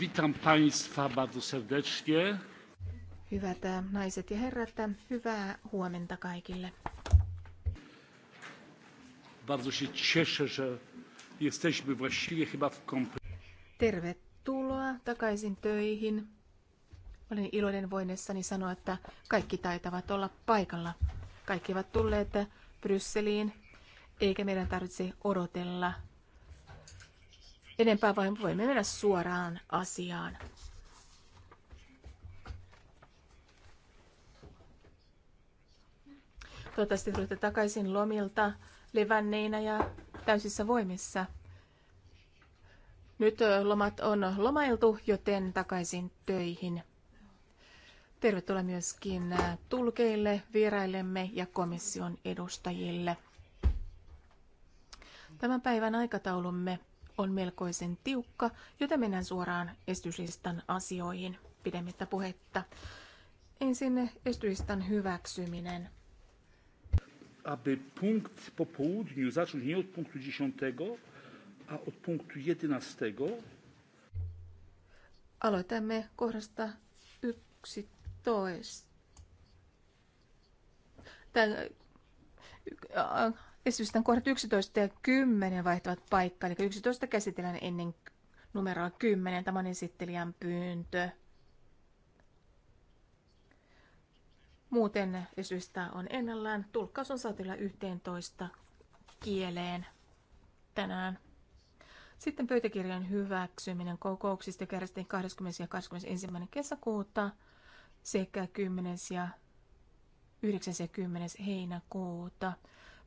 Witam Państwa bardzo serdecznie. Hyvät naiset ja herrat, hyvää huomenta kaikille. Bardzo się cieszę, że jesteśmy właściwie chyba w kompletnym. Tervetuloa takaisin töihin. Olen iloinen voinessani sanoa, että kaikki taitavat olla paikalla. Kaikki ovat tulleet Brysseliin, eikä meidän tarvitse odotella enempää, vaan voimme mennä suoraan asiaan. Toivottavasti tulette takaisin lomilta levänneinä ja täysissä voimissa. Nyt lomat on lomailtu, joten takaisin töihin. Tervetuloa myöskin tulkeille, vieraillemme ja komission edustajille. Tämän päivän aikataulumme on melkoisen tiukka, joten mennään suoraan estyslistan asioihin pidemmittä puhetta. Ensin estyslistan hyväksyminen. Aby punkt po południu zacząć nie od punktu 10, a od punktu 11. Aloitamme kohdasta 11. Tän, Esitysten kohdat 11 ja 10 vaihtavat paikkaa, eli 11 käsitellään ennen numeroa 10. Tämä on esittelijän pyyntö. Muuten esitystä on ennallaan. Tulkkaus on saatavilla 11 kieleen tänään. Sitten pöytäkirjan hyväksyminen kokouksista kärsittiin 20. ja 21. kesäkuuta sekä 10. ja 9. ja 10. heinäkuuta.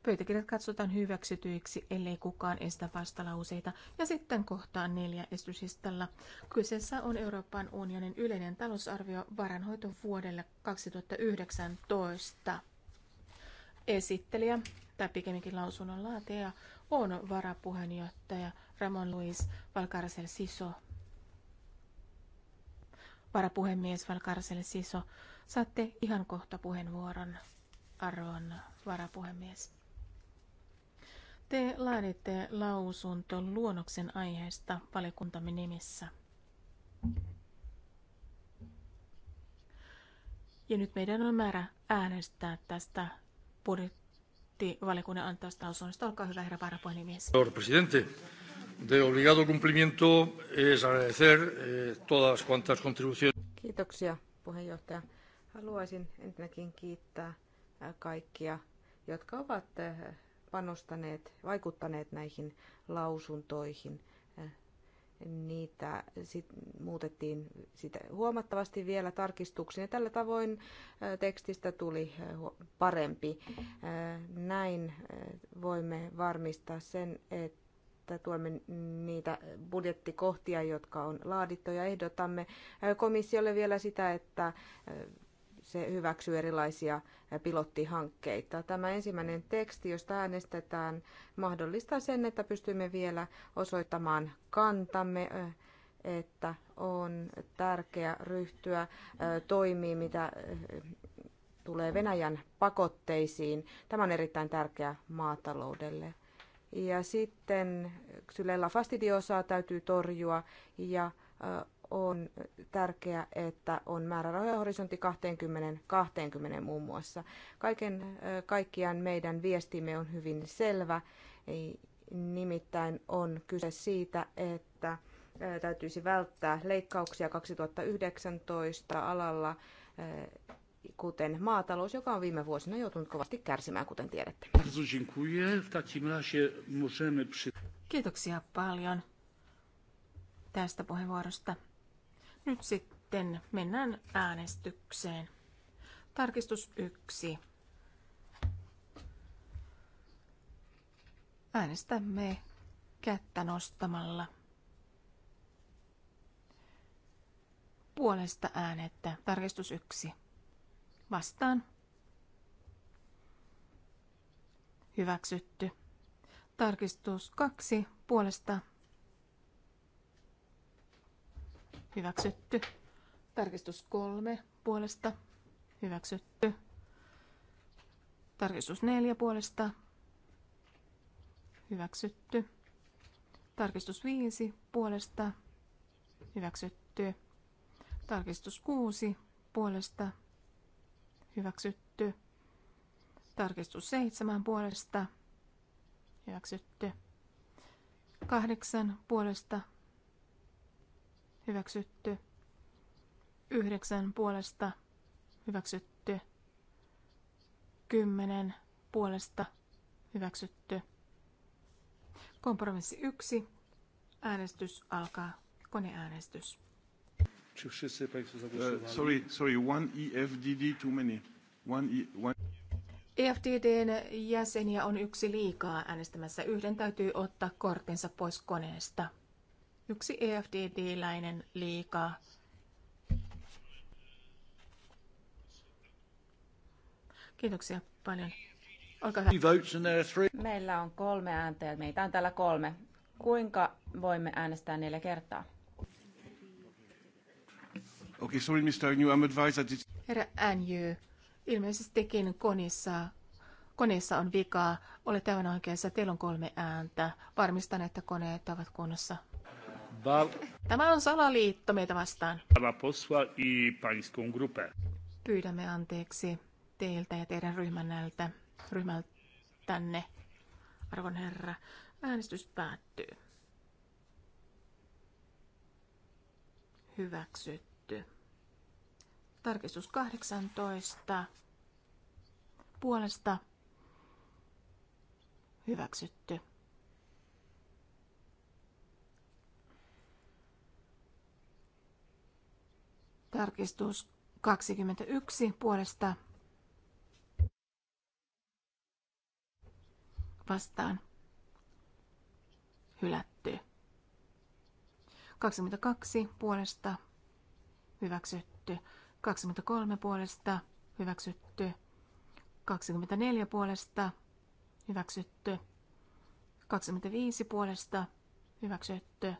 Pöytäkirjat katsotaan hyväksytyiksi, ellei kukaan estä vastalauseita. Ja sitten kohtaan neljä esityslistalla. Kyseessä on Euroopan unionin yleinen talousarvio varanhoito vuodelle 2019. Esittelijä tai pikemminkin laatea, on varapuheenjohtaja Ramon Luis Valcarcel Siso. Varapuhemies Valcarcel Siso, saatte ihan kohta puheenvuoron, arvon varapuhemies. Te laaditte lausunton luonnoksen aiheesta valiokuntamme nimissä. Ja nyt meidän on määrä äänestää tästä budjettivaliokunnan antaasta lausunnosta. Olkaa hyvä, herra varapuheenmies. presidente, de obligado cumplimiento es agradecer eh, todas cuantas contribuciones. Kiitoksia, puheenjohtaja. Haluaisin ensinnäkin kiittää eh, kaikkia, jotka ovat eh, panostaneet, vaikuttaneet näihin lausuntoihin. Niitä sit muutettiin sitä huomattavasti vielä tarkistuksiin ja tällä tavoin tekstistä tuli parempi. Näin voimme varmistaa sen, että että tuemme niitä budjettikohtia, jotka on laadittu ja ehdotamme komissiolle vielä sitä, että se hyväksyy erilaisia pilottihankkeita. Tämä ensimmäinen teksti, josta äänestetään, mahdollistaa sen, että pystymme vielä osoittamaan kantamme, että on tärkeää ryhtyä toimiin, mitä tulee Venäjän pakotteisiin. Tämä on erittäin tärkeä maataloudelle. Ja sitten Xylella fastidiosaa täytyy torjua ja on tärkeää, että on määrärahoja horisontti 20-20 muun muassa. Kaiken kaikkiaan meidän viestimme on hyvin selvä, nimittäin on kyse siitä, että täytyisi välttää leikkauksia 2019 alalla, kuten maatalous, joka on viime vuosina joutunut kovasti kärsimään, kuten tiedätte. Kiitoksia paljon tästä puheenvuorosta. Nyt sitten mennään äänestykseen. Tarkistus 1. Äänestämme kättä nostamalla. Puolesta äänettä. Tarkistus 1. Vastaan. Hyväksytty. Tarkistus 2. Puolesta hyväksytty. Tarkistus kolme puolesta, hyväksytty. Tarkistus neljä puolesta, hyväksytty. Tarkistus viisi puolesta, hyväksytty. Tarkistus kuusi puolesta, hyväksytty. Tarkistus seitsemän puolesta, hyväksytty. Kahdeksan puolesta, hyväksytty. Yhdeksän puolesta hyväksytty. Kymmenen puolesta hyväksytty. Kompromissi yksi. Äänestys alkaa. Koneäänestys. Uh, sorry, sorry, one EFDD too many. One, e, one... EFDDn jäseniä on yksi liikaa äänestämässä. Yhden täytyy ottaa kortinsa pois koneesta yksi EFDD-läinen liikaa. Kiitoksia paljon. Meillä on kolme ääntä ja meitä on täällä kolme. Kuinka voimme äänestää neljä kertaa? Okay, sorry, Mr. New, I'm advised that it's... Herra ilmeisesti ilmeisestikin konissa, koneessa on vikaa. Olet aivan oikeassa, teillä on kolme ääntä. Varmistan, että koneet ovat kunnossa. Tämä on salaliitto meitä vastaan. Pyydämme anteeksi teiltä ja teidän ryhmänältä, tänne, arvon herra. Äänestys päättyy. Hyväksytty. Tarkistus 18. Puolesta hyväksytty. Tarkistus 21 puolesta vastaan hylätty. 22 puolesta hyväksytty. 23 puolesta hyväksytty. 24 puolesta hyväksytty. 25 puolesta hyväksytty.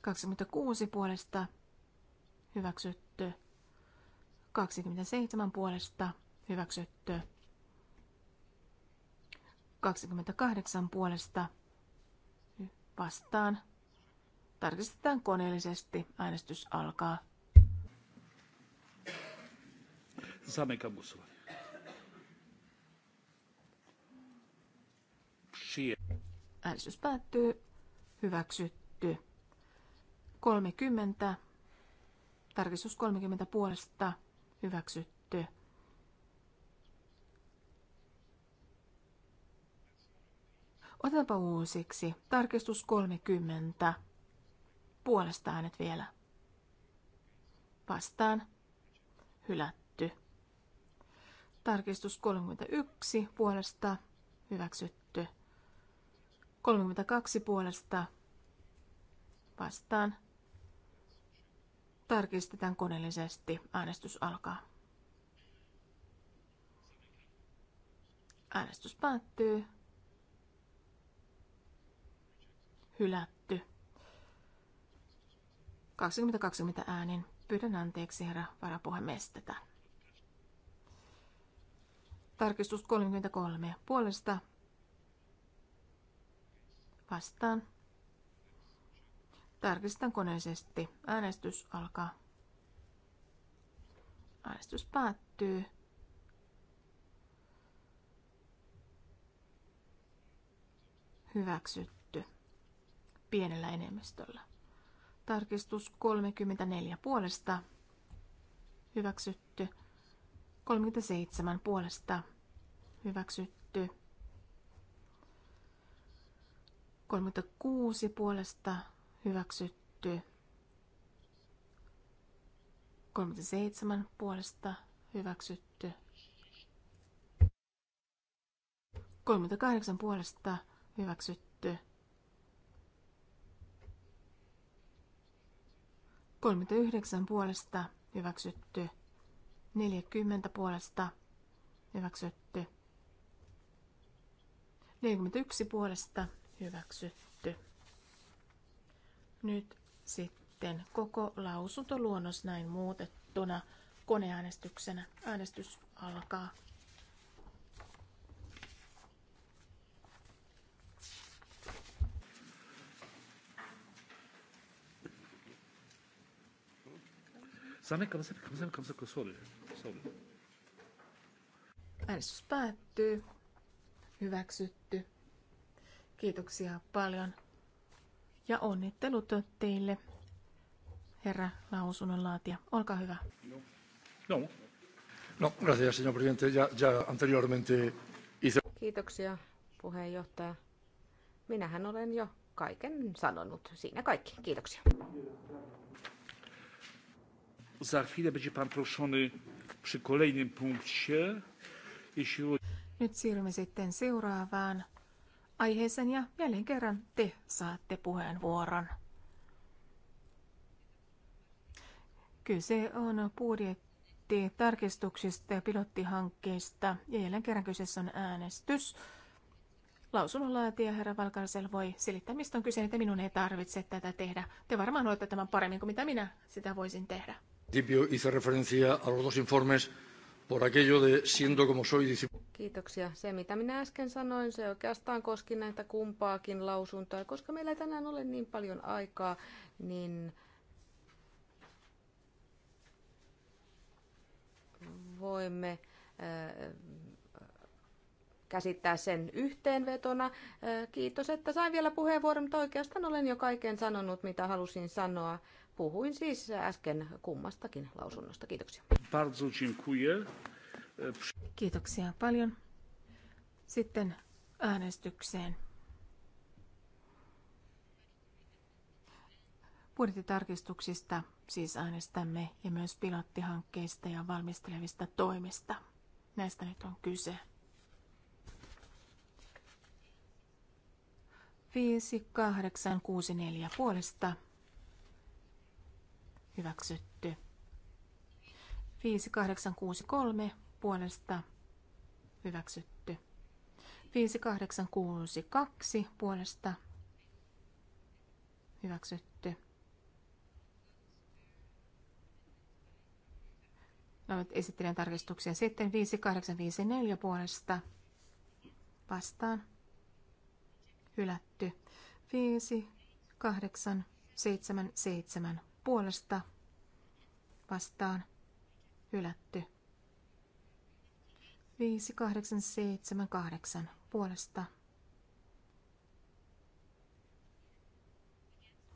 26 puolesta hyväksytty. 27 puolesta hyväksytty. 28 puolesta vastaan. Tarkistetaan koneellisesti. Äänestys alkaa. Zamykam głosowanie. Äänestys päättyy. Hyväksytty. 30 Tarkistus 30 puolesta hyväksytty. Otetaanpa uusiksi. Tarkistus 30. Puolesta äänet vielä. Vastaan. Hylätty. Tarkistus 31. Puolesta hyväksytty. 32 puolesta vastaan Tarkistetaan koneellisesti. Äänestys alkaa. Äänestys päättyy. Hylätty. 2020 äänin. Pyydän anteeksi, herra varapuhemies, tätä. Tarkistus 33. Puolesta vastaan. Tarkistan koneisesti. Äänestys alkaa. Äänestys päättyy. Hyväksytty. Pienellä enemmistöllä. Tarkistus 34 puolesta. Hyväksytty. 37 puolesta. Hyväksytty. 36 puolesta hyväksytty. 37 puolesta hyväksytty. 38 puolesta hyväksytty. 39 puolesta hyväksytty. 40 puolesta hyväksytty. 41 puolesta hyväksytty. Nyt sitten koko lausuntoluonnos näin muutettuna koneäänestyksenä. Äänestys alkaa. Äänestys päättyy. Hyväksytty. Kiitoksia paljon. Ja onnittelut teille, herra lausunnonlaatija. Olkaa hyvä. No. No, gracias, señor presidente. Ya, ya anteriormente hice... Kiitoksia, puheenjohtaja. Minähän olen jo kaiken sanonut. Siinä kaikki. Kiitoksia. Za chwilę będzie pan proszony przy kolejnym punkcie. Jeśli... Nyt siirrymme sitten seuraavaan aiheeseen ja jälleen kerran te saatte puheenvuoron. Kyse on budjettitarkistuksista ja pilottihankkeista ja jälleen kerran kyseessä on äänestys. Lausunnonlaatija herra Valkarsel voi selittää, mistä on kyse, että minun ei tarvitse tätä tehdä. Te varmaan olette tämän paremmin kuin mitä minä sitä voisin tehdä. Hizo referencia a los dos informes por aquello de siendo como soy Kiitoksia. Se, mitä minä äsken sanoin, se oikeastaan koski näitä kumpaakin lausuntoa. Koska meillä ei tänään ole niin paljon aikaa, niin voimme äh, käsittää sen yhteenvetona. Äh, kiitos, että sain vielä puheenvuoron, mutta oikeastaan olen jo kaiken sanonut, mitä halusin sanoa. Puhuin siis äsken kummastakin lausunnosta. Kiitoksia. Bardzo dziękuję. Kiitoksia paljon. Sitten äänestykseen. Budjettitarkistuksista siis äänestämme ja myös pilottihankkeista ja valmistelevista toimista. Näistä nyt on kyse. 5864 puolesta Hyväksytty. 5863 puolesta hyväksytty. 5862 puolesta hyväksytty. No, esittelen tarkistuksia. Sitten 5854 puolesta vastaan hylätty. 5877 puolesta vastaan hylätty. 8 puolesta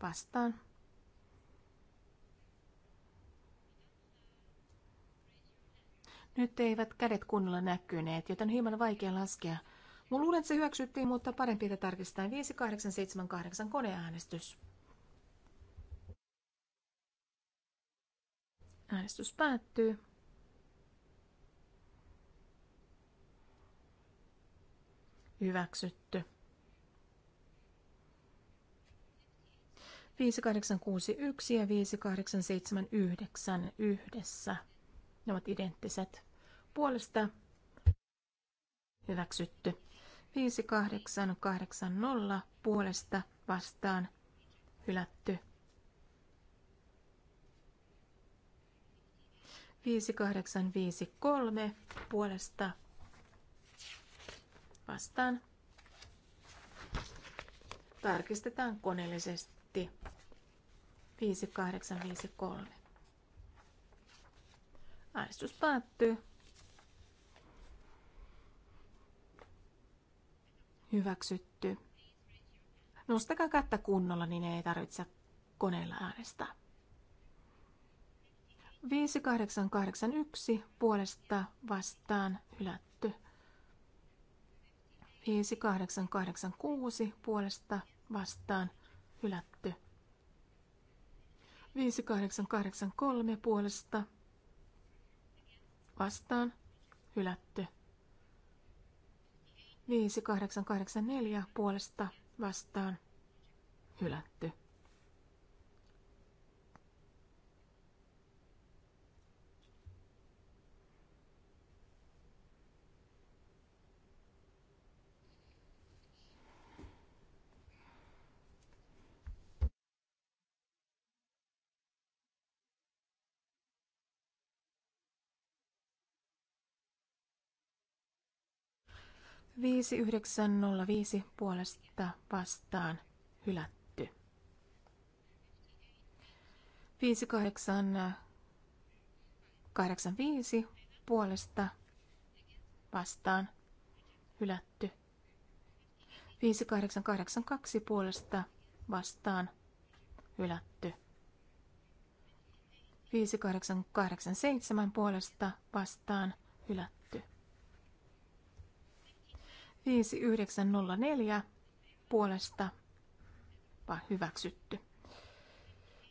vastaan. Nyt eivät kädet kunnolla näkyneet, joten on hieman vaikea laskea. Mun luulen, että se hyväksyttiin, mutta parempi, että tarkistetaan 5878 koneäänestys. Äänestys päättyy. Hyväksytty. 5861 ja 5879 yhdessä. Ne ovat identtiset. Puolesta hyväksytty. 5880 puolesta vastaan hylätty. 5853 puolesta vastaan. Tarkistetaan koneellisesti. 5853. Aistus päättyy. Hyväksytty. Nostakaa kättä kunnolla, niin ei tarvitse koneella äänestää. 5881 puolesta vastaan hylätty. 5886 puolesta vastaan hylätty. 5883 puolesta vastaan hylätty. 5884 puolesta vastaan hylätty. 5905 puolesta vastaan hylätty. 5885 puolesta vastaan hylätty. 5882 puolesta vastaan hylätty. 5887 puolesta vastaan hylätty. 5904 puolesta hyväksytty.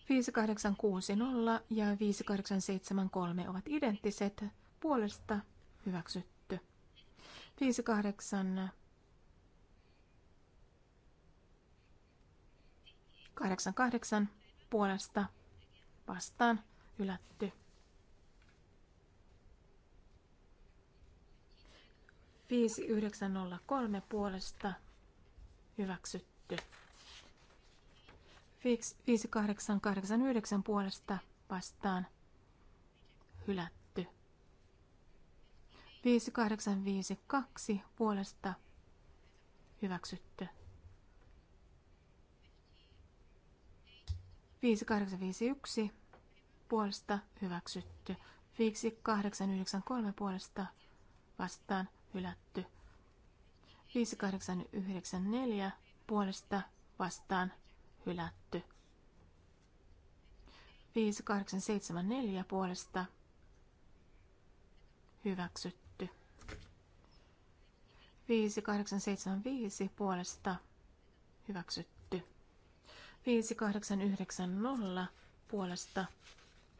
5860 ja 5873 ovat identtiset puolesta hyväksytty. 5888 puolesta vastaan hylätty. 5903 puolesta hyväksytty. 5889 puolesta vastaan hylätty. 5852 puolesta hyväksytty. 5851 puolesta hyväksytty. 5893 puolesta vastaan hylätty hylätty. 5894 puolesta vastaan hylätty. 5874 puolesta hyväksytty. 5875 puolesta hyväksytty. 5890 puolesta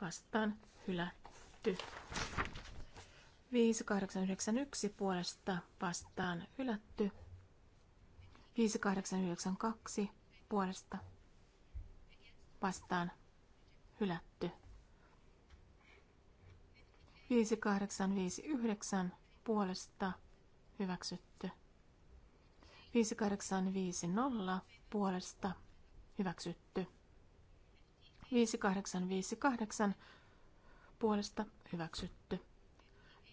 vastaan hylätty. 5891 puolesta vastaan hylätty. 5892 puolesta vastaan hylätty. 5859 puolesta hyväksytty. 5850 puolesta hyväksytty. 5858 puolesta hyväksytty.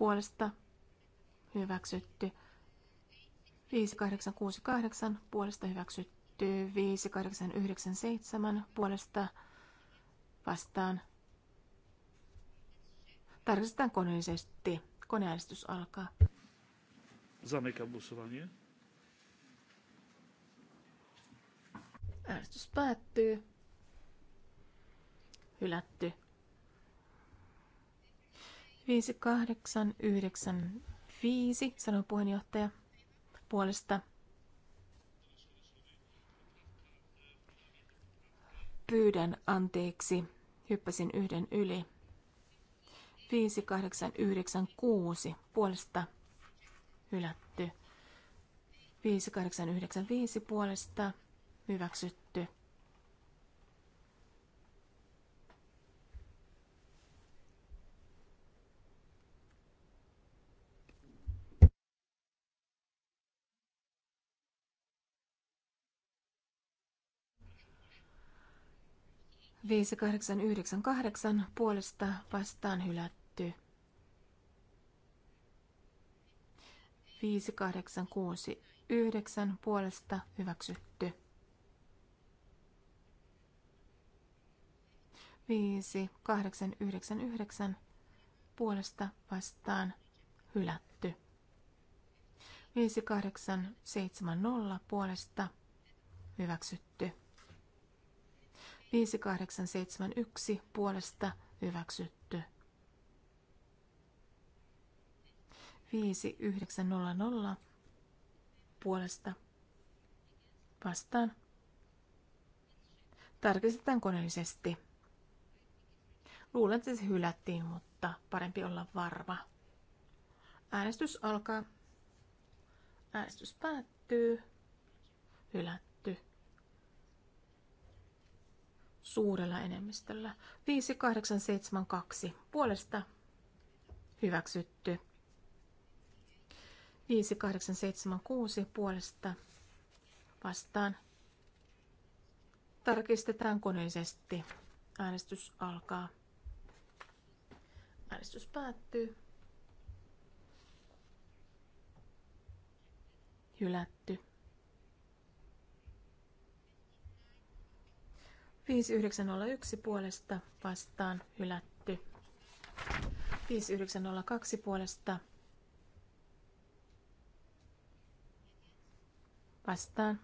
puolesta hyväksytty. 5868 puolesta hyväksytty. 5897 puolesta vastaan. Tarkistetaan koneellisesti. Koneäänestys alkaa. Zamykam głosowanie. Äänestys päättyy. Hylätty. 5895, sanoi puheenjohtaja puolesta. Pyydän anteeksi, hyppäsin yhden yli. 5896 puolesta hylätty. 5895 puolesta hyväksytty. 5898 puolesta vastaan hylätty. 5869 puolesta hyväksytty. 5899 puolesta vastaan hylätty. 5870 puolesta hyväksytty. 5871 puolesta hyväksytty. 5900 puolesta vastaan. Tarkistetaan koneellisesti. Luulen, että se hylättiin, mutta parempi olla varma. Äänestys alkaa. Äänestys päättyy. Hylätty. suurella enemmistöllä. 5872 puolesta hyväksytty. 5876 puolesta vastaan. Tarkistetaan koneisesti. Äänestys alkaa. Äänestys päättyy. Hylätty. 5901 puolesta vastaan hylätty. 5902 puolesta vastaan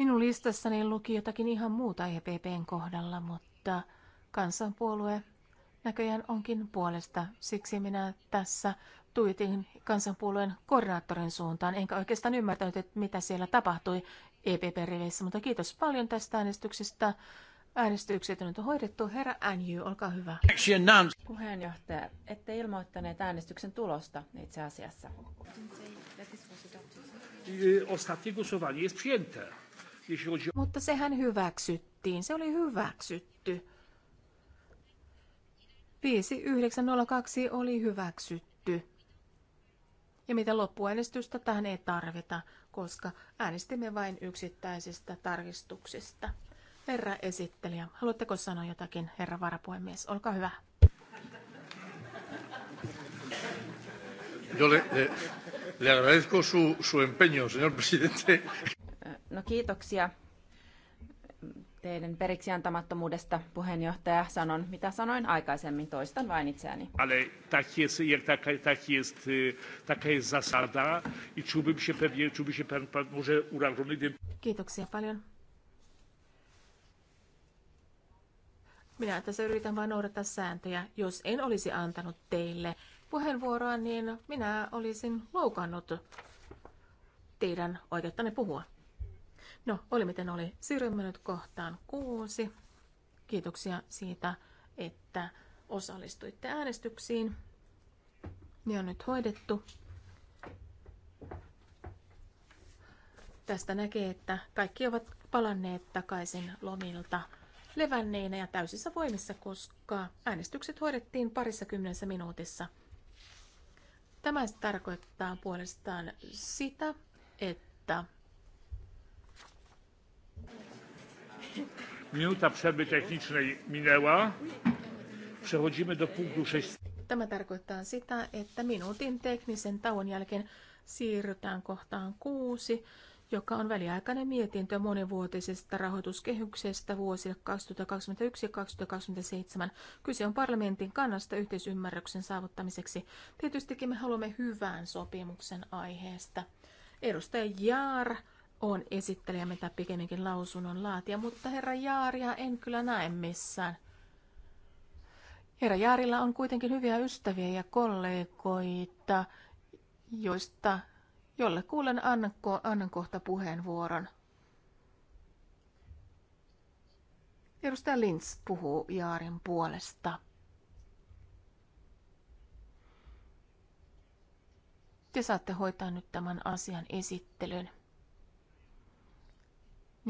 Minun listassani luki jotakin ihan muuta EPPn kohdalla, mutta kansanpuolue näköjään onkin puolesta. Siksi minä tässä tuitin kansanpuolueen koordinaattorin suuntaan, enkä oikeastaan ymmärtänyt, että mitä siellä tapahtui EPP-riveissä, mutta kiitos paljon tästä äänestyksestä. Äänestykset on nyt hoidettu. Herra Anju, olkaa hyvä. Puheenjohtaja, ette ilmoittaneet äänestyksen tulosta itse asiassa. Ostatnie głosowanie jest przyjęte. Mutta sehän hyväksyttiin. Se oli hyväksytty. 5902 oli hyväksytty. Ja mitä loppuäänestystä tähän ei tarvita, koska äänestimme vain yksittäisistä tarkistuksista. Herra esittelijä, haluatteko sanoa jotakin, herra varapuhemies? Olkaa hyvä. Yo le, le, eh, le agradezco su, su empeño, señor presidente. No kiitoksia teidän periksi antamattomuudesta puheenjohtaja. Sanon, mitä sanoin aikaisemmin, toistan vain itseäni. Ale tak jest, jak taka, tak jest, taka jest zasada i czułbym się pewnie, czułbym się pan, pan może urażony, gdy... Kiitoksia paljon. Minä tässä yritän vain noudattaa sääntöjä. Jos en olisi antanut teille puheenvuoroa, niin minä olisin loukannut teidän oikeuttanne puhua. No, oli miten oli. Siirrymme nyt kohtaan kuusi. Kiitoksia siitä, että osallistuitte äänestyksiin. Ne on nyt hoidettu. Tästä näkee, että kaikki ovat palanneet takaisin lomilta levänneinä ja täysissä voimissa, koska äänestykset hoidettiin parissa kymmenessä minuutissa. Tämä tarkoittaa puolestaan sitä, että Minuta przerwy technicznej minęła. Przechodzimy do punktu 6. Tämä tarkoittaa sitä, että minuutin teknisen tauon jälkeen siirrytään kohtaan kuusi, joka on väliaikainen mietintö monivuotisesta rahoituskehyksestä vuosille 2021-2027. Kyse on parlamentin kannasta yhteisymmärryksen saavuttamiseksi. Tietystikin me haluamme hyvän sopimuksen aiheesta. Edustaja Jaar on esittelijä, mitä pikemminkin lausunnon laatia, mutta herra Jaaria en kyllä näe missään. Herra Jaarilla on kuitenkin hyviä ystäviä ja kollegoita, joista jolle kuulen annan, annan kohta puheenvuoron. Edustaja Lins puhuu Jaarin puolesta. Te saatte hoitaa nyt tämän asian esittelyn.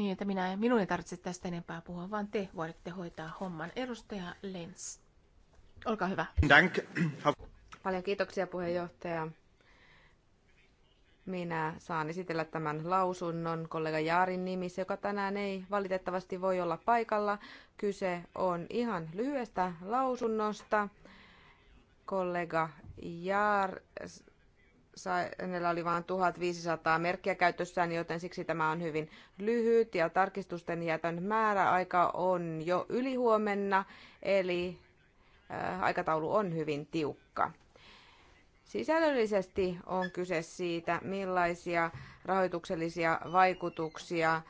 Niin, että minä, minun ei tarvitse tästä enempää puhua, vaan te voitte hoitaa homman. Edustaja Lens, olkaa hyvä. Dank. Paljon kiitoksia puheenjohtaja. Minä saan esitellä tämän lausunnon kollega Jaarin nimissä, joka tänään ei valitettavasti voi olla paikalla. Kyse on ihan lyhyestä lausunnosta. Kollega Jaar hänellä oli vain 1500 merkkiä käytössään, joten siksi tämä on hyvin lyhyt ja tarkistusten jätön määräaika on jo ylihuomenna, eli äh, aikataulu on hyvin tiukka. Sisällöllisesti on kyse siitä, millaisia rahoituksellisia vaikutuksia äh,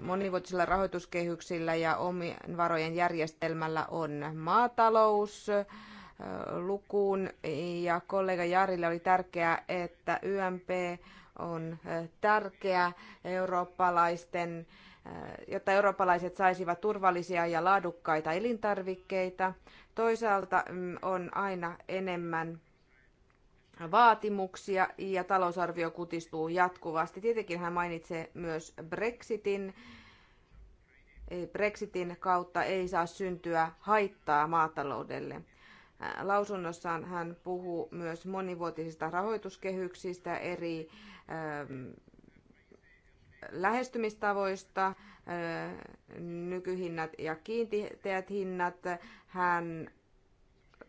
monivuotisilla rahoituskehyksillä ja omien varojen järjestelmällä on maatalous, lukuun ja kollega Jarille oli tärkeää, että YMP on tärkeä eurooppalaisten, jotta eurooppalaiset saisivat turvallisia ja laadukkaita elintarvikkeita. Toisaalta mm, on aina enemmän vaatimuksia ja talousarvio kutistuu jatkuvasti. Tietenkin hän mainitsee myös Brexitin. Brexitin kautta ei saa syntyä haittaa maataloudelle. Äh, lausunnossaan hän puhuu myös monivuotisista rahoituskehyksistä, eri ähm, lähestymistavoista, äh, nykyhinnat ja kiinteät hinnat. Hän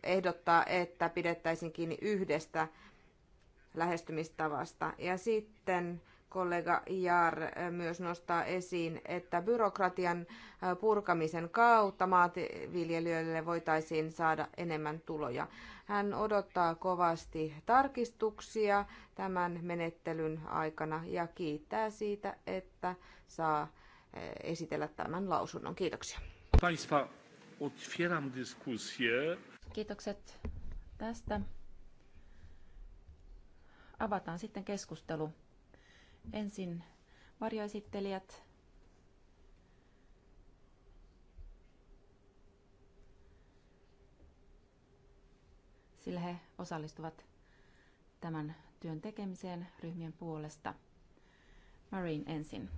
ehdottaa, että pidettäisiin kiinni yhdestä lähestymistavasta. Ja sitten kollega Jaar myös nostaa esiin, että byrokratian purkamisen kautta maanviljelijöille voitaisiin saada enemmän tuloja. Hän odottaa kovasti tarkistuksia tämän menettelyn aikana ja kiittää siitä, että saa esitellä tämän lausunnon. Kiitoksia. Kiitokset tästä. Avataan sitten keskustelu. Ensin varjoesittelijät. Sillä he osallistuvat tämän työn tekemiseen ryhmien puolesta. Marine ensin.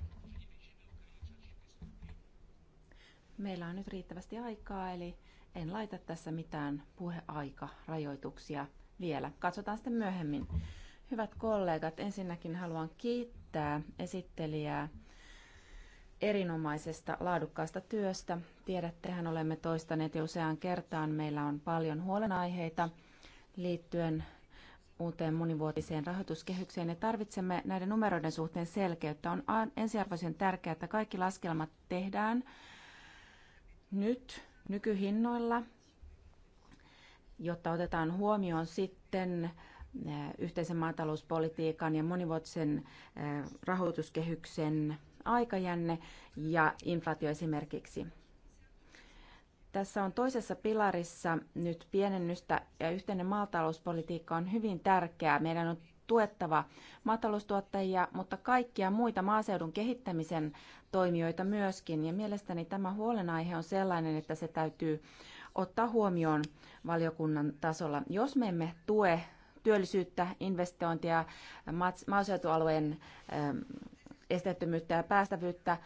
Meillä on nyt riittävästi aikaa, eli en laita tässä mitään puheaikarajoituksia vielä. Katsotaan sitten myöhemmin, Hyvät kollegat, ensinnäkin haluan kiittää esittelijää erinomaisesta laadukkaasta työstä. Tiedättehän olemme toistaneet jo useaan kertaan, meillä on paljon huolenaiheita liittyen uuteen monivuotiseen rahoituskehykseen ja tarvitsemme näiden numeroiden suhteen selkeyttä. On ensiarvoisen tärkeää, että kaikki laskelmat tehdään nyt nykyhinnoilla, jotta otetaan huomioon sitten Äh, yhteisen maatalouspolitiikan ja monivuotisen äh, rahoituskehyksen aikajänne ja inflaatio esimerkiksi. Tässä on toisessa pilarissa nyt pienennystä ja yhteinen maatalouspolitiikka on hyvin tärkeää. Meidän on tuettava maataloustuottajia, mutta kaikkia muita maaseudun kehittämisen toimijoita myöskin. Ja mielestäni tämä huolenaihe on sellainen, että se täytyy ottaa huomioon valiokunnan tasolla. Jos me emme tue työllisyyttä, investointia, maaseutualueen ähm, esteettömyyttä ja päästävyyttä,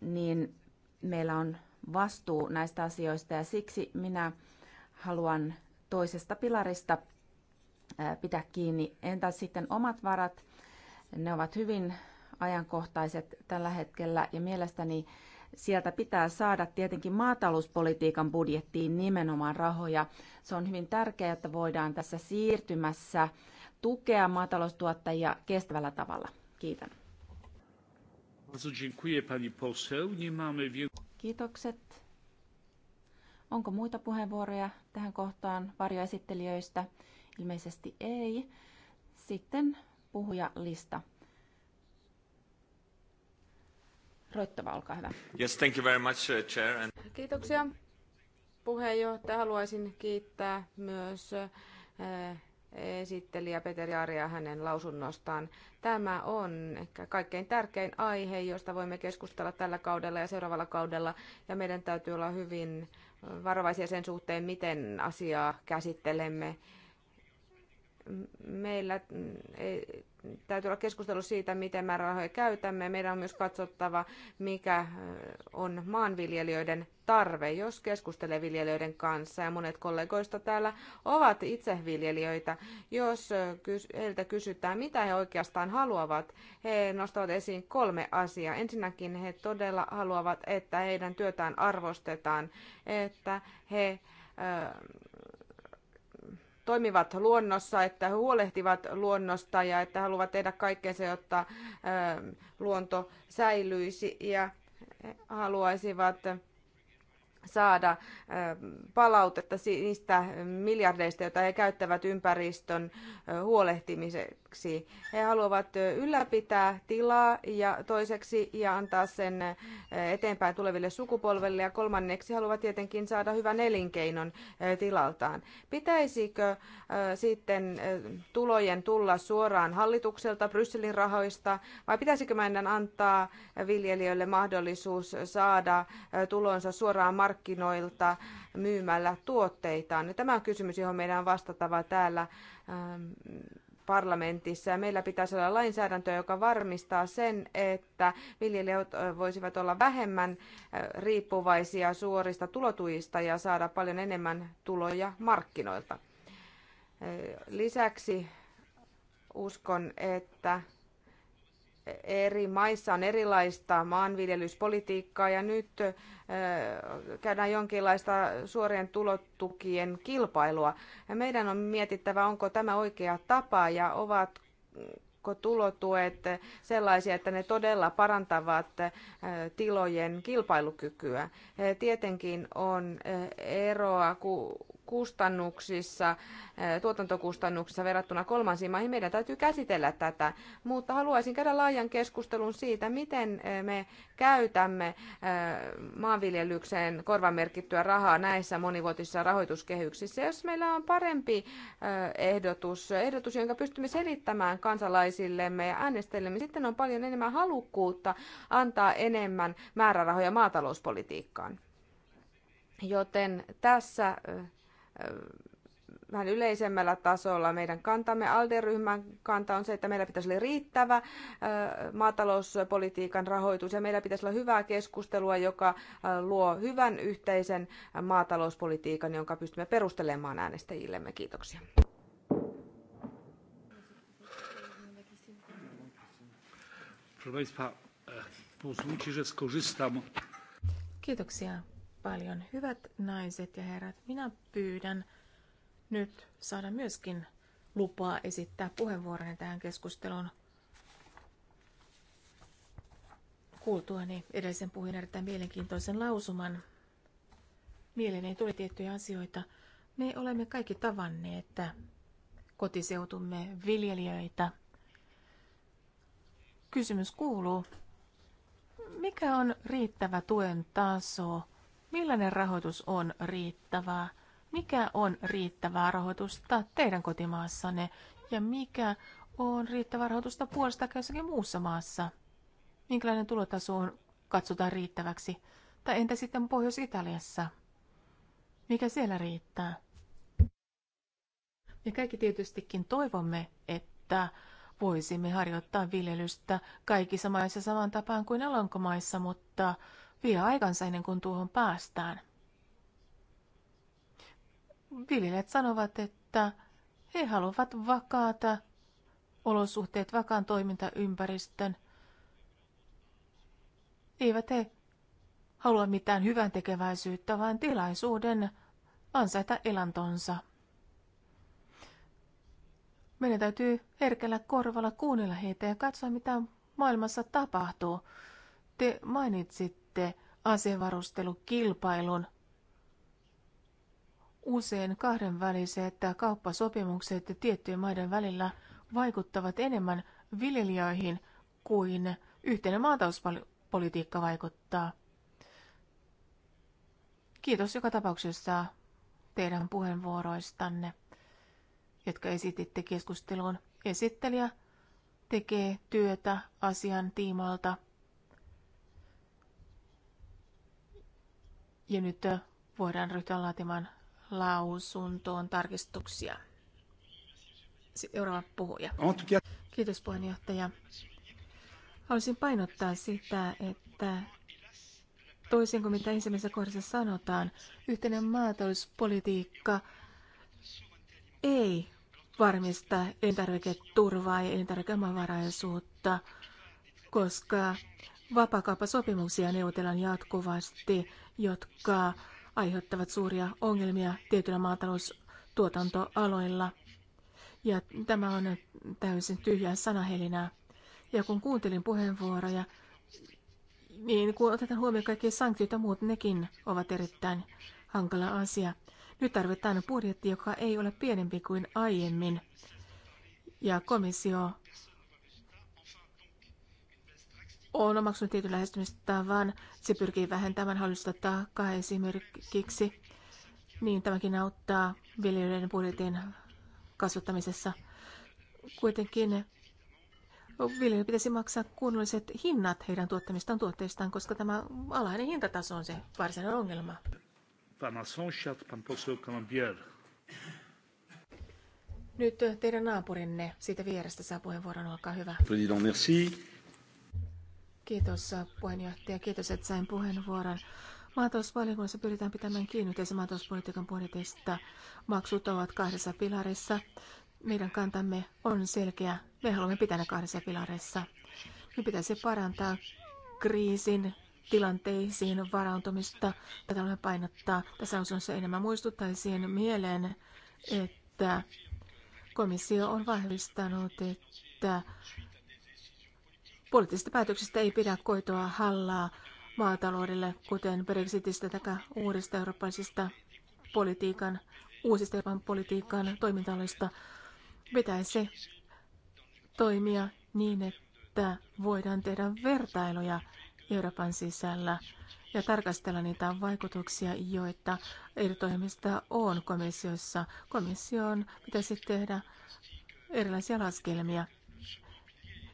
niin meillä on vastuu näistä asioista ja siksi minä haluan toisesta pilarista äh, pitää kiinni. Entä sitten omat varat? Ne ovat hyvin ajankohtaiset tällä hetkellä ja mielestäni Sieltä pitää saada tietenkin maatalouspolitiikan budjettiin nimenomaan rahoja. Se on hyvin tärkeää, että voidaan tässä siirtymässä tukea maataloustuottajia kestävällä tavalla. Kiitän. Kiitokset. Onko muita puheenvuoroja tähän kohtaan varjoesittelijöistä? Ilmeisesti ei. Sitten puhujalista. Roittava, olkaa hyvä. Yes, thank you very much, uh, Chair. And... Kiitoksia puheenjohtaja. Haluaisin kiittää myös uh, esittelijä Peter Jaaria hänen lausunnostaan. Tämä on ehkä kaikkein tärkein aihe, josta voimme keskustella tällä kaudella ja seuraavalla kaudella, ja meidän täytyy olla hyvin varovaisia sen suhteen, miten asiaa käsittelemme meillä mm, täytyy olla keskustelu siitä, miten määrärahoja käytämme. Meidän on myös katsottava, mikä on maanviljelijöiden tarve, jos keskustelee viljelijöiden kanssa. Ja monet kollegoista täällä ovat itse viljelijöitä. Jos heiltä kysytään, mitä he oikeastaan haluavat, he nostavat esiin kolme asiaa. Ensinnäkin he todella haluavat, että heidän työtään arvostetaan, että he toimivat luonnossa, että he huolehtivat luonnosta ja että haluavat tehdä se, jotta luonto säilyisi ja haluaisivat saada palautetta niistä miljardeista, joita he käyttävät ympäristön huolehtimiseen kaksi. He haluavat ylläpitää tilaa ja toiseksi ja antaa sen eteenpäin tuleville sukupolville ja kolmanneksi haluavat tietenkin saada hyvän elinkeinon eh, tilaltaan. Pitäisikö eh, sitten eh, tulojen tulla suoraan hallitukselta, Brysselin rahoista vai pitäisikö meidän antaa viljelijöille mahdollisuus saada tulonsa suoraan markkinoilta myymällä tuotteitaan? Tämä on kysymys, johon meidän on vastattava täällä ehm, parlamentissa. Ja meillä pitäisi olla lainsäädäntöä, joka varmistaa sen, että viljelijät voisivat olla vähemmän riippuvaisia suorista tulotuista ja saada paljon enemmän tuloja markkinoilta. Lisäksi uskon, että eri maissa on erilaista maanviljelyspolitiikkaa ja nyt käydään jonkinlaista suorien tulotukien kilpailua. Ja meidän on mietittävä, onko tämä oikea tapa ja ovatko tulotuet sellaisia, että ne todella parantavat tilojen kilpailukykyä. Tietenkin on eroa, kustannuksissa, eh, tuotantokustannuksissa verrattuna kolmansiin maihin. Meidän täytyy käsitellä tätä, mutta haluaisin käydä laajan keskustelun siitä, miten eh, me käytämme eh, maanviljelykseen korvamerkittyä rahaa näissä monivuotisissa rahoituskehyksissä. Jos meillä on parempi ehdotus, ehdotus, jonka pystymme selittämään kansalaisillemme ja äänestäjillemme, niin sitten on paljon enemmän halukkuutta antaa enemmän määrärahoja maatalouspolitiikkaan. Joten tässä vähän yleisemmällä tasolla. Meidän kantamme, ALDE-ryhmän kanta on se, että meillä pitäisi olla riittävä maatalouspolitiikan rahoitus ja meillä pitäisi olla hyvää keskustelua, joka luo hyvän yhteisen maatalouspolitiikan, jonka pystymme perustelemaan äänestäjillemme. Kiitoksia. E, Kiitoksia paljon. Hyvät naiset ja herrat, minä pyydän nyt saada myöskin lupaa esittää puheenvuoroni tähän keskusteluun kuultuani edellisen puhujan erittäin mielenkiintoisen lausuman. Mieleeni tuli tiettyjä asioita. Me olemme kaikki tavanneet että kotiseutumme viljelijöitä. Kysymys kuuluu, mikä on riittävä tuen taso Millainen rahoitus on riittävää? Mikä on riittävää rahoitusta teidän kotimaassanne ja mikä on riittävää rahoitusta puolesta jossakin muussa maassa? Minkälainen tulotaso on, katsotaan riittäväksi? Tai entä sitten Pohjois-Italiassa? Mikä siellä riittää? Me kaikki tietystikin toivomme, että voisimme harjoittaa viljelystä kaikissa maissa saman tapaan kuin Alankomaissa, mutta vie aikansa ennen kuin tuohon päästään. Viljelijät sanovat, että he haluavat vakaata olosuhteet, vakaan toimintaympäristön. Eivät he halua mitään hyvän tekeväisyyttä, vaan tilaisuuden ansaita elantonsa. Meidän täytyy herkällä korvalla kuunnella heitä ja katsoa, mitä maailmassa tapahtuu. Te mainitsitte asevarustelukilpailun. Usein kahdenväliset kauppasopimukset tiettyjen maiden välillä vaikuttavat enemmän viljelijöihin kuin yhteinen maatalouspolitiikka vaikuttaa. Kiitos joka tapauksessa teidän puheenvuoroistanne, jotka esititte keskusteluun. Esittelijä tekee työtä asian tiimoilta – Ja nyt äh, voidaan ryhtyä laatimaan lausuntoon tarkistuksia. Seuraava puhuja. Kiitos puheenjohtaja. Haluaisin painottaa sitä, että toisin kuin mitä ensimmäisessä kohdassa sanotaan, yhteinen maatalouspolitiikka ei varmista elintarviketurvaa ja elintarvikemavaraisuutta, koska Vapaakauppasopimuksia neuvotellaan jatkuvasti, jotka aiheuttavat suuria ongelmia tietyillä maataloustuotantoaloilla. Ja tämä on täysin tyhjää sanahelinää. Ja kun kuuntelin puheenvuoroja, niin kun otetaan huomioon kaikki sanktiot ja muut, nekin ovat erittäin hankala asia. Nyt tarvitaan budjetti, joka ei ole pienempi kuin aiemmin. Ja komissio on omaksunut tietyn lähestymistavan. Se pyrkii vähentämään hallitusta taakkaa esimerkiksi. Niin tämäkin auttaa viljelijöiden budjetin kasvattamisessa. Kuitenkin viljelijöiden pitäisi maksaa kunnolliset hinnat heidän tuottamistaan tuotteistaan, koska tämä alhainen hintataso on se varsinainen ongelma. Nyt teidän naapurinne siitä vierestä saa puheenvuoron, olkaa hyvä. President, merci. Kiitos puheenjohtaja. Kiitos, että sain puheenvuoron. Maatalousvaliokunnassa pyritään pitämään kiinni yhteisen maatalouspolitiikan budjetista. Maksut ovat kahdessa pilarissa. Meidän kantamme on selkeä. Me haluamme pitää ne kahdessa pilarissa. Me pitäisi parantaa kriisin tilanteisiin varautumista. Tätä olemme painottaa. Tässä osassa enemmän muistuttaisiin mieleen, että komissio on vahvistanut, että Poliittisista päätöksistä ei pidä koitua hallaa maataloudelle, kuten Brexitistä tai uudesta eurooppalaisista politiikan, uusista Euroopan politiikan toimintalista. Pitäisi toimia niin, että voidaan tehdä vertailuja Euroopan sisällä ja tarkastella niitä vaikutuksia, joita eri toimista on komissiossa. Komission pitäisi tehdä erilaisia laskelmia.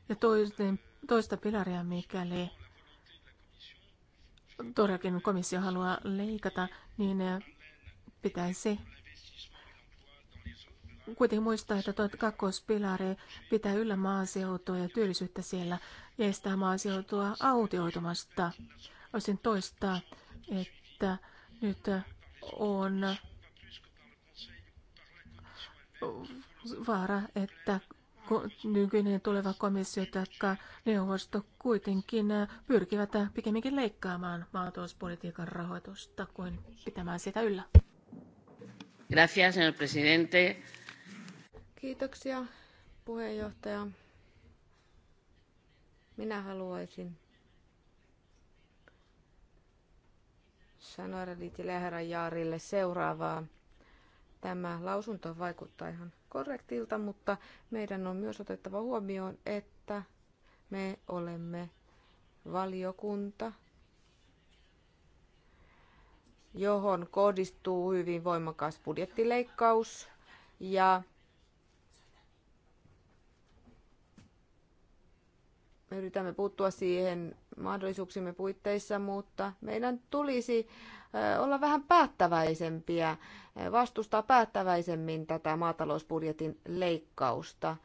Ja toinen toista pilaria, mikäli todellakin komissio haluaa leikata, niin eh, pitäisi kuitenkin muistaa, että tuo kakkospilari pitää yllä maaseutua ja työllisyyttä siellä ja estää maaseutua autioitumasta. Olisin toistaa, että nyt on vaara, että nykyinen tuleva komissio tai neuvosto kuitenkin äh, pyrkivät äh, pikemminkin leikkaamaan maatalouspolitiikan rahoitusta kuin pitämään sitä yllä. Gracias, señor presidente. Kiitoksia, puheenjohtaja. Minä haluaisin sanoa Raditi ja Jaarille seuraavaa. Tämä lausunto vaikuttaa ihan korrektilta, mutta meidän on myös otettava huomioon, että me olemme valiokunta, johon kohdistuu hyvin voimakas budjettileikkaus ja Me yritämme puuttua siihen mahdollisuuksimme puitteissa, mutta meidän tulisi olla vähän päättäväisempiä, vastustaa päättäväisemmin tätä maatalousbudjetin leikkausta –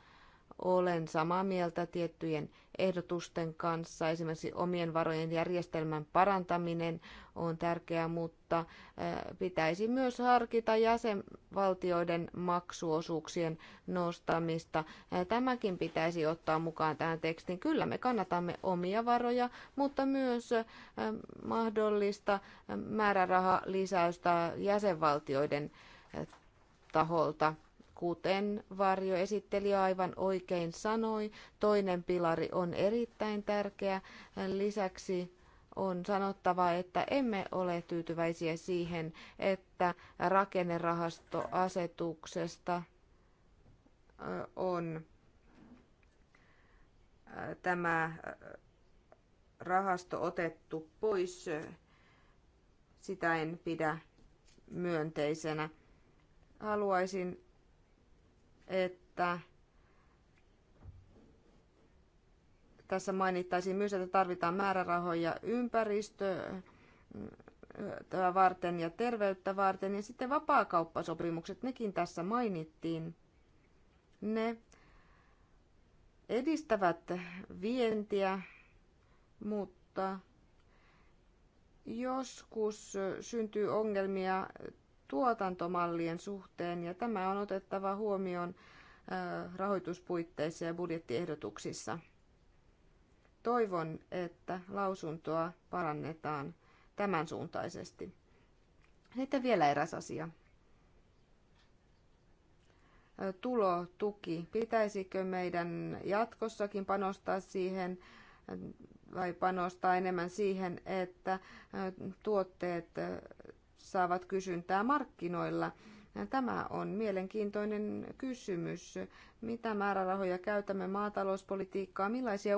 olen samaa mieltä tiettyjen ehdotusten kanssa. Esimerkiksi omien varojen järjestelmän parantaminen on tärkeää, mutta äh, pitäisi myös harkita jäsenvaltioiden maksuosuuksien nostamista. Äh, tämäkin pitäisi ottaa mukaan tähän tekstiin. Kyllä me kannatamme omia varoja, mutta myös äh, mahdollista määrärahalisäystä jäsenvaltioiden taholta Kuten varjo esitteli aivan oikein sanoi, toinen pilari on erittäin tärkeä. Lisäksi on sanottava, että emme ole tyytyväisiä siihen, että rakennerahastoasetuksesta on tämä rahasto otettu pois. Sitä en pidä myönteisenä. Haluaisin että tässä mainittaisiin myös, että tarvitaan määrärahoja ympäristöä varten ja terveyttä varten. Ja sitten vapaakauppasopimukset, nekin tässä mainittiin. Ne edistävät vientiä, mutta joskus syntyy ongelmia tuotantomallien suhteen, ja tämä on otettava huomioon rahoituspuitteissa ja budjettiehdotuksissa. Toivon, että lausuntoa parannetaan tämän suuntaisesti. Sitten vielä eräs asia. Tulo, tuki. Pitäisikö meidän jatkossakin panostaa siihen vai panostaa enemmän siihen, että tuotteet saavat kysyntää markkinoilla. Tämä on mielenkiintoinen kysymys. Mitä määrärahoja käytämme maatalouspolitiikkaa, millaisia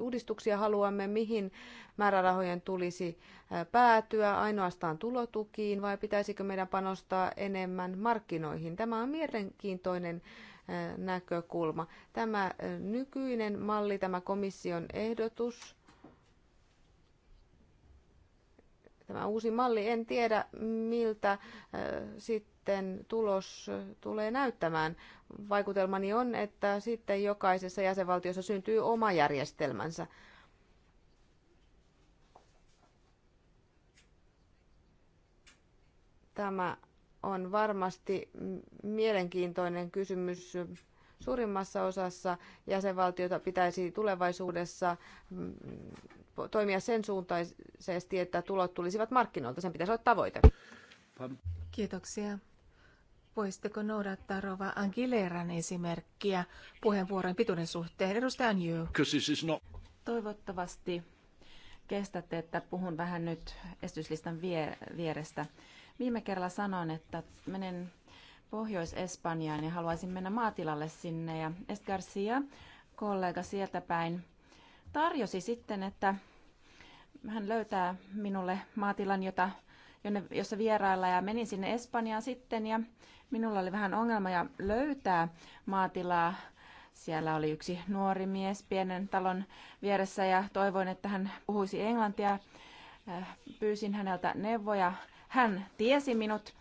uudistuksia haluamme, mihin määrärahojen tulisi päätyä, ainoastaan tulotukiin vai pitäisikö meidän panostaa enemmän markkinoihin? Tämä on mielenkiintoinen näkökulma. Tämä nykyinen malli, tämä komission ehdotus, tämä uusi malli. En tiedä, miltä sitten tulos tulee näyttämään. Vaikutelmani on, että sitten jokaisessa jäsenvaltiossa syntyy oma järjestelmänsä. Tämä on varmasti mielenkiintoinen kysymys Suurimmassa osassa jäsenvaltiota pitäisi tulevaisuudessa mm, toimia sen suuntaisesti, että tulot tulisivat markkinoilta. Sen pitäisi olla tavoite. Kiitoksia. Voisitteko noudattaa Rova Angileran esimerkkiä puheenvuoron pituuden suhteen? Edustaja New. Toivottavasti kestätte, että puhun vähän nyt estyslistan vierestä. Viime kerralla sanoin, että menen Pohjois-Espanjaan ja haluaisin mennä maatilalle sinne. Ja Est Garcia, kollega sieltä päin, tarjosi sitten, että hän löytää minulle maatilan, jota, jonne, jossa vierailla ja menin sinne Espanjaan sitten ja minulla oli vähän ongelma ja löytää maatilaa. Siellä oli yksi nuori mies pienen talon vieressä ja toivoin, että hän puhuisi englantia. Äh, pyysin häneltä neuvoja. Hän tiesi minut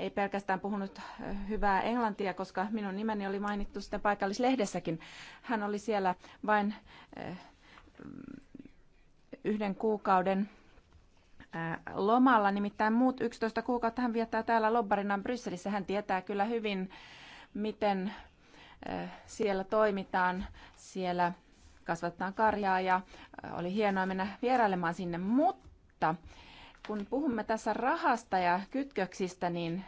ei pelkästään puhunut äh, hyvää englantia, koska minun nimeni oli mainittu sitten paikallislehdessäkin. Hän oli siellä vain äh, mm, yhden kuukauden äh, lomalla, nimittäin muut 11 kuukautta hän viettää täällä Lobbarinan Brysselissä. Hän tietää kyllä hyvin, miten siellä toimitaan, siellä kasvatetaan karjaa ja oli hienoa mennä vierailemaan sinne, mutta kun puhumme tässä rahasta ja kytköksistä, niin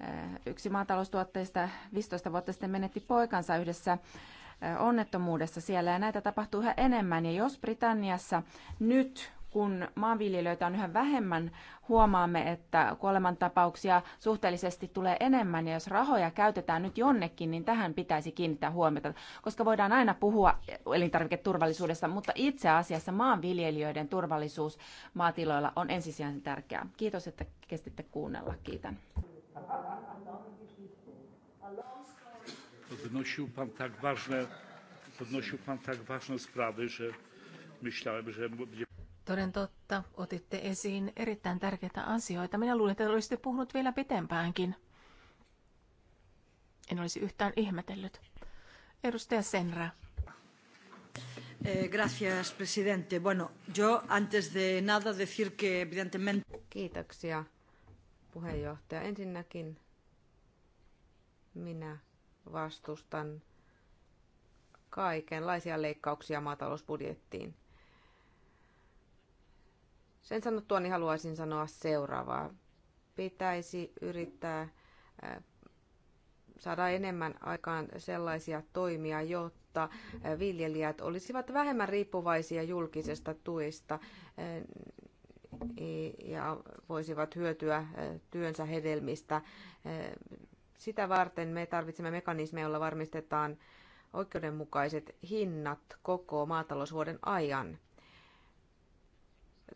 eh, yksi maataloustuotteista 15 vuotta sitten menetti poikansa yhdessä eh, onnettomuudessa siellä ja näitä tapahtuu yhä enemmän. Ja jos Britanniassa nyt kun maanviljelijöitä on yhä vähemmän, huomaamme, että kuolemantapauksia suhteellisesti tulee enemmän, ja jos rahoja käytetään nyt jonnekin, niin tähän pitäisi kiinnittää huomiota, koska voidaan aina puhua elintarviketurvallisuudesta, mutta itse asiassa maanviljelijöiden turvallisuus maatiloilla on ensisijaisen tärkeää. Kiitos, että kestitte kuunnella. Kiitän. Podnosił pan tak ważne, podnosił pan tak ważne sprawy, że myślałem, że będzie Toden totta, otitte esiin erittäin tärkeitä asioita. Minä luulen, että olisitte puhunut vielä pitempäänkin. En olisi yhtään ihmetellyt. Edustaja Senra. Eh, gracias, presidente. Bueno, yo antes de nada decir que evidentemente... Kiitoksia, puheenjohtaja. Ensinnäkin minä vastustan kaikenlaisia leikkauksia maatalousbudjettiin sen sanottua niin haluaisin sanoa seuraavaa. Pitäisi yrittää äh, saada enemmän aikaan sellaisia toimia, jotta äh, viljelijät olisivat vähemmän riippuvaisia julkisesta tuista äh, ja voisivat hyötyä työnsä hedelmistä. Sitä varten me tarvitsemme mekanismeja, joilla varmistetaan oikeudenmukaiset hinnat koko maatalousvuoden ajan.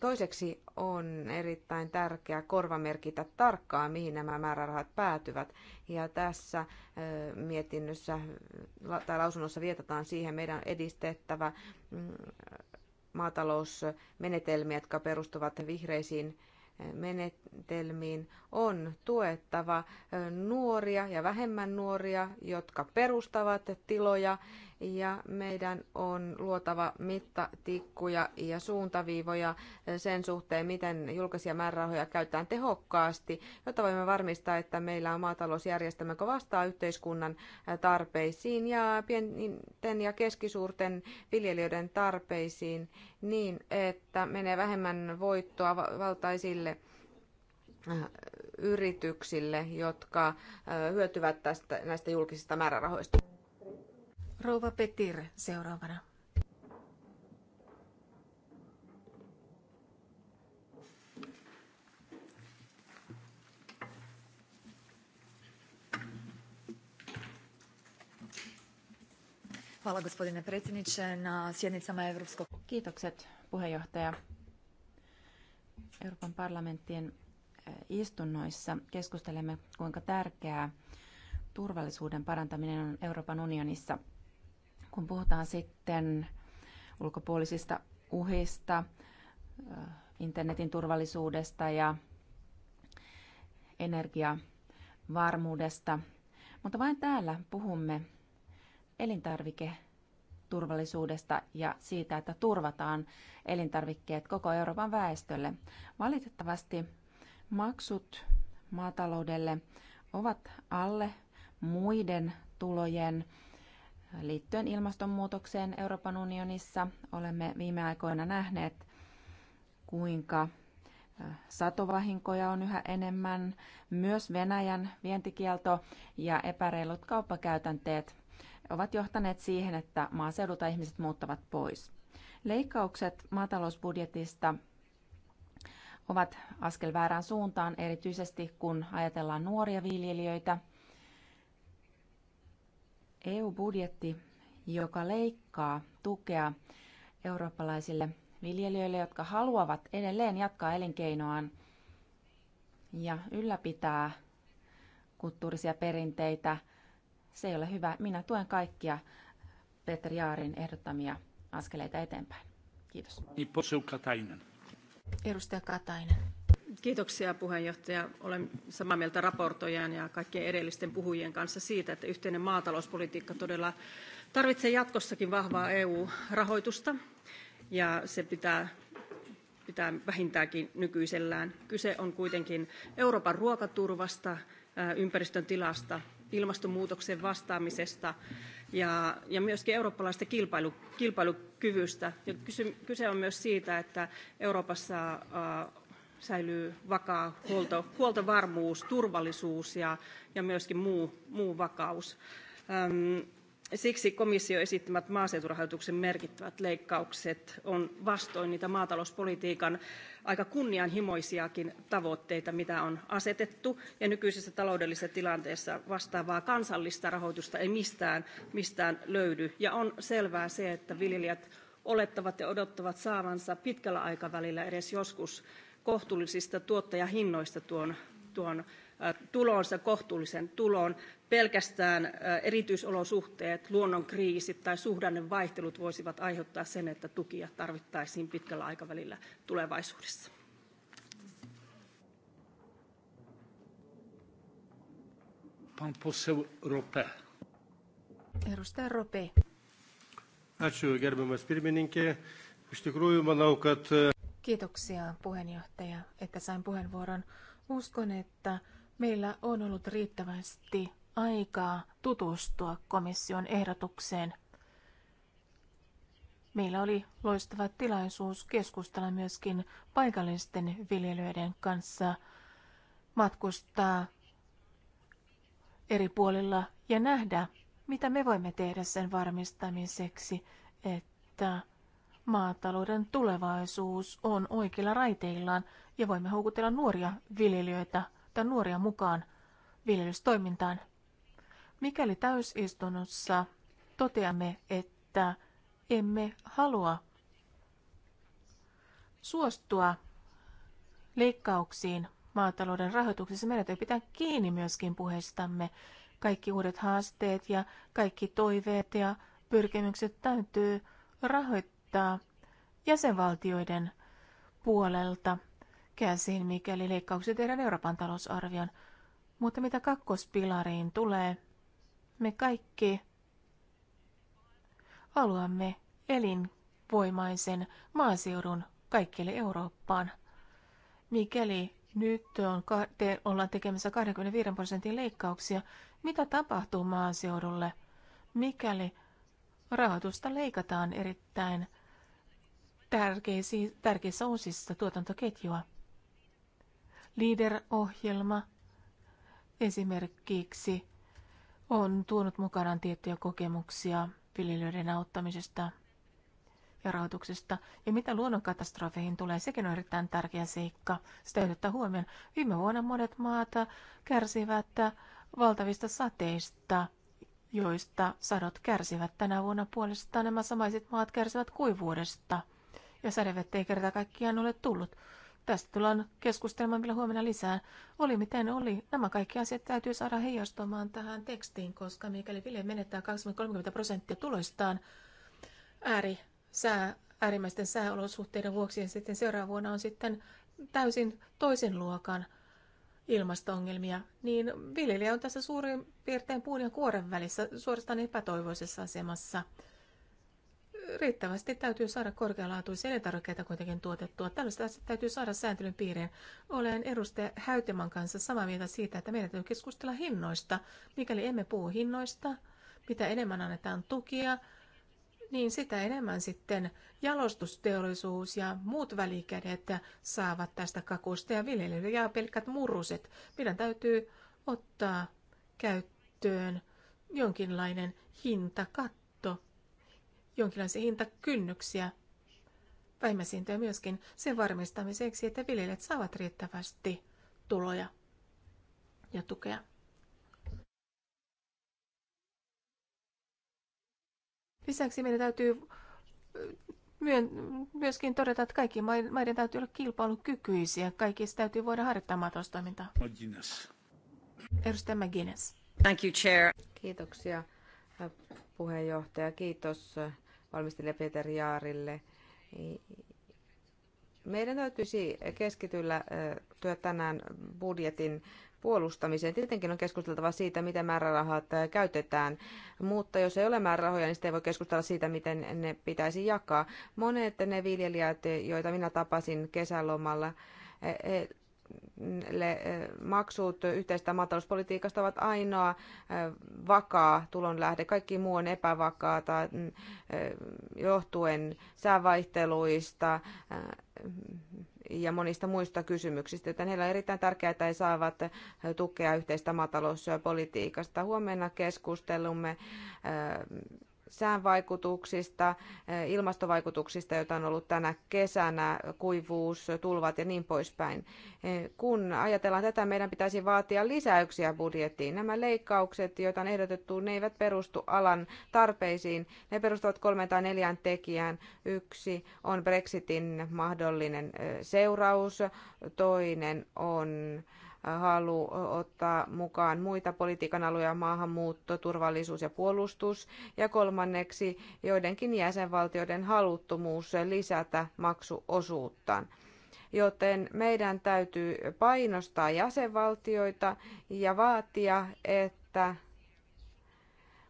Toiseksi on erittäin tärkeää korvamerkitä tarkkaan, mihin nämä määrärahat päätyvät. Ja tässä mietinnössä tai lausunnossa vietataan siihen meidän edistettävä mm, maatalousmenetelmiä, jotka perustuvat vihreisiin menetelmiin on tuettava nuoria ja vähemmän nuoria, jotka perustavat tiloja ja meidän on luotava mittatikkuja ja suuntaviivoja sen suhteen, miten julkisia määrärahoja käytetään tehokkaasti, jotta voimme varmistaa, että meillä on maatalousjärjestelmä, joka vastaa yhteiskunnan tarpeisiin ja pienten ja keskisuurten viljelijöiden tarpeisiin niin, että menee vähemmän voittoa valtaisille yrityksille, jotka hyötyvät tästä, näistä julkisista määrärahoista. Rouva Petir seuraavana. Hvala gospodine predsjedniče na sjednicama Evropskog... Kiitokset puheenjohtaja. Euroopan parlamenttien eh, istunnoissa keskustelemme, kuinka tärkeää turvallisuuden parantaminen on Euroopan unionissa – kun puhutaan sitten ulkopuolisista uhista, äh, internetin turvallisuudesta ja energiavarmuudesta, mutta vain täällä puhumme elintarviketurvallisuudesta ja siitä, että turvataan elintarvikkeet koko Euroopan väestölle. Valitettavasti maksut maataloudelle ovat alle muiden tulojen liittyen ilmastonmuutokseen Euroopan unionissa. Olemme viime aikoina nähneet, kuinka satovahinkoja on yhä enemmän, myös Venäjän vientikielto ja epäreilut kauppakäytänteet ovat johtaneet siihen, että maaseudulta ihmiset muuttavat pois. Leikkaukset maatalousbudjetista ovat askel väärään suuntaan, erityisesti kun ajatellaan nuoria viljelijöitä, EU-budjetti, joka leikkaa tukea eurooppalaisille viljelijöille, jotka haluavat edelleen jatkaa elinkeinoaan ja ylläpitää kulttuurisia perinteitä. Se ei ole hyvä. Minä tuen kaikkia Peter Jaarin ehdottamia askeleita eteenpäin. Kiitos. Niin, Edustaja Katainen. Kiitoksia puheenjohtaja. Olen samaa mieltä raportoijan ja kaikkien edellisten puhujien kanssa siitä, että yhteinen maatalouspolitiikka todella tarvitsee jatkossakin vahvaa EU-rahoitusta ja se pitää pitää vähintäänkin nykyisellään. Kyse on kuitenkin Euroopan ruokaturvasta, ympäristön tilasta, ilmastonmuutokseen vastaamisesta ja, ja myöskin eurooppalaista kilpailu, kilpailukyvystä. Ja kyse, kyse on myös siitä, että Euroopassa säilyy vakaa huolto, huoltovarmuus, turvallisuus ja, ja myöskin muu, muu vakaus. Öm, siksi komission esittämät maaseuturahoituksen merkittävät leikkaukset on vastoin niitä maatalouspolitiikan aika kunnianhimoisiakin tavoitteita, mitä on asetettu. Ja nykyisessä taloudellisessa tilanteessa vastaavaa kansallista rahoitusta ei mistään, mistään löydy. Ja on selvää se, että viljelijät olettavat ja odottavat saavansa pitkällä aikavälillä edes joskus kohtuullisista tuottajahinnoista tuon, tuon tulonsa kohtuullisen tulon. Pelkästään erityisolosuhteet, luonnon kriisit tai suhdannevaihtelut voisivat aiheuttaa sen, että tukia tarvittaisiin pitkällä aikavälillä tulevaisuudessa. Pan poseł Rope. Edustaja Rope. Ačiū, gerbiamas pirmininkė. Iš tikrųjų, manau, kad Kiitoksia puheenjohtaja, että sain puheenvuoron. Uskon, että meillä on ollut riittävästi aikaa tutustua komission ehdotukseen. Meillä oli loistava tilaisuus keskustella myöskin paikallisten viljelijöiden kanssa, matkustaa eri puolilla ja nähdä, mitä me voimme tehdä sen varmistamiseksi, että maatalouden tulevaisuus on oikeilla raiteillaan ja voimme houkutella nuoria viljelijöitä tai nuoria mukaan viljelystoimintaan. Mikäli täysistunnossa toteamme, että emme halua suostua leikkauksiin maatalouden rahoituksessa, meidän täytyy pitää kiinni myöskin puheistamme. Kaikki uudet haasteet ja kaikki toiveet ja pyrkimykset täytyy rahoittaa osoittaa jäsenvaltioiden puolelta käsin, mikäli leikkauksia tehdään Euroopan talousarvion. Mutta mitä kakkospilariin tulee, me kaikki haluamme elinvoimaisen maaseudun kaikkialle Eurooppaan. Mikäli nyt on, te, ollaan tekemässä 25 prosentin leikkauksia, mitä tapahtuu maaseudulle, mikäli rahoitusta leikataan erittäin tärkeissä osissa tuotantoketjua. Leader-ohjelma esimerkiksi on tuonut mukanaan tiettyjä kokemuksia viljelijöiden auttamisesta ja rahoituksesta. Ja mitä luonnonkatastrofeihin tulee, sekin on erittäin tärkeä seikka. Sitä yhdettä huomioon. Viime vuonna monet maat kärsivät valtavista sateista, joista sadot kärsivät. Tänä vuonna puolestaan nämä samaiset maat kärsivät kuivuudesta – ja sadevettä ei kerta kaikkiaan ole tullut. Tästä tullaan keskustelemaan vielä huomenna lisää. Oli miten oli. Nämä kaikki asiat täytyy saada heijastumaan tähän tekstiin, koska mikäli Ville menettää 20-30 prosenttia tuloistaan ääri, sää, äärimmäisten sääolosuhteiden vuoksi, ja sitten seuraavana vuonna on sitten täysin toisen luokan ilmastoongelmia. niin viljelijä on tässä suurin piirtein puun ja kuoren välissä suorastaan epätoivoisessa asemassa riittävästi täytyy saada korkealaatuisia elintarvikkeita kuitenkin tuotettua. Tällaista täytyy saada sääntelyn piiriin. Olen edustaja Häytemän kanssa samaa mieltä siitä, että meidän täytyy keskustella hinnoista. Mikäli emme puhu hinnoista, mitä enemmän annetaan tukia, niin sitä enemmän sitten jalostusteollisuus ja muut välikädet saavat tästä kakusta ja viljelijöille ja pelkät muruset. Meidän täytyy ottaa käyttöön jonkinlainen hintakatto jonkinlaisia hintakynnyksiä vähimmäisintoja myöskin sen varmistamiseksi, että viljelijät saavat riittävästi tuloja ja tukea. Lisäksi meidän täytyy myöskin todeta, että kaikki maiden täytyy olla kilpailukykyisiä. Kaikissa täytyy voida harjoittaa maataloustoimintaa. McGuinness. Edustaja McGuinness. Thank you, Chair. Kiitoksia puheenjohtaja. Kiitos valmistelija Peter Jaarille. Meidän täytyisi keskityllä työ tänään budjetin puolustamiseen. Tietenkin on keskusteltava siitä, miten määrärahat käytetään, mutta jos ei ole määrärahoja, niin sitten ei voi keskustella siitä, miten ne pitäisi jakaa. Monet ne viljelijät, joita minä tapasin kesälomalla, Eh, maksut yhteistä maatalouspolitiikasta ovat ainoa eh, vakaa tulonlähde. Kaikki muu on epävakaata mm, eh, johtuen säävaihteluista ja monista muista kysymyksistä, joten heillä on erittäin tärkeää, että he saavat tukea yhteistä maatalouspolitiikasta. Huomenna keskustelumme vaikutuksista, eh, ilmastovaikutuksista, joita on ollut tänä kesänä, kuivuus, tulvat ja niin poispäin. Eh, kun ajatellaan tätä, meidän pitäisi vaatia lisäyksiä budjettiin. Nämä leikkaukset, joita on ehdotettu, ne eivät perustu alan tarpeisiin. Ne perustuvat kolme tai neljään tekijään. Yksi on Brexitin mahdollinen eh, seuraus, toinen on halu ottaa mukaan muita politiikan aloja, maahanmuutto, turvallisuus ja puolustus. Ja kolmanneksi joidenkin jäsenvaltioiden haluttomuus lisätä maksuosuuttaan joten meidän täytyy painostaa jäsenvaltioita ja vaatia, että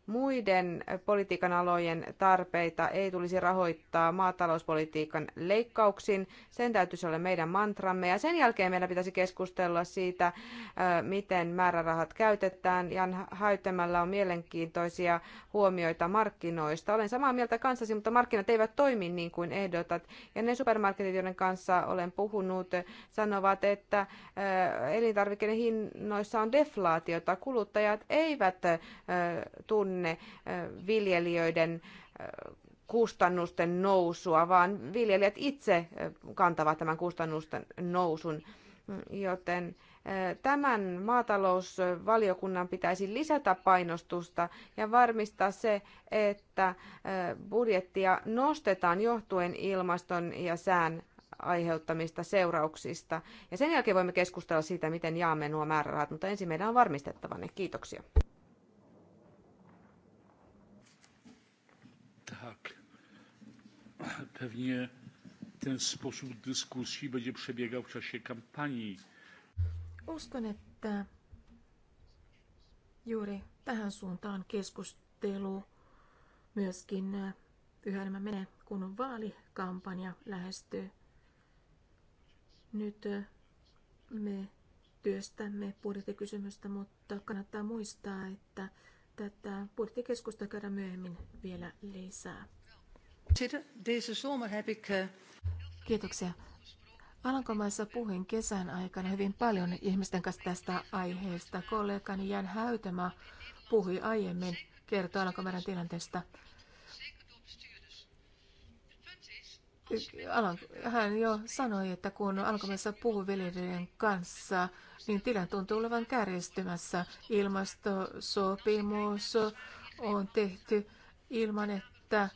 muiden politiikan alojen tarpeita ei tulisi rahoittaa maatalouspolitiikan leikkauksin. Sen täytyisi olla meidän mantramme. Ja sen jälkeen meidän pitäisi keskustella siitä, miten määrärahat käytetään. Jan Häytämällä on mielenkiintoisia huomioita markkinoista. Olen samaa mieltä kanssasi, mutta markkinat eivät toimi niin kuin ehdotat. Ja ne supermarketit, joiden kanssa olen puhunut, sanovat, että elintarvikkeiden hinnoissa on deflaatiota. Kuluttajat eivät tunne sinne viljelijöiden kustannusten nousua, vaan viljelijät itse kantavat tämän kustannusten nousun. Joten tämän maatalousvaliokunnan pitäisi lisätä painostusta ja varmistaa se, että budjettia nostetaan johtuen ilmaston ja sään aiheuttamista seurauksista. Ja sen jälkeen voimme keskustella siitä, miten jaamme nuo määrärahat, mutta ensin meidän on varmistettava ne. Kiitoksia. pewnie ten sposób dyskusji będzie przebiegał w czasie kampanii. Uskon, että juuri tähän suuntaan keskustelu myöskin yhä enemmän menee, kun vaalikampanja lähestyy. Nyt me työstämme budjettikysymystä, mutta kannattaa muistaa, että tätä budjettikeskusta käydään myöhemmin vielä lisää. Eh, Kiitoksia. Alankomaissa puhuin kesän aikana hyvin paljon ihmisten kanssa tästä aiheesta. Kollegani Jan Häytämä puhui aiemmin, kertoi Alankomaiden tilanteesta. Hän jo sanoi, että kun Alankomaissa puhui viljelijöiden kanssa, niin tilanne tuntuu olevan kärjistymässä. Ilmastosopimus on tehty ilman, että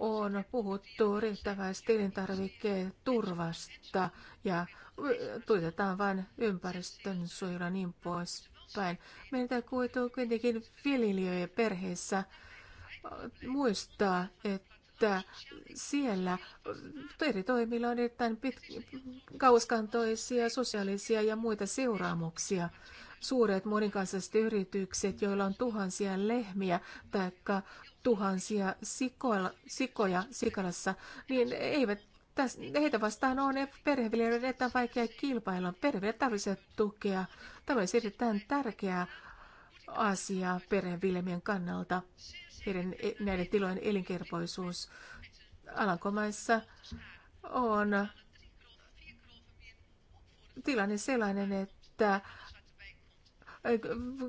on puhuttu riittävästi elintarvikkeen turvasta ja tuotetaan vain ympäristön suojelua niin poispäin. Meiltä kuitenkin kuitenkin viljelijöiden perheissä muistaa, että siellä eri toimilla on erittäin pit- sosiaalisia ja muita seuraamuksia suuret monikansalliset yritykset, joilla on tuhansia lehmiä tai tuhansia sikoilla, sikoja sikarassa, niin eivät täs, heitä vastaan on e- perheviljelijöiden erittäin vaikea kilpailla. Perheviljelijät tarvitsevat tukea. Tämä olisi erittäin tärkeä asia perheviljelmien kannalta, heidän, e- näiden tilojen elinkelpoisuus. Alankomaissa on tilanne sellainen, että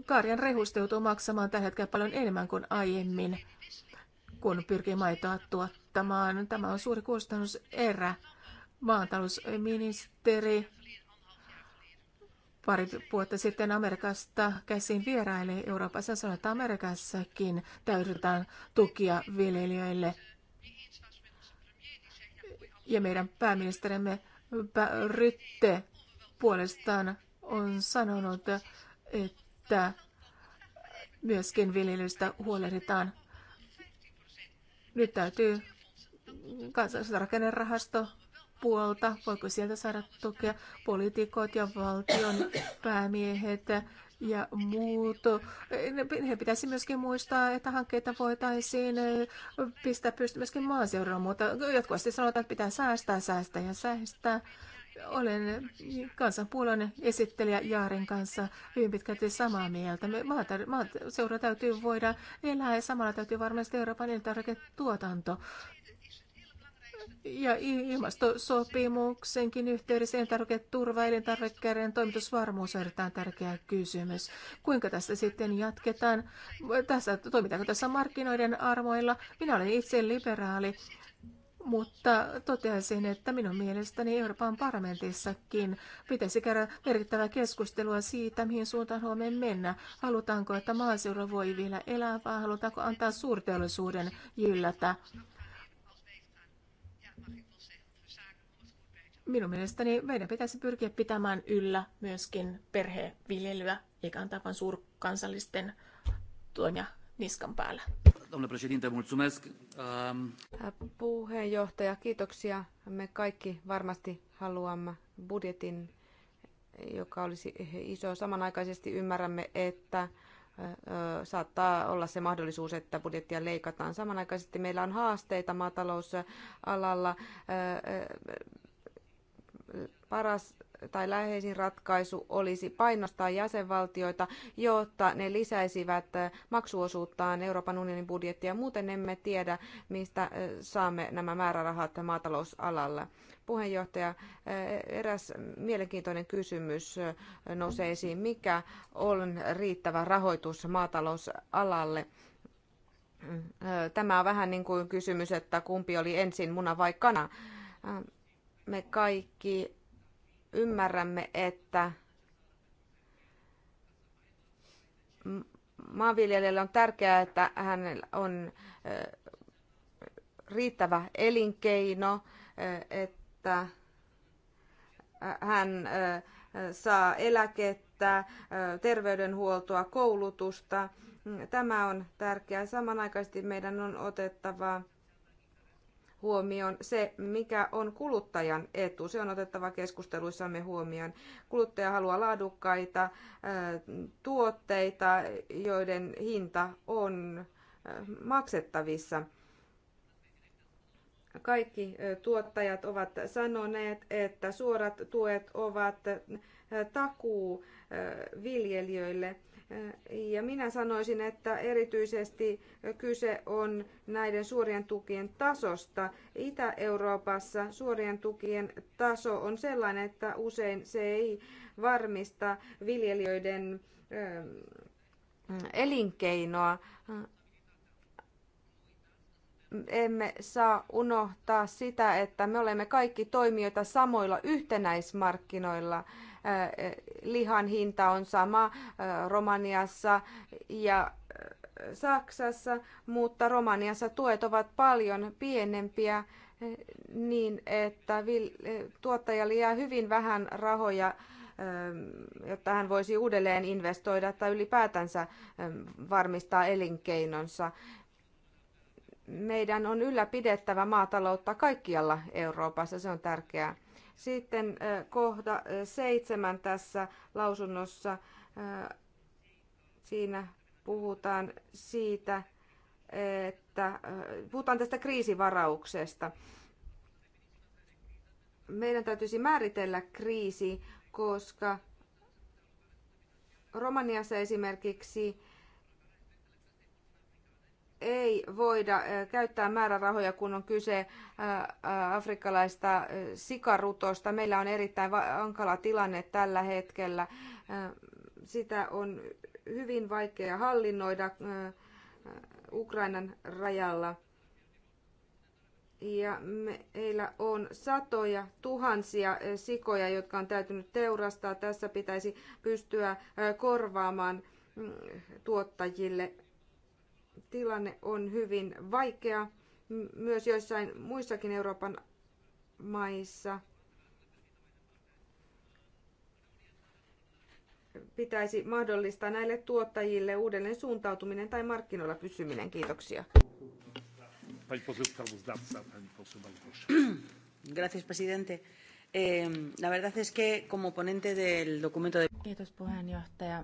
karjan rehuista joutuu maksamaan tällä hetkellä paljon enemmän kuin aiemmin, kun pyrkii maitoa tuottamaan. Tämä on suuri kustannus. erä. Maatalousministeri pari vuotta sitten Amerikasta käsin vieraili Euroopassa, sanoi, että Amerikassakin täydetään tukia viljelijöille. Ja meidän pääministerimme Rytte puolestaan on sanonut, että myöskin viljelystä huolehditaan. Nyt täytyy kansallisrakennerahasto puolta, voiko sieltä saada tukea poliitikot ja valtion päämiehet ja muut. He pitäisi myöskin muistaa, että hankkeita voitaisiin pistää pysty myöskin maaseudulla, mutta jatkuvasti sanotaan, että pitää säästää, säästää ja säästää olen kansanpuolueen esittelijä Jaaren kanssa hyvin pitkälti samaa mieltä. Me maata, maata, seura täytyy voida elää ja samalla täytyy varmasti Euroopan elintarviketuotanto. Ja ilmastosopimuksenkin yhteydessä elintarviketurva, elintarvikkeiden toimitusvarmuus on erittäin tärkeä kysymys. Kuinka tässä sitten jatketaan? Tässä, toimitaanko tässä markkinoiden armoilla? Minä olen itse liberaali mutta toteaisin, että minun mielestäni Euroopan parlamentissakin pitäisi käydä merkittävää keskustelua siitä, mihin suuntaan huomenna mennä. Halutaanko, että maaseudulla voi vielä elää, vai halutaanko antaa suurteollisuuden jyllätä? Minun mielestäni meidän pitäisi pyrkiä pitämään yllä myöskin perheviljelyä, eikä antaa vain suurkansallisten toimia niskan päällä. Puheenjohtaja, kiitoksia. Me kaikki varmasti haluamme budjetin, joka olisi iso. Samanaikaisesti ymmärrämme, että saattaa olla se mahdollisuus, että budjettia leikataan. Samanaikaisesti meillä on haasteita maatalousalalla. Paras tai läheisin ratkaisu olisi painostaa jäsenvaltioita, jotta ne lisäisivät äh, maksuosuuttaan Euroopan unionin budjettia. Muuten emme tiedä, mistä äh, saamme nämä määrärahat maatalousalalla. Puheenjohtaja, äh, eräs mielenkiintoinen kysymys nousee esiin. Mikä on riittävä rahoitus maatalousalalle? Tämä on vähän niin kuin kysymys, että kumpi oli ensin muna vai kana. Me kaikki ymmärrämme, että maanviljelijälle on tärkeää, että hänellä on riittävä elinkeino, että hän saa eläkettä, terveydenhuoltoa, koulutusta. Tämä on tärkeää. Samanaikaisesti meidän on otettava huomioon se, mikä on kuluttajan etu. Se on otettava keskusteluissamme huomioon. Kuluttaja haluaa laadukkaita tuotteita, joiden hinta on maksettavissa. Kaikki tuottajat ovat sanoneet, että suorat tuet ovat takuu viljelijöille – ja minä sanoisin, että erityisesti kyse on näiden suorien tukien tasosta. Itä-Euroopassa suorien tukien taso on sellainen, että usein se ei varmista viljelijöiden elinkeinoa. Emme saa unohtaa sitä, että me olemme kaikki toimijoita samoilla yhtenäismarkkinoilla – lihan hinta on sama äh, Romaniassa ja äh, Saksassa, mutta Romaniassa tuet ovat paljon pienempiä äh, niin, että tuottajalle jää hyvin vähän rahoja, jotta hän voisi uudelleen investoida tai ylipäätänsä ähm, varmistaa elinkeinonsa. Meidän on ylläpidettävä maataloutta kaikkialla Euroopassa, se on tärkeää. Sitten kohta seitsemän tässä lausunnossa. Siinä puhutaan siitä, että puhutaan tästä kriisivarauksesta. Meidän täytyisi määritellä kriisi, koska Romaniassa esimerkiksi ei voida käyttää määrärahoja, kun on kyse afrikkalaista sikarutosta. Meillä on erittäin hankala tilanne tällä hetkellä. Sitä on hyvin vaikea hallinnoida Ukrainan rajalla. Ja meillä on satoja tuhansia sikoja, jotka on täytynyt teurastaa. Tässä pitäisi pystyä korvaamaan mm, tuottajille tilanne on hyvin vaikea. Myös joissain muissakin Euroopan maissa pitäisi mahdollistaa näille tuottajille uudelleen suuntautuminen tai markkinoilla pysyminen. Kiitoksia. Gracias, presidente. la verdad es que como ponente del documento de... Kiitos puheenjohtaja.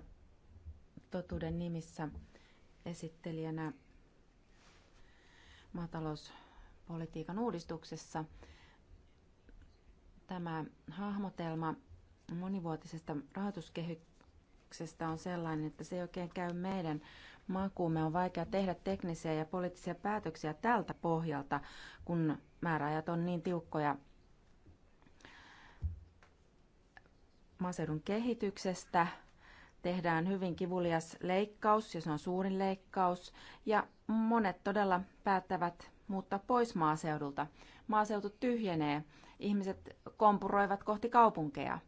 Totuuden nimissä esittelijänä maatalouspolitiikan uudistuksessa. Tämä hahmotelma monivuotisesta rahoituskehyksestä on sellainen, että se ei oikein käy meidän makuumme. On vaikea tehdä teknisiä ja poliittisia päätöksiä tältä pohjalta, kun määräajat on niin tiukkoja maaseudun kehityksestä – tehdään hyvin kivulias leikkaus, ja se on suurin leikkaus, ja monet todella päättävät muuttaa pois maaseudulta. Maaseutu tyhjenee, ihmiset kompuroivat kohti kaupunkeja.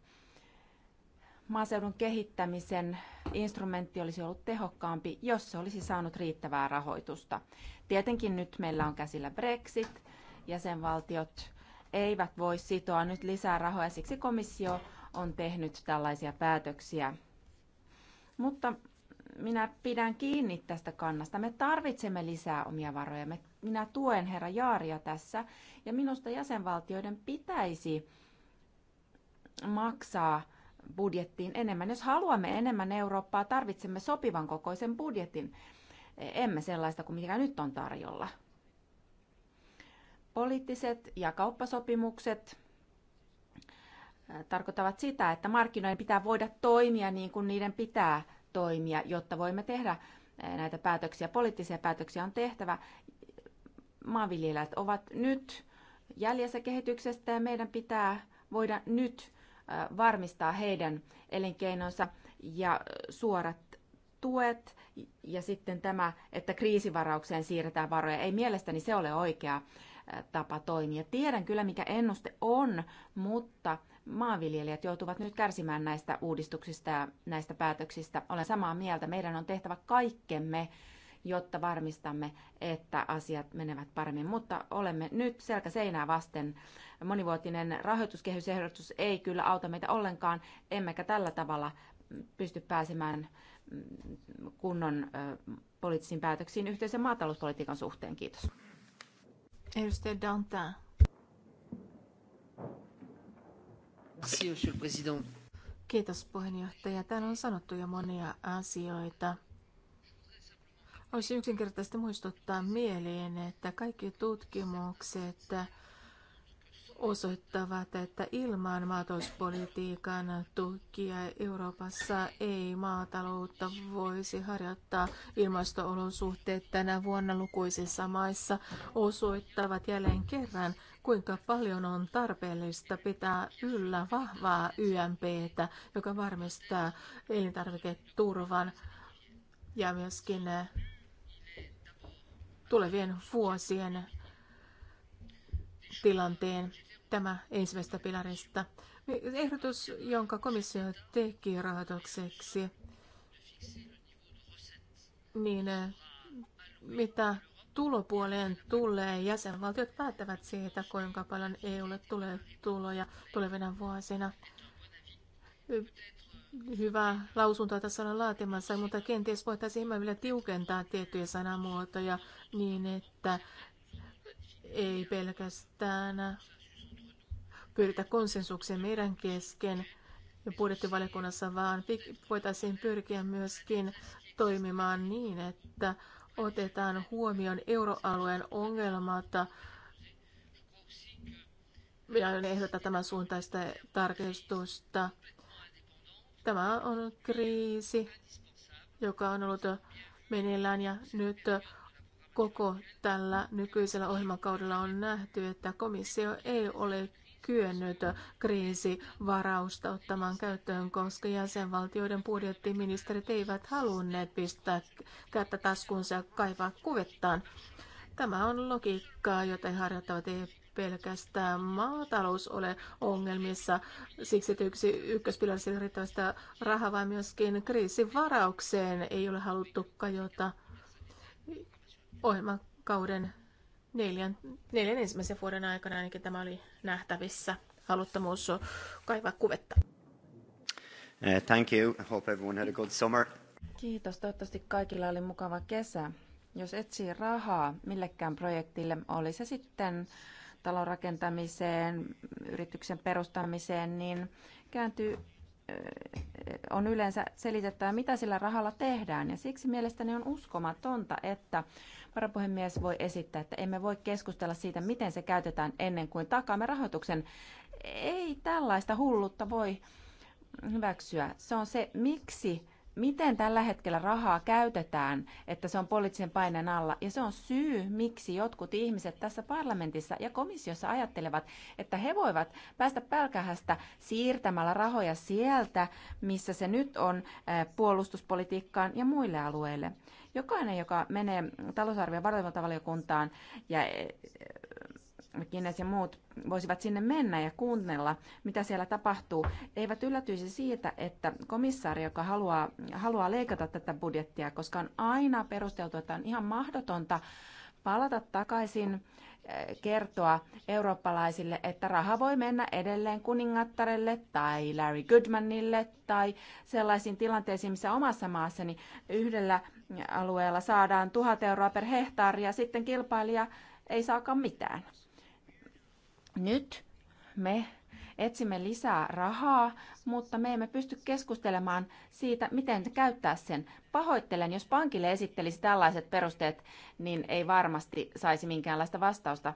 Maaseudun kehittämisen instrumentti olisi ollut tehokkaampi, jos se olisi saanut riittävää rahoitusta. Tietenkin nyt meillä on käsillä Brexit, jäsenvaltiot eivät voi sitoa nyt lisää rahoja, siksi komissio on tehnyt tällaisia päätöksiä mutta minä pidän kiinni tästä kannasta. Me tarvitsemme lisää omia varoja. Minä tuen herra Jaaria tässä ja minusta jäsenvaltioiden pitäisi maksaa budjettiin enemmän. Jos haluamme enemmän Eurooppaa, tarvitsemme sopivan kokoisen budjetin. Emme sellaista kuin mikä nyt on tarjolla. Poliittiset ja kauppasopimukset tarkoittavat sitä, että markkinoiden pitää voida toimia niin kuin niiden pitää toimia, jotta voimme tehdä näitä päätöksiä. Poliittisia päätöksiä on tehtävä. Maanviljelijät ovat nyt jäljessä kehityksestä ja meidän pitää voida nyt varmistaa heidän elinkeinonsa ja suorat tuet ja sitten tämä, että kriisivaraukseen siirretään varoja. Ei mielestäni se ole oikea tapa toimia. Tiedän kyllä, mikä ennuste on, mutta maanviljelijät joutuvat nyt kärsimään näistä uudistuksista ja näistä päätöksistä. Olen samaa mieltä. Meidän on tehtävä kaikkemme, jotta varmistamme, että asiat menevät paremmin. Mutta olemme nyt selkä seinää vasten. Monivuotinen rahoituskehysehdotus ei kyllä auta meitä ollenkaan, emmekä tällä tavalla pysty pääsemään mm, kunnon poliittisiin päätöksiin yhteisen maatalouspolitiikan suhteen. Kiitos. Edustaja Dantin. Kiitos puheenjohtaja. Täällä on sanottu jo monia asioita. Olisi yksinkertaisesti muistuttaa mieleen, että kaikki tutkimukset osoittavat, että ilman maatalouspolitiikan tukia Euroopassa ei maataloutta voisi harjoittaa. Ilmastoolosuhteet tänä vuonna lukuisissa maissa osoittavat jälleen kerran, kuinka paljon on tarpeellista pitää yllä vahvaa YMPtä, joka varmistaa elintarviketurvan ja myöskin eh, tulevien vuosien tilanteen tämä ensimmäistä pilarista. Ehdotus, jonka komissio teki rahoitukseksi, niin eh, mitä tulopuoleen tulee, jäsenvaltiot päättävät siitä, kuinka paljon EUlle tulee tuloja tulevina vuosina. Hyvä lausunto tässä on laatimassa, mutta kenties voitaisiin hieman vielä tiukentaa tiettyjä sanamuotoja niin, että ei pelkästään pyritä konsensukseen meidän kesken ja budjettivaliokunnassa, vaan voitaisiin pyrkiä myöskin toimimaan niin, että otetaan huomioon euroalueen ongelmat. Minä aion ehdottaa tämän suuntaista tarkistusta. Tämä on kriisi, joka on ollut meneillään ja nyt koko tällä nykyisellä ohjelmakaudella on nähty, että komissio ei ole kyennyt kriisivarausta ottamaan käyttöön, koska jäsenvaltioiden budjettiministerit eivät halunneet pistää kättä taskuunsa ja kaivaa kuvettaan. Tämä on logiikkaa, jota harjoittavat ei pelkästään maatalous ole ongelmissa. Siksi yksi ykköspilarissa riittävästä rahaa, vaan myöskin kriisivaraukseen ei ole haluttu kajota ohjelmakauden neljän, neljän ensimmäisen vuoden aikana ainakin tämä oli nähtävissä haluttomuus kaivaa kuvetta. Eh, thank you. Hope everyone had a good summer. Kiitos. Toivottavasti kaikilla oli mukava kesä. Jos etsii rahaa millekään projektille, oli se sitten talon rakentamiseen, yrityksen perustamiseen, niin kääntyy on yleensä selitettävä, mitä sillä rahalla tehdään. Ja siksi mielestäni on uskomatonta, että varapuhemies voi esittää, että emme voi keskustella siitä, miten se käytetään ennen kuin takaamme rahoituksen. Ei tällaista hullutta voi hyväksyä. Se on se, miksi miten tällä hetkellä rahaa käytetään, että se on poliittisen paineen alla. Ja se on syy, miksi jotkut ihmiset tässä parlamentissa ja komissiossa ajattelevat, että he voivat päästä pälkähästä siirtämällä rahoja sieltä, missä se nyt on eh, puolustuspolitiikkaan ja muille alueille. Jokainen, joka menee talousarvion valvontavaliokuntaan ja eh, Kines ja muut voisivat sinne mennä ja kuunnella, mitä siellä tapahtuu, eivät yllätyisi siitä, että komissaari, joka haluaa, haluaa leikata tätä budjettia, koska on aina perusteltu, että on ihan mahdotonta palata takaisin eh, kertoa eurooppalaisille, että raha voi mennä edelleen kuningattarelle tai Larry Goodmanille tai sellaisiin tilanteisiin, missä omassa maassani yhdellä alueella saadaan tuhat euroa per hehtaari ja sitten kilpailija ei saakaan mitään. Nyt me etsimme lisää rahaa, mutta me emme pysty keskustelemaan siitä, miten käyttää sen. Pahoittelen, jos pankille esittelisi tällaiset perusteet, niin ei varmasti saisi minkäänlaista vastausta.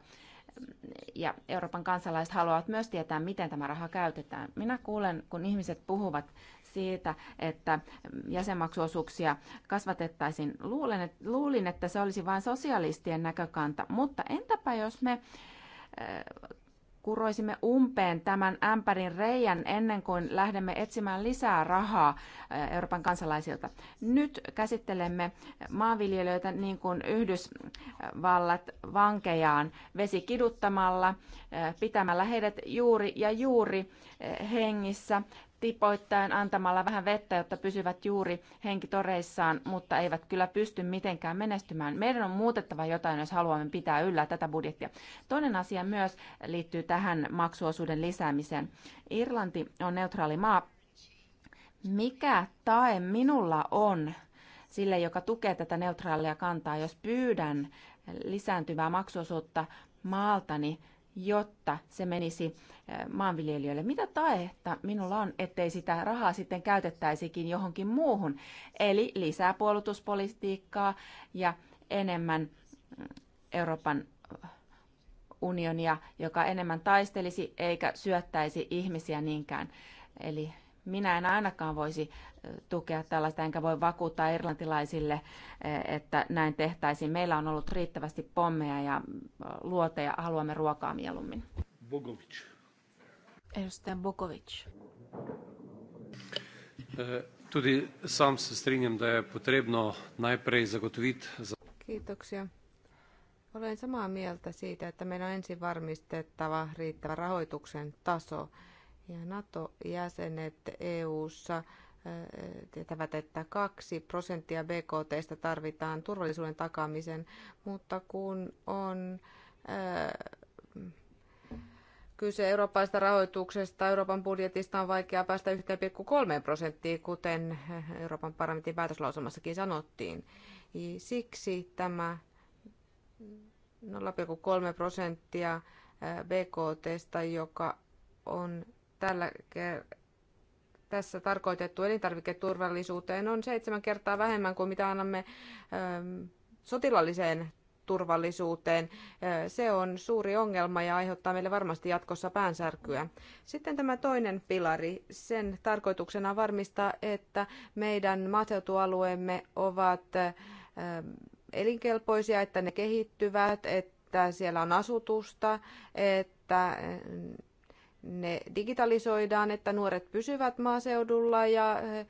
Ja Euroopan kansalaiset haluavat myös tietää, miten tämä raha käytetään. Minä kuulen, kun ihmiset puhuvat siitä, että jäsenmaksuosuuksia kasvatettaisiin. Luulen, että luulin, että se olisi vain sosialistien näkökanta, mutta entäpä jos me kuroisimme umpeen tämän ämpärin reijän ennen kuin lähdemme etsimään lisää rahaa eh, Euroopan kansalaisilta. Nyt käsittelemme maanviljelijöitä niin kuin Yhdysvallat vankejaan vesikiduttamalla, eh, pitämällä heidät juuri ja juuri eh, hengissä tipoittain antamalla vähän vettä, jotta pysyvät juuri henkitoreissaan, mutta eivät kyllä pysty mitenkään menestymään. Meidän on muutettava jotain, jos haluamme pitää yllä tätä budjettia. Toinen asia myös liittyy tähän maksuosuuden lisäämiseen. Irlanti on neutraali maa. Mikä tae minulla on sille, joka tukee tätä neutraalia kantaa, jos pyydän lisääntyvää maksuosuutta maaltani, niin jotta se menisi maanviljelijöille. Mitä taetta minulla on, ettei sitä rahaa sitten käytettäisikin johonkin muuhun, eli lisää puolustuspolitiikkaa ja enemmän Euroopan unionia, joka enemmän taistelisi eikä syöttäisi ihmisiä niinkään. Eli minä en ainakaan voisi tukea tällaista, enkä voi vakuuttaa irlantilaisille, eh, että näin tehtäisiin. Meillä on ollut riittävästi pommeja ja eh, luoteja, haluamme ruokaa mieluummin. Bogovic. Edustaja Bogovic. Eh, tudi sam se strinjam, da je potrebno najprej zagotoviti... Kiitoksia. Olen samaa mieltä siitä, että meidän on ensin varmistettava riittävä rahoituksen taso. Ja NATO-jäsenet EU:ssa ssa tietävät, että 2 prosenttia BKTstä tarvitaan turvallisuuden takaamisen, mutta kun on äh, kyse eurooppalaisesta rahoituksesta, Euroopan budjetista on vaikea päästä 1,3 prosenttiin, kuten Euroopan parlamentin päätöslausumassakin sanottiin. Siksi tämä 0,3 prosenttia äh, BKTstä, joka on tällä kertaa tässä tarkoitettu elintarviketurvallisuuteen on seitsemän kertaa vähemmän kuin mitä annamme ähm, sotilalliseen turvallisuuteen. Äh, se on suuri ongelma ja aiheuttaa meille varmasti jatkossa päänsärkyä. Sitten tämä toinen pilari. Sen tarkoituksena on varmistaa, että meidän maaseutualueemme ovat ähm, elinkelpoisia, että ne kehittyvät, että siellä on asutusta, että äh, ne digitalisoidaan, että nuoret pysyvät maaseudulla ja eh,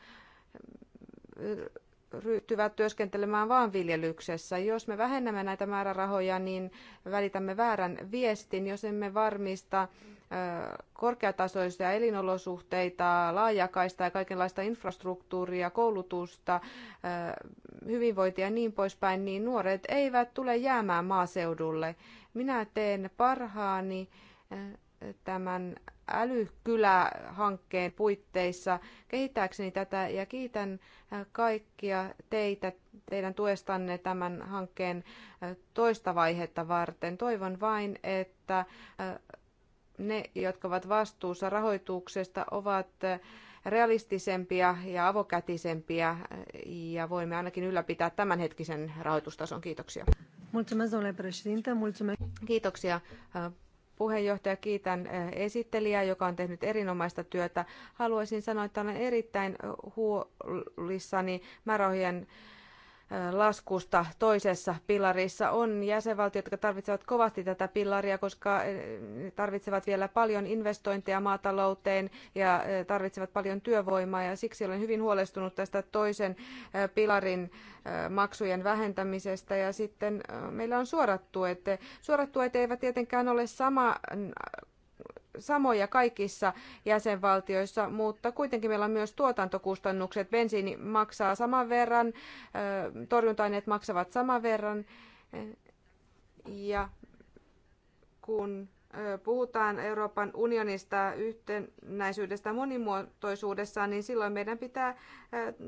ryhtyvät työskentelemään viljelyksessä. Jos me vähennämme näitä määrärahoja, niin välitämme väärän viestin, jos emme varmista eh, korkeatasoisia elinolosuhteita, laajakaista ja kaikenlaista infrastruktuuria, koulutusta, eh, hyvinvointia ja niin poispäin, niin nuoret eivät tule jäämään maaseudulle. Minä teen parhaani tämän älykylähankkeen puitteissa kehittääkseni tätä ja kiitän äh, kaikkia teitä teidän tuestanne tämän hankkeen äh, toista vaihetta varten. Toivon vain, että äh, ne, jotka ovat vastuussa rahoituksesta, ovat realistisempia ja avokätisempiä ja voimme ainakin ylläpitää tämänhetkisen rahoitustason. Kiitoksia. Kiitoksia puheenjohtaja, kiitän esittelijää, joka on tehnyt erinomaista työtä. Haluaisin sanoa, että olen erittäin huolissani määrärahojen laskusta toisessa pilarissa. On jäsenvaltiot, jotka tarvitsevat kovasti tätä pilaria, koska tarvitsevat vielä paljon investointeja maatalouteen ja tarvitsevat paljon työvoimaa. Ja siksi olen hyvin huolestunut tästä toisen pilarin maksujen vähentämisestä. Ja sitten meillä on suorat tuet. Suorat tuet eivät tietenkään ole sama samoja kaikissa jäsenvaltioissa, mutta kuitenkin meillä on myös tuotantokustannukset. Bensiini maksaa saman verran, torjunta-aineet maksavat saman verran. Ja kun puhutaan Euroopan unionista, yhtenäisyydestä monimuotoisuudessa, niin silloin meidän pitää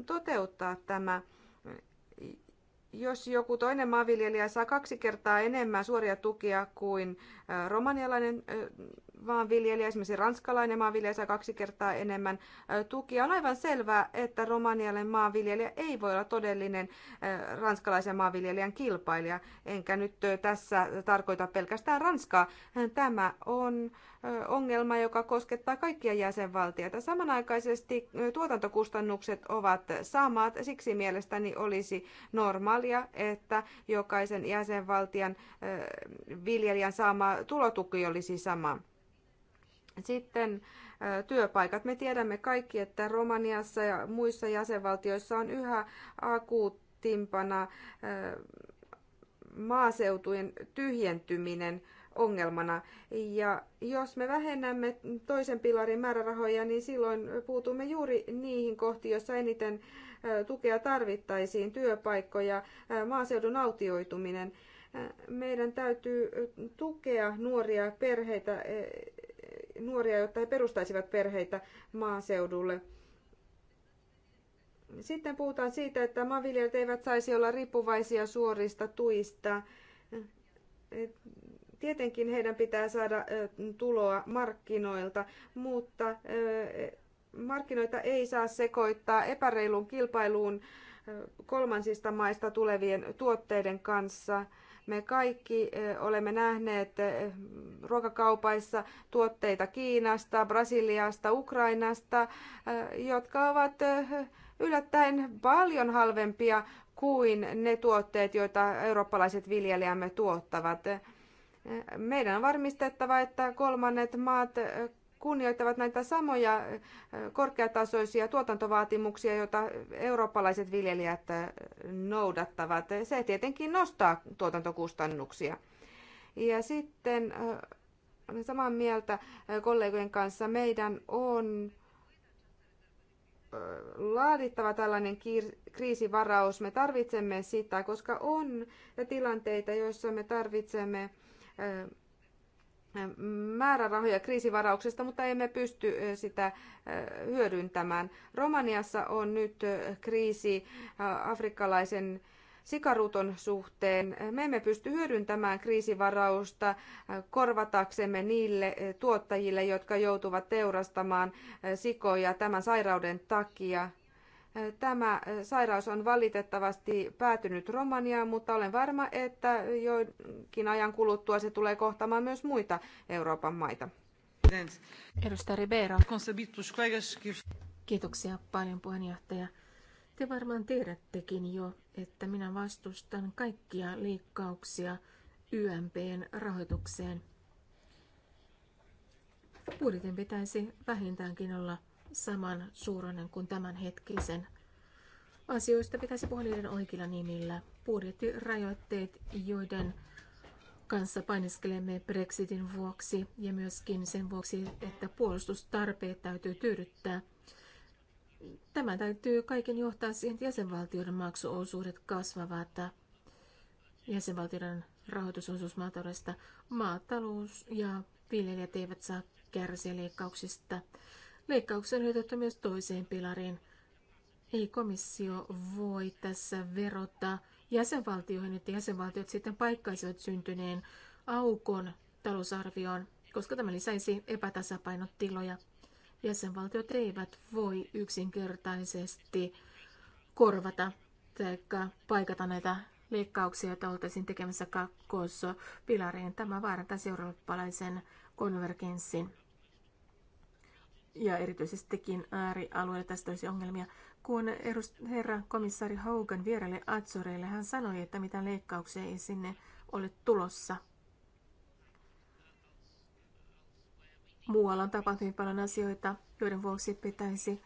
toteuttaa tämä. Jos joku toinen maanviljelijä saa kaksi kertaa enemmän suoria tukia kuin romanialainen maanviljelijä, esimerkiksi ranskalainen maanviljelijä saa kaksi kertaa enemmän tukia. On aivan selvää, että romanialainen maanviljelijä ei voi olla todellinen ranskalaisen maanviljelijän kilpailija. Enkä nyt tässä tarkoita pelkästään Ranskaa. Tämä on ongelma, joka koskettaa kaikkia jäsenvaltioita. Samanaikaisesti tuotantokustannukset ovat samat, siksi mielestäni olisi normaalia, että jokaisen jäsenvaltion viljelijän saama tulotuki olisi sama. Sitten työpaikat. Me tiedämme kaikki, että Romaniassa ja muissa jäsenvaltioissa on yhä akuuttimpana maaseutujen tyhjentyminen ongelmana. Ja jos me vähennämme toisen pilarin määrärahoja, niin silloin puutumme juuri niihin kohtiin, joissa eniten tukea tarvittaisiin, työpaikkoja, maaseudun autioituminen. Meidän täytyy tukea nuoria perheitä e, nuoria, jotta he perustaisivat perheitä maaseudulle. Sitten puhutaan siitä, että maanviljelijät eivät saisi olla riippuvaisia suorista tuista. Tietenkin heidän pitää saada tuloa markkinoilta, mutta markkinoita ei saa sekoittaa epäreilun kilpailuun kolmansista maista tulevien tuotteiden kanssa – me kaikki olemme nähneet ruokakaupaissa tuotteita Kiinasta, Brasiliasta, Ukrainasta, jotka ovat yllättäen paljon halvempia kuin ne tuotteet, joita eurooppalaiset viljelijämme tuottavat. Meidän on varmistettava, että kolmannet maat kunnioittavat näitä samoja korkeatasoisia tuotantovaatimuksia, joita eurooppalaiset viljelijät noudattavat. Se tietenkin nostaa tuotantokustannuksia. Ja sitten olen samaa mieltä kollegojen kanssa. Meidän on laadittava tällainen kriisivaraus. Me tarvitsemme sitä, koska on tilanteita, joissa me tarvitsemme määrärahoja kriisivarauksesta, mutta emme pysty sitä hyödyntämään. Romaniassa on nyt kriisi afrikkalaisen sikaruton suhteen. Me emme pysty hyödyntämään kriisivarausta korvataksemme niille tuottajille, jotka joutuvat teurastamaan sikoja tämän sairauden takia. Tämä sairaus on valitettavasti päätynyt Romaniaan, mutta olen varma, että joinkin ajan kuluttua se tulee kohtaamaan myös muita Euroopan maita. Edustaja Ribeiro. Kiitoksia paljon puheenjohtaja. Te varmaan tiedättekin jo, että minä vastustan kaikkia liikkauksia YMPn rahoitukseen. Budjetin pitäisi vähintäänkin olla saman suuruinen kuin tämänhetkisen. Asioista pitäisi puhua niiden oikeilla nimillä. Budjettirajoitteet, joiden kanssa painiskelemme Brexitin vuoksi ja myöskin sen vuoksi, että puolustustarpeet täytyy tyydyttää. Tämä täytyy kaiken johtaa siihen, että jäsenvaltioiden maksuosuudet kasvavat. Jäsenvaltioiden rahoitusosuus maataloudesta. Maatalous ja viljelijät eivät saa kärsiä leikkauksista. Leikkauksen on myös toiseen pilariin. Ei komissio voi tässä verottaa jäsenvaltioihin, että jäsenvaltiot sitten paikkaisivat syntyneen aukon talousarvioon, koska tämä lisäisi epätasapainotiloja. Jäsenvaltiot eivät voi yksinkertaisesti korvata tai paikata näitä leikkauksia, joita oltaisiin tekemässä kakkospilariin. Tämä vaarantaisi eurooppalaisen konvergenssin ja erityisestikin äärialueilla tästä olisi ongelmia. Kun herra komissaari Hogan vierelle Azoreille, hän sanoi, että mitä leikkauksia ei sinne ole tulossa. Muualla on tapahtunut paljon asioita, joiden vuoksi pitäisi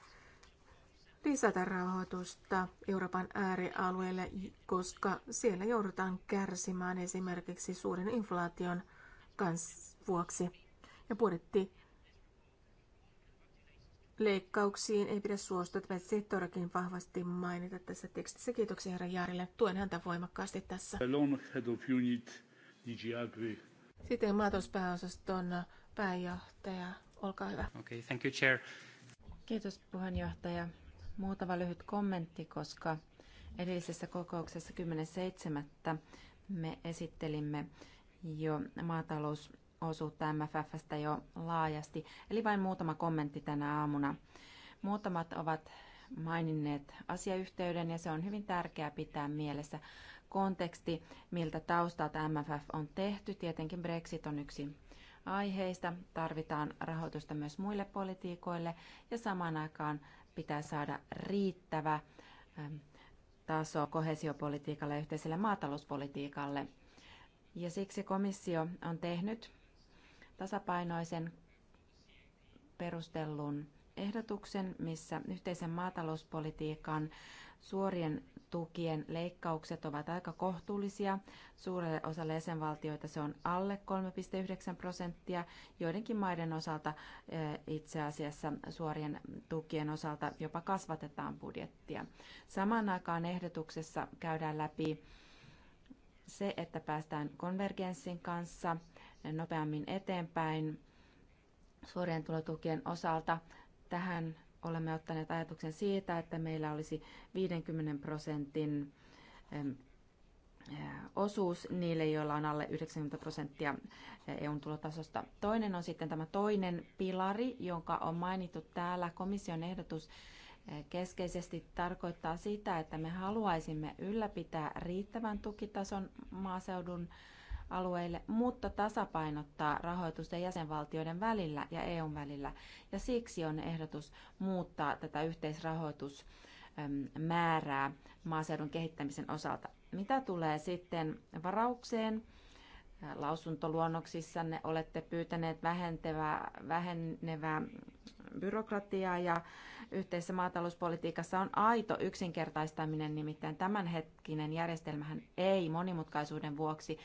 lisätä rahoitusta Euroopan äärialueille, koska siellä joudutaan kärsimään esimerkiksi suuren inflaation kanssa vuoksi. Ja budjetti leikkauksiin ei pidä suostua. Tämä sektorikin vahvasti mainita tässä tekstissä. Kiitoksia herra Jaarille. Tuen häntä voimakkaasti tässä. Sitten maatalouspääosaston pääjohtaja. Olkaa hyvä. Okay, thank you, chair. Kiitos puheenjohtaja. Muutama lyhyt kommentti, koska edellisessä kokouksessa 10.7. me esittelimme jo maatalous osuutta MFFstä jo laajasti. Eli vain muutama kommentti tänä aamuna. Muutamat ovat maininneet asiayhteyden ja se on hyvin tärkeää pitää mielessä konteksti, miltä taustalta MFF on tehty. Tietenkin Brexit on yksi aiheista. Tarvitaan rahoitusta myös muille politiikoille ja samaan aikaan pitää saada riittävä taso kohesiopolitiikalle ja yhteiselle maatalouspolitiikalle. Ja siksi komissio on tehnyt tasapainoisen perustellun ehdotuksen, missä yhteisen maatalouspolitiikan suorien tukien leikkaukset ovat aika kohtuullisia. Suurelle osalle jäsenvaltioita se on alle 3,9 prosenttia, joidenkin maiden osalta eh, itse asiassa suorien tukien osalta jopa kasvatetaan budjettia. Samaan aikaan ehdotuksessa käydään läpi se, että päästään konvergenssin kanssa – nopeammin eteenpäin suorien tulotukien osalta. Tähän olemme ottaneet ajatuksen siitä, että meillä olisi 50 prosentin eh, osuus niille, joilla on alle 90 prosenttia EUn eh, e tulotasosta. Toinen on sitten tämä toinen pilari, jonka on mainittu täällä. Komission ehdotus eh, keskeisesti tarkoittaa sitä, että me haluaisimme ylläpitää riittävän tukitason maaseudun alueille, mutta tasapainottaa rahoitusta jäsenvaltioiden välillä ja EUn välillä. Ja siksi on ehdotus muuttaa tätä yhteisrahoitusmäärää maaseudun kehittämisen osalta. Mitä tulee sitten varaukseen? Lausuntoluonnoksissanne olette pyytäneet vähentävää, vähenevää byrokratiaa ja yhteisessä maatalouspolitiikassa on aito yksinkertaistaminen, nimittäin tämänhetkinen järjestelmähän ei monimutkaisuuden vuoksi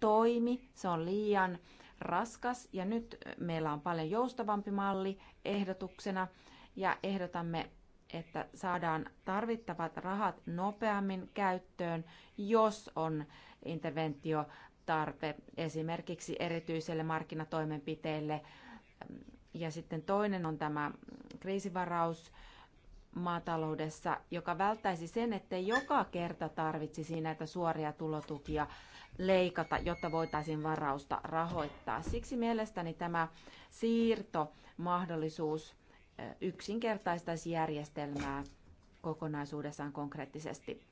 toimi, se on liian raskas ja nyt meillä on paljon joustavampi malli ehdotuksena ja ehdotamme, että saadaan tarvittavat rahat nopeammin käyttöön, jos on interventio tarve esimerkiksi erityiselle markkinatoimenpiteelle. Ja sitten toinen on tämä kriisivaraus, maataloudessa, joka välttäisi sen, että joka kerta tarvitsisi näitä suoria tulotukia leikata, jotta voitaisiin varausta rahoittaa. Siksi mielestäni tämä siirtomahdollisuus yksinkertaistaisi järjestelmää kokonaisuudessaan konkreettisesti.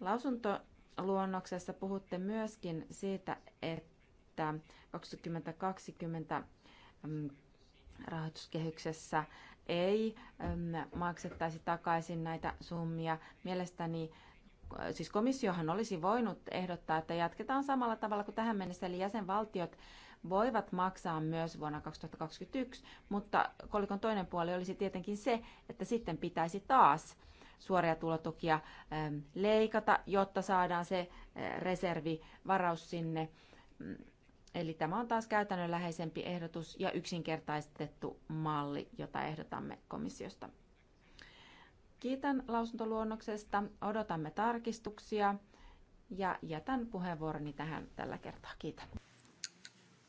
Lausuntoluonnoksessa puhutte myöskin siitä, että 2020 mm, rahoituskehyksessä ei ähm, maksettaisi takaisin näitä summia. Mielestäni äh, siis komissiohan olisi voinut ehdottaa, että jatketaan samalla tavalla kuin tähän mennessä, eli jäsenvaltiot voivat maksaa myös vuonna 2021, mutta kolikon toinen puoli olisi tietenkin se, että sitten pitäisi taas suoria tulotukia ähm, leikata, jotta saadaan se äh, reservivaraus sinne mm, Eli tämä on taas käytännönläheisempi ehdotus ja yksinkertaistettu malli, jota ehdotamme komissiosta. Kiitän lausuntoluonnoksesta, odotamme tarkistuksia ja jätän puheenvuoroni tähän tällä kertaa. Kiitän.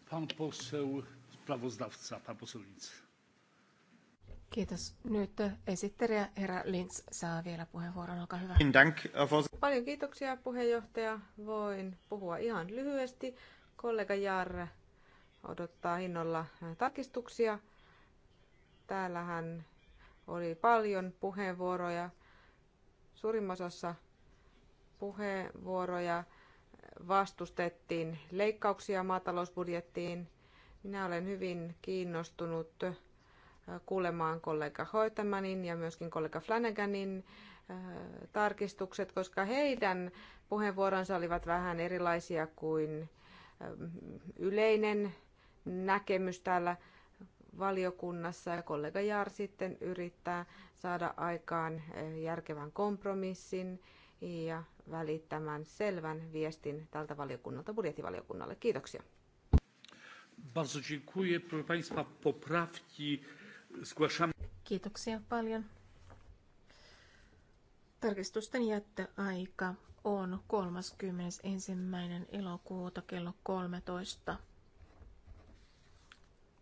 Pan poseł sprawozdawca, pan poseł Linz. Kiitos. Nyt esittelijä herra Linz saa vielä puheenvuoron. Olkaa hyvä. Paljon kiitoksia puheenjohtaja. Voin puhua ihan lyhyesti. Kollega Jar odottaa innolla tarkistuksia. Täällähän oli paljon puheenvuoroja. Suurimmassa puheenvuoroja vastustettiin leikkauksia maatalousbudjettiin. Minä olen hyvin kiinnostunut äh, kuulemaan kollega Hoitamanin ja myöskin kollega Flanaganin äh, tarkistukset, koska heidän puheenvuoronsa olivat vähän erilaisia kuin yleinen näkemys täällä valiokunnassa ja kollega Jaar sitten yrittää saada aikaan järkevän kompromissin ja välittämään selvän viestin tältä valiokunnalta budjettivaliokunnalle. Kiitoksia. Bardzo dziękuję. Proszę Państwa, poprawki zgłaszamy. Kiitoksia paljon. Tarkistusten jättöaika on 31. elokuuta kello 13.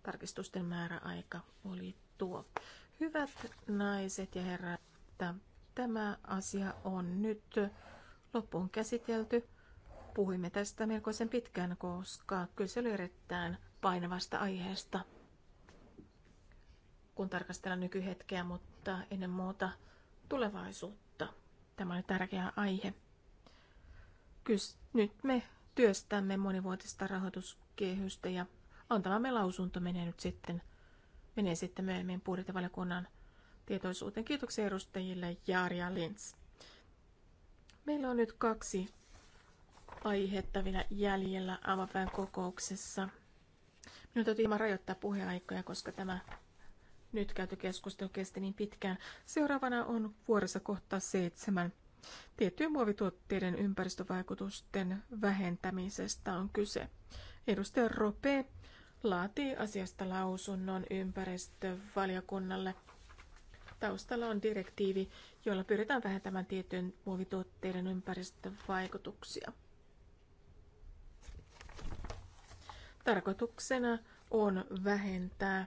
Tarkistusten määräaika oli tuo. Hyvät naiset ja herrat, tämä asia on nyt loppuun käsitelty. Puhuimme tästä melkoisen pitkään, koska kyse oli erittäin painavasta aiheesta, kun tarkastellaan nykyhetkeä, mutta ennen muuta tulevaisuutta. Tämä oli tärkeä aihe nyt me työstämme monivuotista rahoituskehystä ja antamamme lausunto menee nyt sitten, menee sitten myöhemmin budjettivaliokunnan tietoisuuteen. Kiitoksia edustajille Jaaria Lins. Meillä on nyt kaksi aihetta vielä jäljellä avapään kokouksessa. Minun täytyy hieman rajoittaa puheaikoja, koska tämä nyt käyty keskustelu kesti niin pitkään. Seuraavana on vuorossa kohta seitsemän. Tiettyjen muovituotteiden ympäristövaikutusten vähentämisestä on kyse. Edustaja Rope laatii asiasta lausunnon ympäristövaliokunnalle. Taustalla on direktiivi, jolla pyritään vähentämään tiettyjen muovituotteiden ympäristövaikutuksia. Tarkoituksena on vähentää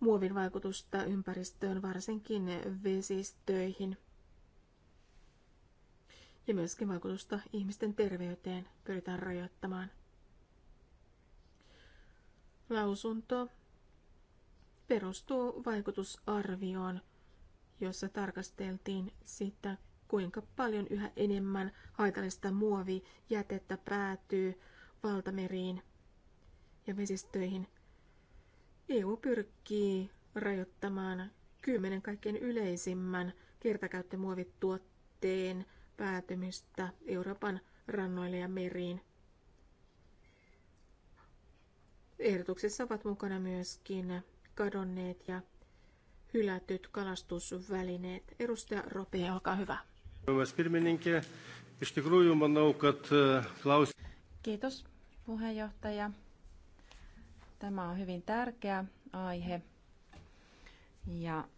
muovin vaikutusta ympäristöön, varsinkin vesistöihin – ja myöskin vaikutusta ihmisten terveyteen pyritään rajoittamaan. Lausunto perustuu vaikutusarvioon, jossa tarkasteltiin sitä, kuinka paljon yhä enemmän haitallista muovijätettä päätyy valtameriin ja vesistöihin. EU pyrkii rajoittamaan kymmenen kaikkein yleisimmän kertakäyttömuovituotteen – päätymistä Euroopan rannoille ja meriin. Ehdotuksessa ovat mukana myöskin kadonneet ja hylätyt kalastusvälineet. Edustaja Rope, olkaa hyvä. E, Kiitos puheenjohtaja. Tämä on hyvin tärkeä aihe ja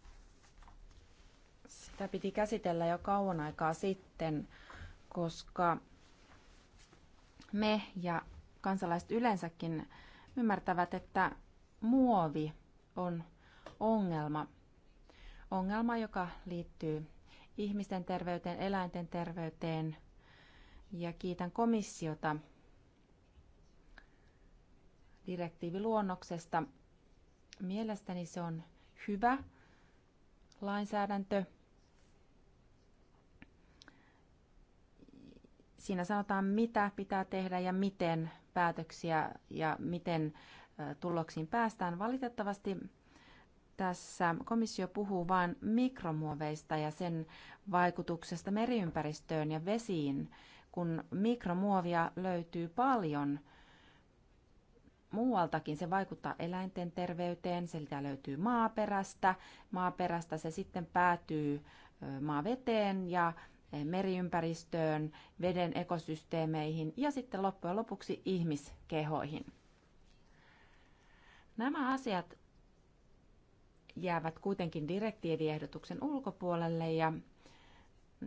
Tämä piti käsitellä jo kauan aikaa sitten, koska me ja kansalaiset yleensäkin ymmärtävät, että muovi on ongelma. Ongelma, joka liittyy ihmisten terveyteen, eläinten terveyteen. Ja kiitän komissiota direktiiviluonnoksesta. Mielestäni se on hyvä lainsäädäntö Siinä sanotaan, mitä pitää tehdä ja miten päätöksiä ja miten tuloksiin päästään. Valitettavasti tässä komissio puhuu vain mikromuoveista ja sen vaikutuksesta meriympäristöön ja vesiin, kun mikromuovia löytyy paljon muualtakin. Se vaikuttaa eläinten terveyteen, sieltä löytyy maaperästä. Maaperästä se sitten päätyy maaveteen ja Eh, meriympäristöön, veden ekosysteemeihin ja sitten loppujen lopuksi ihmiskehoihin. Nämä asiat jäävät kuitenkin direktiiviehdotuksen ulkopuolelle ja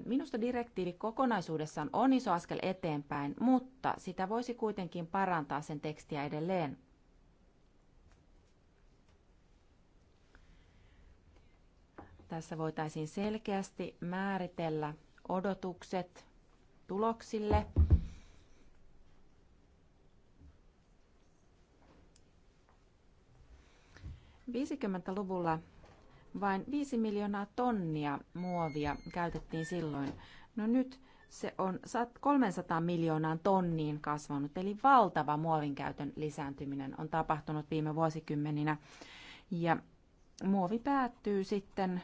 minusta direktiivi kokonaisuudessaan on iso askel eteenpäin, mutta sitä voisi kuitenkin parantaa sen tekstiä edelleen. Tässä voitaisiin selkeästi määritellä odotukset tuloksille. Viisikymmentä-luvulla vain 5 miljoonaa tonnia muovia käytettiin silloin. No nyt se on 300 miljoonaan tonniin kasvanut, eli valtava muovin käytön lisääntyminen on tapahtunut viime vuosikymmeninä. Ja muovi päättyy sitten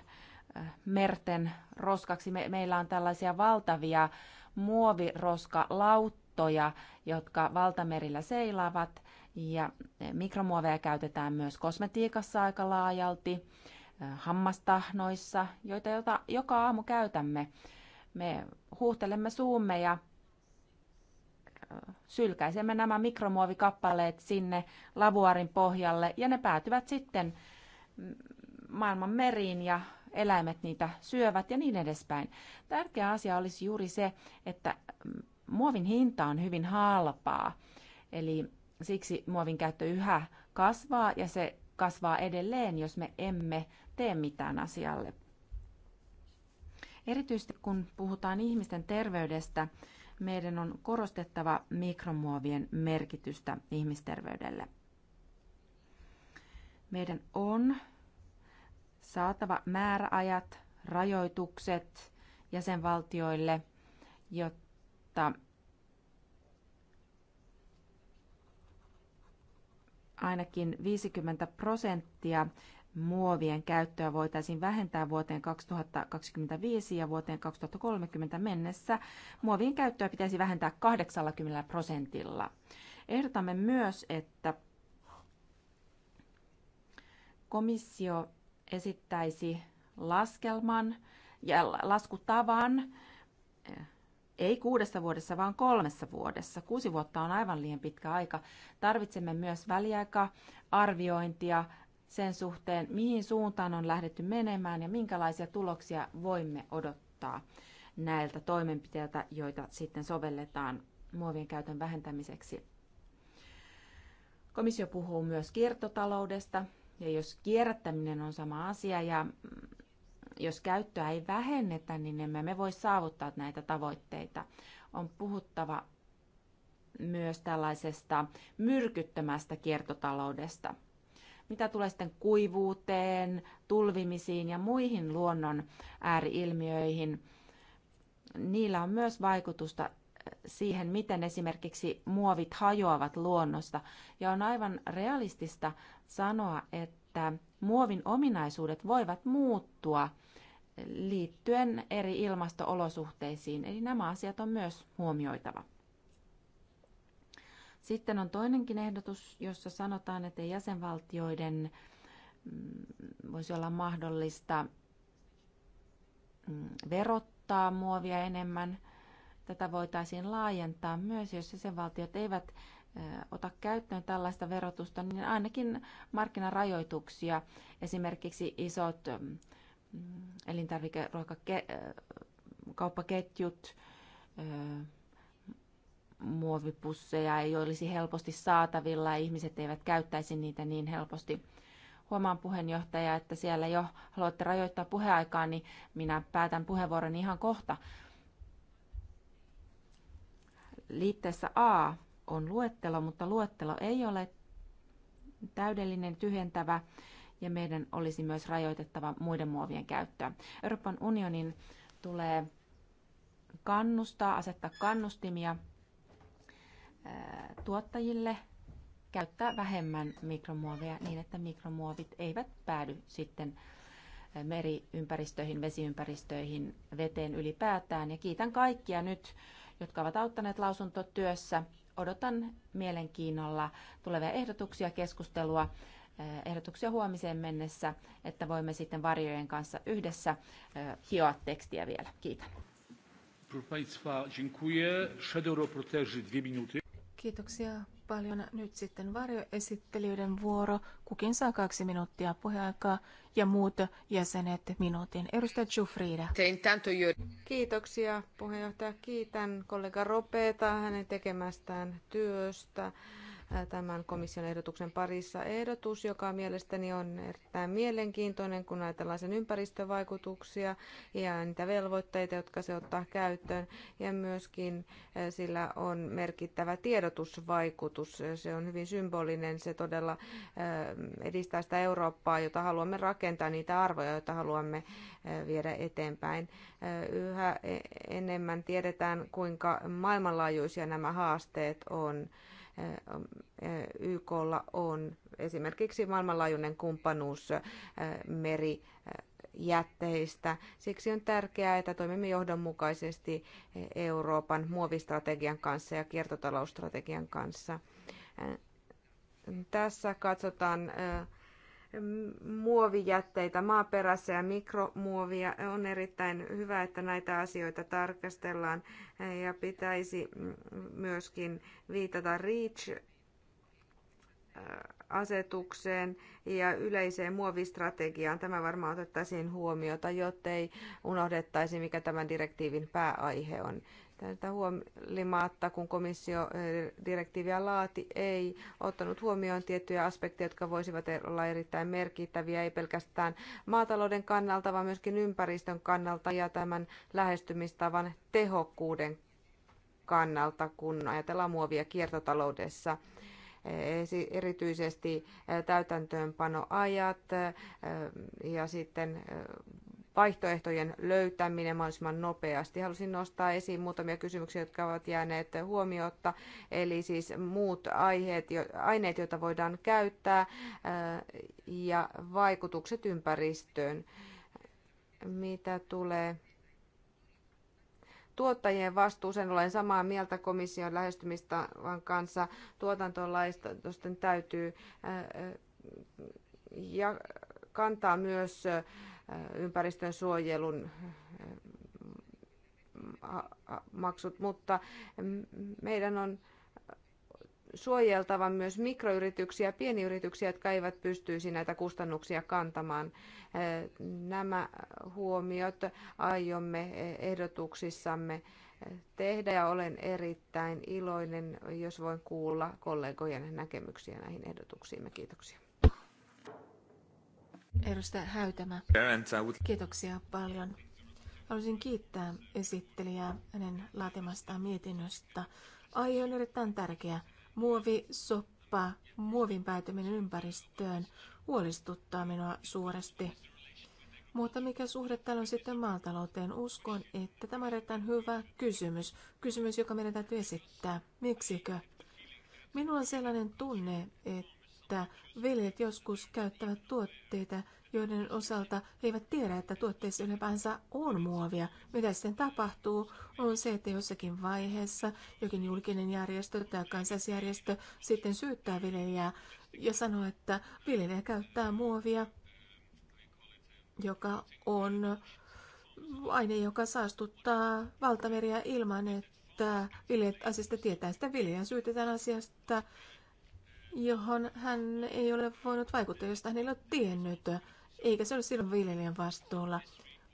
merten roskaksi. Me, meillä on tällaisia valtavia muoviroskalauttoja, jotka valtamerillä seilaavat ja mikromuoveja käytetään myös kosmetiikassa aika laajalti, hammastahnoissa, joita jota, joka aamu käytämme. Me huuhtelemme suumme ja sylkäisemme nämä mikromuovikappaleet sinne lavuarin pohjalle ja ne päätyvät sitten mm, maailman meriin ja eläimet niitä syövät ja niin edespäin. Tärkeä asia olisi juuri se, että mm, muovin hinta on hyvin halpaa. Eli siksi muovin käyttö yhä kasvaa ja se kasvaa edelleen, jos me emme tee mitään asialle. Erityisesti kun puhutaan ihmisten terveydestä, meidän on korostettava mikromuovien merkitystä ihmisterveydelle. Meidän on saatava määräajat, rajoitukset jäsenvaltioille, jotta ainakin 50 prosenttia muovien käyttöä voitaisiin vähentää vuoteen 2025 ja vuoteen 2030 mennessä. Muovien käyttöä pitäisi vähentää 80 prosentilla. Ehdotamme myös, että komissio esittäisi laskelman ja laskutavan, eh, ei kuudessa vuodessa, vaan kolmessa vuodessa. Kuusi vuotta on aivan liian pitkä aika. Tarvitsemme myös väliaika-arviointia sen suhteen, mihin suuntaan on lähdetty menemään ja minkälaisia tuloksia voimme odottaa näiltä toimenpiteiltä, joita sitten sovelletaan muovien käytön vähentämiseksi. Komissio puhuu myös kiertotaloudesta ja jos kierrättäminen on sama asia ja mm, jos käyttöä ei vähennetä, niin emme me voi saavuttaa näitä tavoitteita. On puhuttava myös tällaisesta myrkyttömästä kiertotaloudesta. Mitä tulee sitten kuivuuteen, tulvimisiin ja muihin luonnon ääriilmiöihin, niillä on myös vaikutusta siihen, miten esimerkiksi muovit hajoavat luonnosta. Ja on aivan realistista sanoa, että muovin ominaisuudet voivat muuttua liittyen eri ilmastoolosuhteisiin. Eli nämä asiat on myös huomioitava. Sitten on toinenkin ehdotus, jossa sanotaan, että jäsenvaltioiden mm, voisi olla mahdollista mm, verottaa muovia enemmän – Tätä voitaisiin laajentaa myös, jos jäsenvaltiot eivät ota käyttöön tällaista verotusta, niin ainakin markkinarajoituksia, esimerkiksi isot mm, elintarvikekauppaketjut, muovipusseja ei olisi helposti saatavilla ja ihmiset eivät käyttäisi niitä niin helposti. Huomaan puheenjohtaja, että siellä jo haluatte rajoittaa puheaikaa, niin minä päätän puheenvuoron ihan kohta, liitteessä A on luettelo, mutta luettelo ei ole täydellinen, tyhjentävä ja meidän olisi myös rajoitettava muiden muovien käyttöä. Euroopan unionin tulee kannustaa, asettaa kannustimia tuottajille käyttää vähemmän mikromuoveja niin, että mikromuovit eivät päädy sitten meriympäristöihin, vesiympäristöihin, veteen ylipäätään. Ja kiitän kaikkia nyt jotka ovat auttaneet lausuntotyössä. Odotan mielenkiinnolla tulevia ehdotuksia, keskustelua, eh, ehdotuksia huomiseen mennessä, että voimme sitten varjojen kanssa yhdessä eh, hioa tekstiä vielä. Kiitän. Kiitoksia paljon. Nyt sitten varjoesittelijöiden vuoro. Kukin saa kaksi minuuttia puheaikaa ja muut jäsenet minuutin. Edustaja Jufrida. Kiitoksia puheenjohtaja. Kiitän kollega Ropeeta hänen tekemästään työstä tämän komission ehdotuksen parissa. Ehdotus, joka mielestäni on erittäin mielenkiintoinen, kun ajatellaan sen ympäristövaikutuksia ja niitä velvoitteita, jotka se ottaa käyttöön. Ja myöskin sillä on merkittävä tiedotusvaikutus. Se on hyvin symbolinen. Se todella edistää sitä Eurooppaa, jota haluamme rakentaa, niitä arvoja, joita haluamme viedä eteenpäin. Yhä e-, enemmän tiedetään, kuinka maailmanlaajuisia nämä haasteet on YKlla on esimerkiksi maailmanlaajuinen kumppanuus meri jätteistä. Siksi on tärkeää, että toimimme johdonmukaisesti Euroopan muovistrategian kanssa ja kiertotalousstrategian kanssa. Tässä katsotaan muovijätteitä, maaperässä ja mikromuovia. On erittäin hyvä, että näitä asioita tarkastellaan ja pitäisi mm, myöskin viitata REACH äh, asetukseen ja yleiseen muovistrategiaan. Tämä varmaan otettaisiin huomiota, jottei unohdettaisi, mikä tämän direktiivin pääaihe on. Tätä huolimatta, kun komissio eh, direktiiviä laati, ei ottanut huomioon tiettyjä aspekteja, jotka voisivat olla erittäin merkittäviä, ei pelkästään maatalouden kannalta, vaan myöskin ympäristön kannalta ja tämän lähestymistavan tehokkuuden kannalta, kun ajatellaan muovia kiertotaloudessa eh, erityisesti eh, täytäntöönpanoajat ja sitten vaihtoehtojen löytäminen mahdollisimman nopeasti. Halusin nostaa esiin muutamia kysymyksiä, jotka ovat jääneet huomiotta, eli siis muut aiheet, aineet, joita voidaan käyttää äh, ja vaikutukset ympäristöön. Mitä tulee tuottajien vastuuseen olen samaa mieltä komission lähestymistavan kanssa. tuotantolaistosten täytyy äh, äh, ja kantaa myös ympäristön suojelun maksut, mutta meidän on suojeltava myös mikroyrityksiä, pieniyrityksiä, jotka eivät pystyisi näitä kustannuksia kantamaan. Nämä huomiot aiomme ehdotuksissamme tehdä ja olen erittäin iloinen, jos voin kuulla kollegojen näkemyksiä näihin ehdotuksiimme. Kiitoksia erosta Häytämä. Kiitoksia paljon. Haluaisin kiittää esittelijää hänen laatimastaan mietinnöstä. Aihe on erittäin tärkeä. Muovi, soppa, muovin päätyminen ympäristöön huolestuttaa minua suuresti. Mutta mikä suhde täällä on sitten maatalouteen? Uskon, että tämä on erittäin hyvä kysymys. Kysymys, joka meidän täytyy esittää. Miksikö? Minulla on sellainen tunne, että että viljelijät joskus käyttävät tuotteita, joiden osalta he eivät tiedä, että tuotteessa ylipäänsä on muovia. Mitä sitten tapahtuu, on se, että jossakin vaiheessa jokin julkinen järjestö tai kansalaisjärjestö sitten syyttää viljelijää ja sanoo, että viljelijä käyttää muovia, joka on aine, joka saastuttaa valtameriä ilman, että viljelijät asiasta tietää. Sitä viljelijää syytetään asiasta johon hän ei ole voinut vaikuttaa, josta hän ei ole tiennyt, eikä se ole silloin viljelijän vastuulla.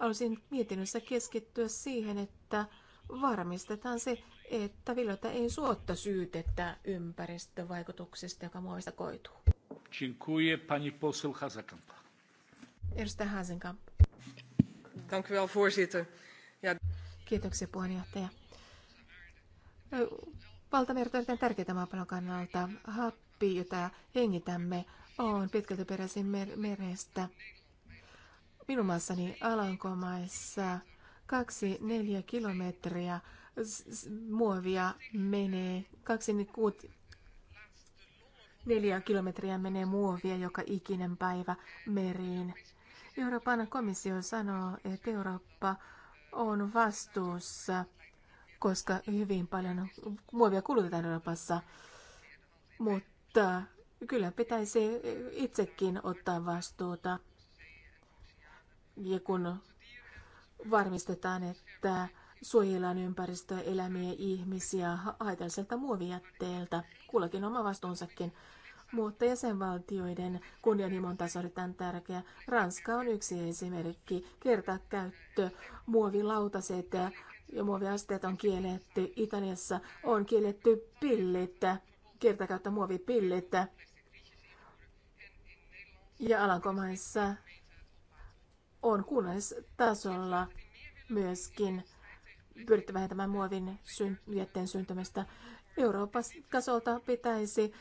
Olisin mietinnössä keskittyä siihen, että varmistetaan se, että viljelijöitä ei suotta syytetä ympäristövaikutuksista, joka muovista koituu. Dziękuję pani poseł Hazekamp. Edustaja Hazekamp. Dank u wel, voorzitter. Ja... Kiitoksia puheenjohtaja. Valtamerta on erittäin tärkeä maapallon kannalta. Happ- happi, jota hengitämme, on pitkälti peräisin mer- merestä. Minun maassani Alankomaissa kaksi neljä kilometriä muovia menee, kaksi kuut, neljä kilometriä menee muovia joka ikinen päivä meriin. Euroopan komissio sanoo, että Eurooppa on vastuussa, koska hyvin paljon muovia kulutetaan Euroopassa, mutta mutta kyllä pitäisi itsekin ottaa vastuuta. Ja kun varmistetaan, että suojellaan ympäristöä, elämiä, ihmisiä haitalliselta muovijätteeltä, kullakin oma vastuunsakin. Mutta jäsenvaltioiden kunnianhimon taso on tärkeä. Ranska on yksi esimerkki. Kerta käyttö, muovilautaset ja muoviasteet on kielletty. Italiassa on kielletty pillit kertakäyttö muovipillit. Ja Alankomaissa on kunnallistasolla myöskin pyritty vähentämään muovin jätteen syntymistä. Euroopan tasolta pitäisi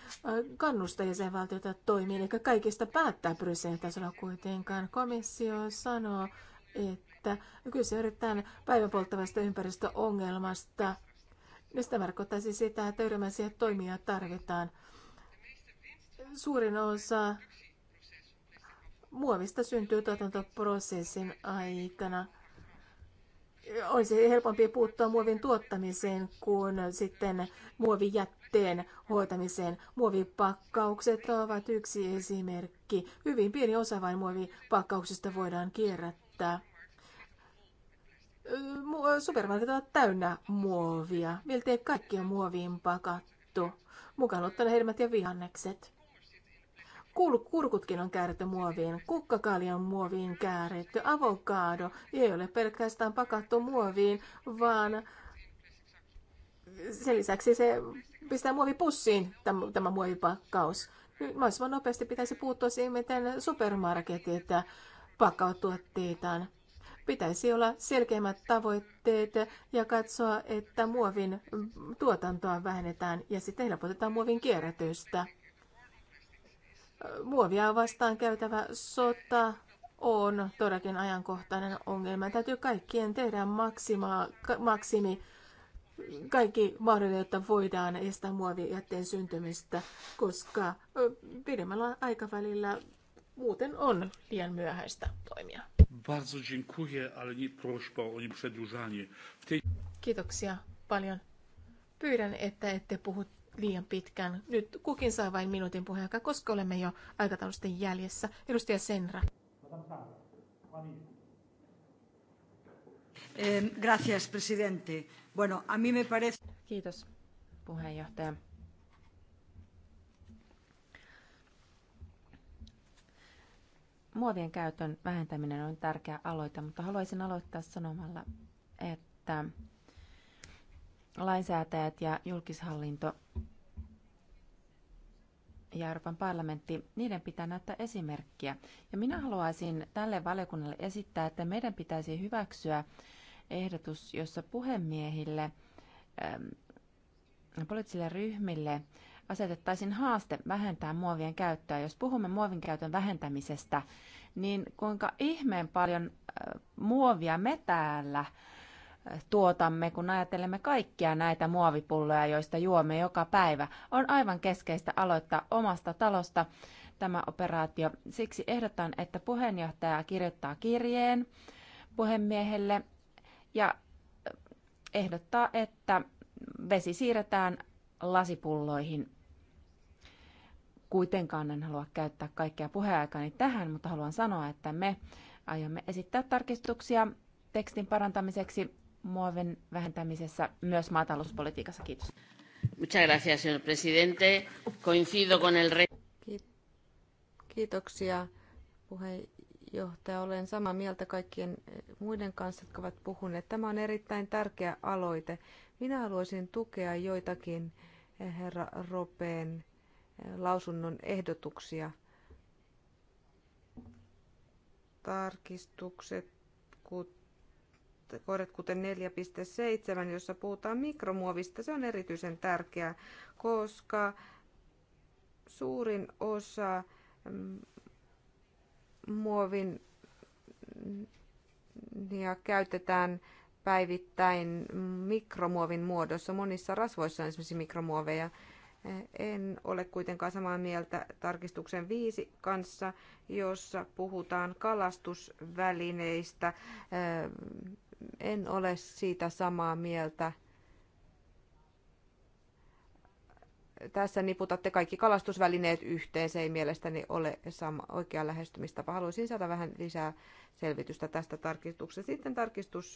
kannustaa jäsenvaltiota toimiin, eikä kaikista päättää Brysselin tasolla kuitenkaan. Komissio sanoo, että kyse yritetään päivän polttavasta ympäristöongelmasta – sitä tarkoittaisi sitä, että ylimääräisiä toimia tarvitaan? Suurin osa muovista syntyy tuotantoprosessin aikana. Olisi helpompi puuttua muovin tuottamiseen kuin sitten muovijätteen hoitamiseen. Muovipakkaukset ovat yksi esimerkki. Hyvin pieni osa vain muovipakkauksista voidaan kierrättää supermarketit ovat täynnä muovia. Miltei kaikki on muoviin pakattu, mukaan ottanut hermät ja vihannekset. Kurkutkin on kääritty muoviin, kukkakaali on muoviin kääritty, avokaado ei ole pelkästään pakattu muoviin, vaan sen lisäksi se pistää muovipussiin tämä, tämä muovipakkaus. Mahdollisimman nopeasti pitäisi puuttua siihen, miten supermarketit pakkaavat tuotteitaan. Pitäisi olla selkeimmät tavoitteet ja katsoa, että muovin tuotantoa vähennetään ja sitten helpotetaan muovin kierrätystä. Muovia vastaan käytävä sota on todellakin ajankohtainen ongelma. Täytyy kaikkien tehdä maksima, maksimi kaikki mahdollinen, jotta voidaan estää muovijätteen syntymistä, koska pidemmällä aikavälillä muuten on liian myöhäistä toimia. Kiitoksia paljon. Pyydän, että ette puhu liian pitkään. Nyt kukin saa vain minuutin puheenjohtaja, koska olemme jo aikataulusta jäljessä. Edustaja Senra. Eh, gracias, presidente. Bueno, a mí me parece... Kiitos, puheenjohtaja. Muovien käytön vähentäminen on tärkeä aloite, mutta haluaisin aloittaa sanomalla, että lainsäätäjät ja julkishallinto ja Euroopan parlamentti, niiden pitää näyttää esimerkkiä. Ja minä haluaisin tälle valiokunnalle esittää, että meidän pitäisi hyväksyä ehdotus, jossa puhemiehille, ähm, poliittisille ryhmille asetettaisiin haaste vähentää muovien käyttöä. Jos puhumme muovin käytön vähentämisestä, niin kuinka ihmeen paljon äh, muovia me täällä äh, tuotamme, kun ajattelemme kaikkia näitä muovipulloja, joista juomme joka päivä. On aivan keskeistä aloittaa omasta talosta tämä operaatio. Siksi ehdotan, että puheenjohtaja kirjoittaa kirjeen puhemiehelle ja äh, ehdottaa, että vesi siirretään lasipulloihin Kuitenkaan en halua käyttää kaikkea puheaikani tähän, mutta haluan sanoa, että me aiomme esittää tarkistuksia tekstin parantamiseksi muovin vähentämisessä myös maatalouspolitiikassa. Kiitos. Muchas gracias, señor presidente. Coincido con el Kiitoksia puheenjohtaja. Olen samaa mieltä kaikkien eh, muiden kanssa, jotka ovat puhuneet. Tämä on erittäin tärkeä aloite. Minä haluaisin tukea joitakin eh, herra Ropeen lausunnon ehdotuksia. Tarkistukset, kohdat kuten 4.7, jossa puhutaan mikromuovista, se on erityisen tärkeää, koska suurin osa mm, muovin ja käytetään päivittäin mikromuovin muodossa. Monissa rasvoissa on esimerkiksi mikromuoveja. En ole kuitenkaan samaa mieltä tarkistuksen viisi kanssa, jossa puhutaan kalastusvälineistä. En ole siitä samaa mieltä. Tässä niputatte kaikki kalastusvälineet yhteen. Se ei mielestäni ole sama oikea lähestymistapa. Haluaisin saada vähän lisää selvitystä tästä tarkistuksesta. Sitten tarkistus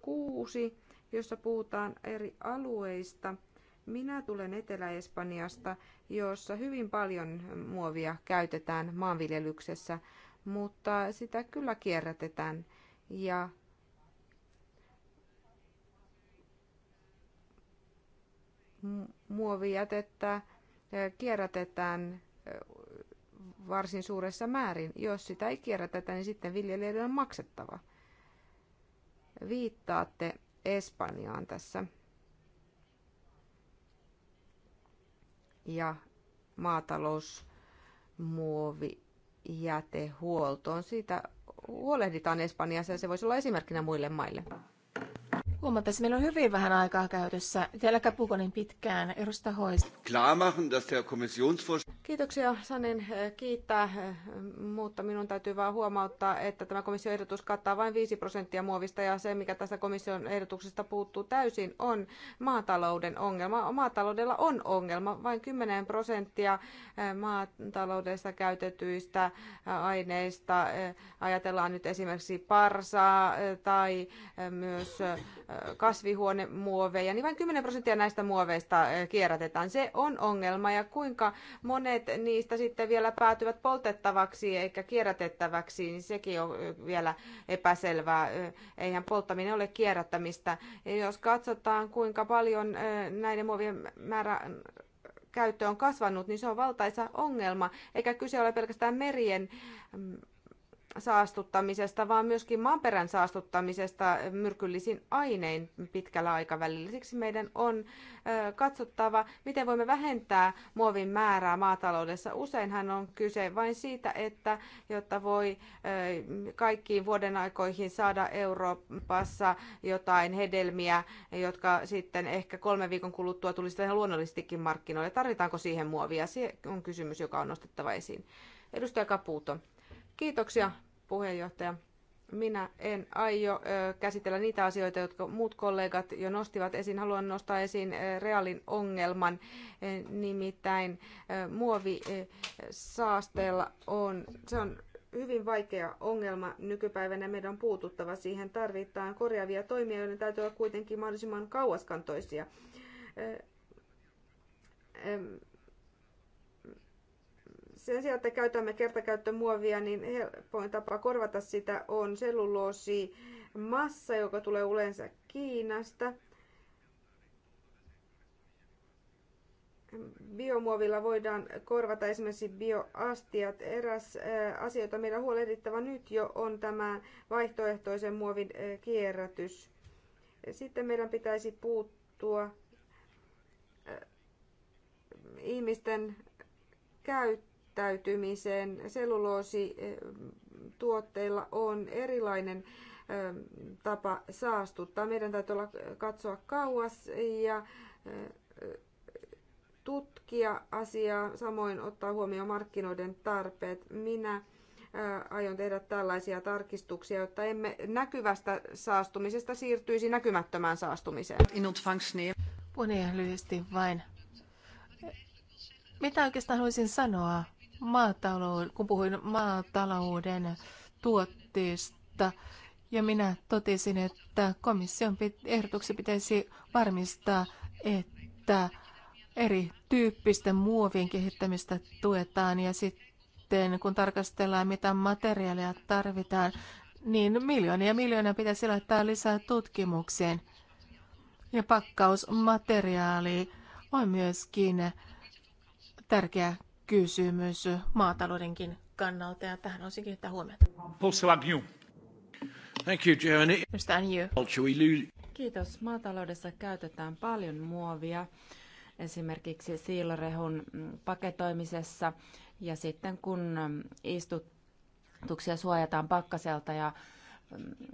kuusi, jossa puhutaan eri alueista – minä tulen Etelä-Espanjasta, jossa hyvin paljon muovia käytetään maanviljelyksessä, mutta sitä kyllä kierrätetään. Ja muovijätettä e, kierrätetään e, varsin suuressa määrin. Jos sitä ei kierrätetä, niin sitten viljelijöiden on maksettava. Viittaatte Espanjaan tässä. ja maatalousmuovi jätehuoltoon. Siitä huolehditaan Espanjassa ja se voisi olla esimerkkinä muille maille. Huomattavasti meillä on hyvin vähän aikaa käytössä. Teilläkään puhuko niin pitkään. erosta Hoist. Klar machen, dass der Kommissionsvors... Kiitoksia Sanen äh, kiittää, äh, mutta minun täytyy vain huomauttaa, että tämä komission ehdotus kattaa vain 5 prosenttia muovista ja se, mikä tästä komission ehdotuksesta puuttuu täysin, on maatalouden ongelma. Maataloudella on ongelma. Vain 10 prosenttia äh, maataloudessa käytetyistä aineista, ajatellaan nyt esimerkiksi parsaa tai myös kasvihuonemuoveja, niin vain 10 prosenttia näistä muoveista kierrätetään. Se on ongelma ja kuinka monen monet niistä sitten vielä päätyvät poltettavaksi eikä kierrätettäväksi, niin sekin on vielä epäselvää. Eihän polttaminen ole kierrättämistä. Ja jos katsotaan, kuinka paljon näiden muovien määrä käyttö on kasvanut, niin se on valtaisa ongelma. Eikä kyse ole pelkästään merien mm, saastuttamisesta, vaan myöskin maaperän saastuttamisesta myrkyllisin ainein pitkällä aikavälillä. Siksi meidän on katsottava, miten voimme vähentää muovin määrää maataloudessa. Useinhan on kyse vain siitä, että jotta voi kaikkiin vuoden aikoihin saada Euroopassa jotain hedelmiä, jotka sitten ehkä kolmen viikon kuluttua tulisi ihan luonnollisestikin markkinoille. Tarvitaanko siihen muovia? Se on kysymys, joka on nostettava esiin. Edustaja Kapuuto. Kiitoksia puheenjohtaja. Minä en aio käsitellä niitä asioita, jotka muut kollegat jo nostivat esiin. Haluan nostaa esiin reaalin ongelman, nimittäin muovisaasteella on, se on hyvin vaikea ongelma nykypäivänä. Meidän on puututtava siihen. Tarvitaan korjaavia toimia, joiden täytyy olla kuitenkin mahdollisimman kauaskantoisia sen sijaan, että käytämme kertakäyttömuovia, niin helpoin tapa korvata sitä on selluloosi massa, joka tulee yleensä Kiinasta. Biomuovilla voidaan korvata esimerkiksi bioastiat. Eräs asia, jota meidän huolehdittava nyt jo, on tämä vaihtoehtoisen muovin kierrätys. Sitten meidän pitäisi puuttua ihmisten käyttöön käyttäytymiseen. Selluloosituotteilla eh, on erilainen eh, tapa saastuttaa. Meidän täytyy olla, eh, katsoa kauas ja tutkia asiaa, samoin ottaa huomioon markkinoiden tarpeet. Minä aion tehdä tällaisia tarkistuksia, jotta emme näkyvästä saastumisesta siirtyisi näkymättömään saastumiseen. Puhun ihan lyhyesti vain. Mitä oikeastaan haluaisin sanoa kun puhuin maatalouden tuotteista, ja minä totesin, että komission ehdotuksen pitäisi varmistaa, että eri tyyppisten muovien kehittämistä tuetaan ja sitten kun tarkastellaan, mitä materiaalia tarvitaan, niin miljoonia ja miljoonia pitäisi laittaa lisää tutkimukseen. Ja pakkausmateriaali on myöskin tärkeä kysymys maataloudenkin kannalta ja tähän on että huomiota. Thank you, Germany. Kiitos. Maataloudessa käytetään paljon muovia esimerkiksi siilorehun paketoimisessa ja sitten kun istutuksia suojataan pakkaselta ja mm,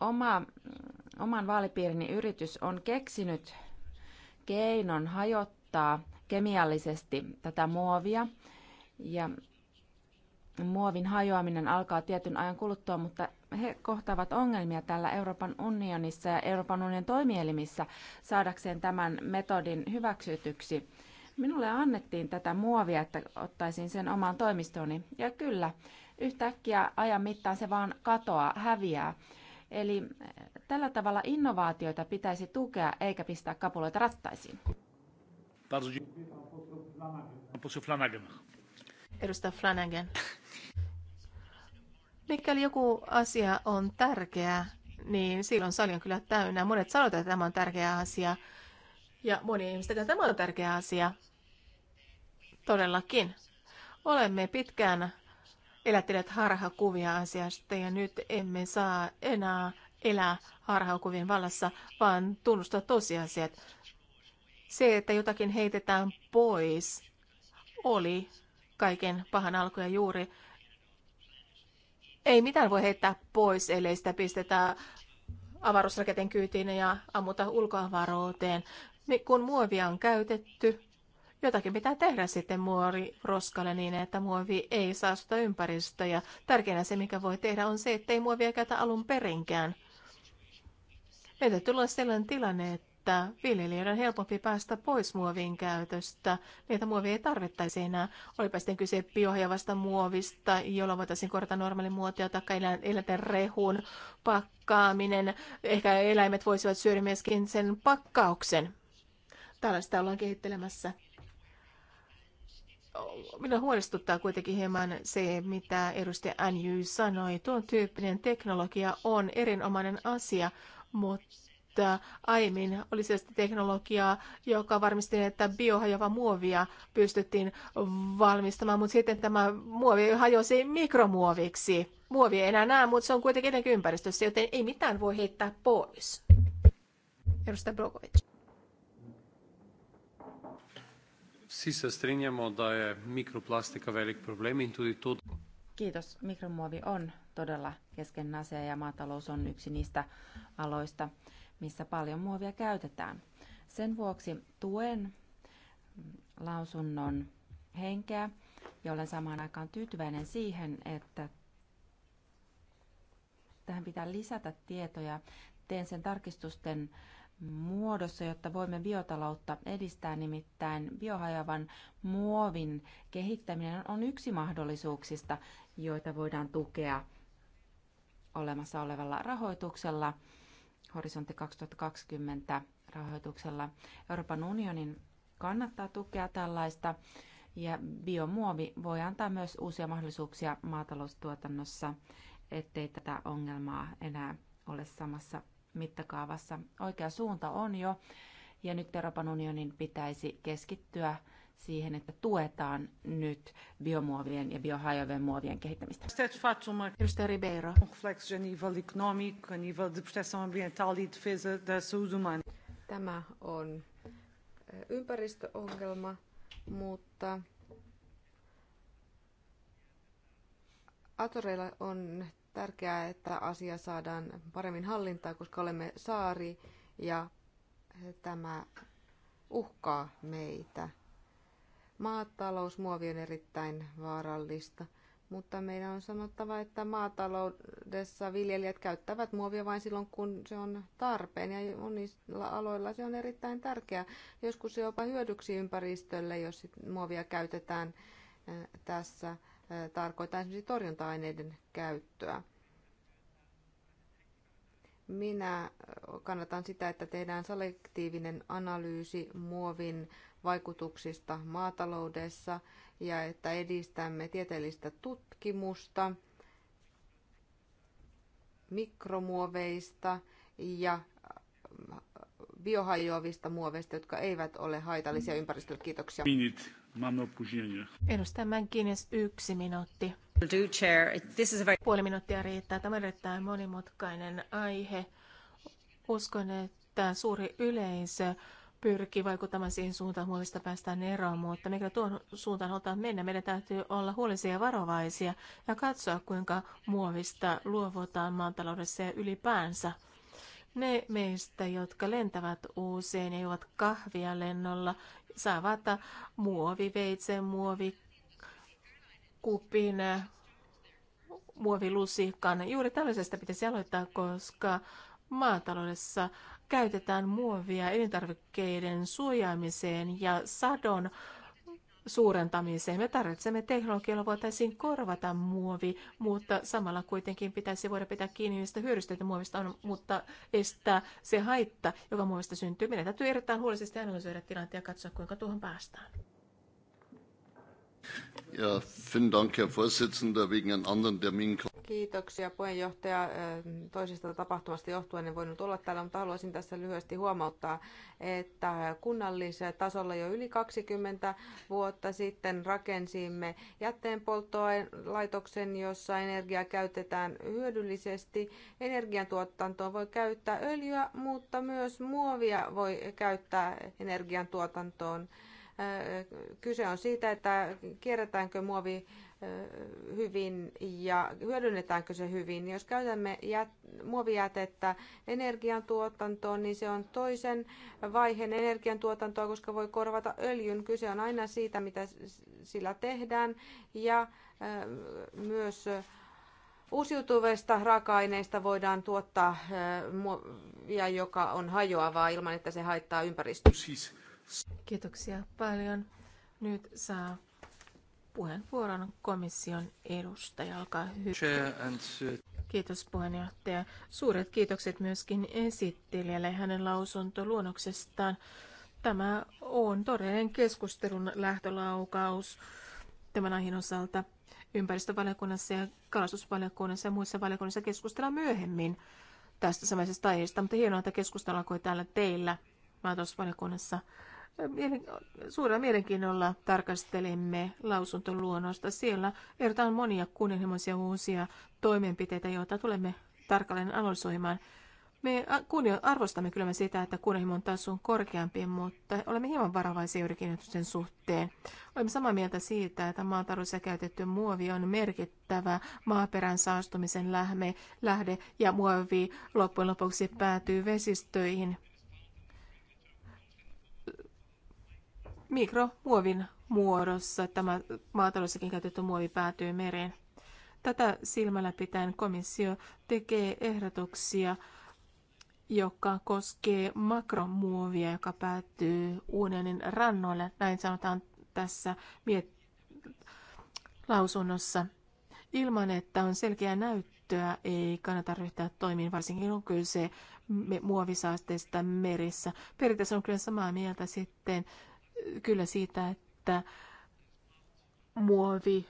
oma, oman vaalipiirini yritys on keksinyt keinon hajottaa kemiallisesti tätä muovia ja muovin hajoaminen alkaa tietyn ajan kuluttua, mutta he kohtaavat ongelmia täällä Euroopan unionissa ja Euroopan unionin toimielimissä saadakseen tämän metodin hyväksytyksi. Minulle annettiin tätä muovia, että ottaisin sen omaan toimistoni. Ja kyllä, yhtäkkiä ajan mittaan se vaan katoaa, häviää. Eli eh, tällä tavalla innovaatioita pitäisi tukea eikä pistää kapuloita rattaisiin. Bardzo dziękuję. Pan poseł Flanagan. Edustaja Flanagan. Mikäli joku asia on tärkeä, niin silloin sali on kyllä täynnä. Monet sanovat, että tämä on tärkeä asia. Ja moni ihmistä, että tämä on tärkeä asia. Todellakin. Olemme pitkään elättäneet harhakuvia asiasta ja nyt emme saa enää elää harhakuvien vallassa, vaan tunnustaa tosiasiat. Se, että jotakin heitetään pois, oli kaiken pahan alkuja juuri. Ei mitään voi heittää pois, ellei sitä pistetä avaruusraketin kyytiin ja ammuta ulkoavaruuteen. Kun muovia on käytetty, jotakin pitää tehdä sitten muori roskalle niin, että muovi ei saastuta ympäristöä. Tärkeinä se, mikä voi tehdä, on se, että ei muovia käytä alun perinkään. Meitä tulee sellainen tilanne, että että viljelijöiden on helpompi päästä pois muovin käytöstä. Niitä muovia ei tarvittaisi enää. Olipa sitten kyse biohjavasta muovista, jolla voitaisiin korjata muotia tai eläinten rehun pakkaaminen. Ehkä eläimet voisivat syödä myöskin sen pakkauksen. Tällaista ollaan kehittelemässä. Minua huolestuttaa kuitenkin hieman se, mitä edustaja Anju sanoi. Tuon tyyppinen teknologia on erinomainen asia, mutta että aiemmin oli sellaista teknologiaa, joka varmisti, että biohajoava muovia pystyttiin valmistamaan, mutta sitten tämä muovi hajosi mikromuoviksi. Muovi ei enää näe, mutta se on kuitenkin etenkin ympäristössä, joten ei mitään voi heittää pois. Edustaja Blokovic. mikroplastika Kiitos. Mikromuovi on todella kesken asia ja maatalous on yksi niistä aloista, missä paljon muovia käytetään. Sen vuoksi tuen lausunnon henkeä ja olen samaan aikaan tyytyväinen siihen, että tähän pitää lisätä tietoja. Teen sen tarkistusten muodossa, jotta voimme biotaloutta edistää. Nimittäin biohajavan muovin kehittäminen on yksi mahdollisuuksista, joita voidaan tukea olemassa olevalla rahoituksella Horisontti 2020 rahoituksella. Euroopan unionin kannattaa tukea tällaista ja biomuovi voi antaa myös uusia mahdollisuuksia maataloustuotannossa, ettei tätä ongelmaa enää ole samassa mittakaavassa. Oikea suunta on jo ja nyt Euroopan unionin pitäisi keskittyä siihen, että tuetaan nyt biomuovien ja biohajoavien muovien kehittämistä. Edustaja Ribeiro. E tämä on eh, ympäristöongelma, mutta Atoreilla on tärkeää, että asia saadaan paremmin hallintaan, koska olemme saari ja eh, tämä uhkaa meitä. Maatalousmuovi on erittäin vaarallista, mutta meidän on sanottava, että maataloudessa viljelijät käyttävät muovia vain silloin, kun se on tarpeen ja monilla aloilla se on erittäin tärkeää. Joskus se jopa hyödyksi ympäristölle, jos muovia käytetään eh, tässä eh, tarkoittaa esimerkiksi torjunta-aineiden käyttöä. Minä eh, kannatan sitä, että tehdään selektiivinen analyysi muovin vaikutuksista maataloudessa ja että edistämme tieteellistä tutkimusta mikromuoveista ja äh, biohajoavista muoveista, jotka eivät ole haitallisia ympäristölle. Kiitoksia. Edustaja Mänkinis, yksi minuutti. Puoli minuuttia riittää. Tämä on erittäin monimutkainen aihe. Uskon, että suuri yleisö pyrkii vaikuttamaan siihen suuntaan, huolista päästään eroon, mutta mikä tuon suuntaan halutaan mennä, meidän täytyy olla huolisia ja varovaisia ja katsoa, kuinka muovista luovutaan maantaloudessa ja ylipäänsä. Ne meistä, jotka lentävät usein ja juovat kahvia lennolla, saavat muoviveitsen, muovikupin, muovilusikan. Juuri tällaisesta pitäisi aloittaa, koska maataloudessa käytetään muovia elintarvikkeiden suojaamiseen ja sadon suurentamiseen. Me tarvitsemme teknologiaa, jolla voitaisiin korvata muovi, mutta samalla kuitenkin pitäisi voida pitää kiinni niistä hyödyistä, että muovista on, mutta estää se haitta, joka muovista syntyy. Meidän täytyy erittäin huolellisesti analysoida tilanteen ja katsoa, kuinka tuohon päästään. Ja, vielen Dank, Herr Vorsitzender, wegen einem anderen Termin. Kiitoksia puheenjohtaja. Toisesta tapahtumasta johtuen en voinut olla täällä, mutta haluaisin tässä lyhyesti huomauttaa, että kunnallisella tasolla jo yli 20 vuotta sitten rakensimme jätteenpolttolaitoksen, jossa energiaa käytetään hyödyllisesti. Energiantuotantoon voi käyttää öljyä, mutta myös muovia voi käyttää energiantuotantoon. Kyse on siitä, että kierretäänkö muovi hyvin ja hyödynnetäänkö se hyvin. Jos käytämme jät- muovijätettä energiantuotantoon, niin se on toisen vaiheen energiantuotantoa, koska voi korvata öljyn. Kyse on aina siitä, mitä sillä tehdään ja myös Uusiutuvista raaka-aineista voidaan tuottaa muovia, joka on hajoavaa ilman, että se haittaa ympäristöä. Siis- Kiitoksia paljon. Nyt saa puheenvuoron komission edustaja. Olkaa hyvä. Kiitos puheenjohtaja. Suuret kiitokset myöskin esittelijälle hänen lausuntoluonnoksestaan. Tämä on todellinen keskustelun lähtölaukaus tämän aiheen osalta ympäristövaliokunnassa ja kalastusvaliokunnassa ja muissa valiokunnissa keskustellaan myöhemmin tästä samaisesta aiheesta, mutta hienoa, että keskustellaan kuin täällä teillä maatalousvaliokunnassa suurella mielenkiinnolla tarkastelimme lausuntoluonnosta. Siellä ehdotetaan monia kunnianhimoisia uusia toimenpiteitä, joita tulemme tarkalleen analysoimaan. Me arvostamme kyllä sitä, että kunnianhimon taso on korkeampi, mutta olemme hieman varovaisia joidenkin suhteen. Olemme samaa mieltä siitä, että maataloudessa käytetty muovi on merkittävä maaperän saastumisen lähme, lähde ja muovi loppujen lopuksi päätyy vesistöihin – mikromuovin muodossa. Tämä maataloussakin käytetty muovi päätyy mereen. Tätä silmällä pitäen komissio tekee ehdotuksia, joka koskee makromuovia, joka päätyy unionin rannoille. Näin sanotaan tässä miet- lausunnossa. Ilman, että on selkeää näyttöä, ei kannata ryhtyä toimiin, varsinkin kun kyse muovisaasteista merissä. Periaatteessa on kyllä samaa mieltä sitten kyllä siitä, että muovi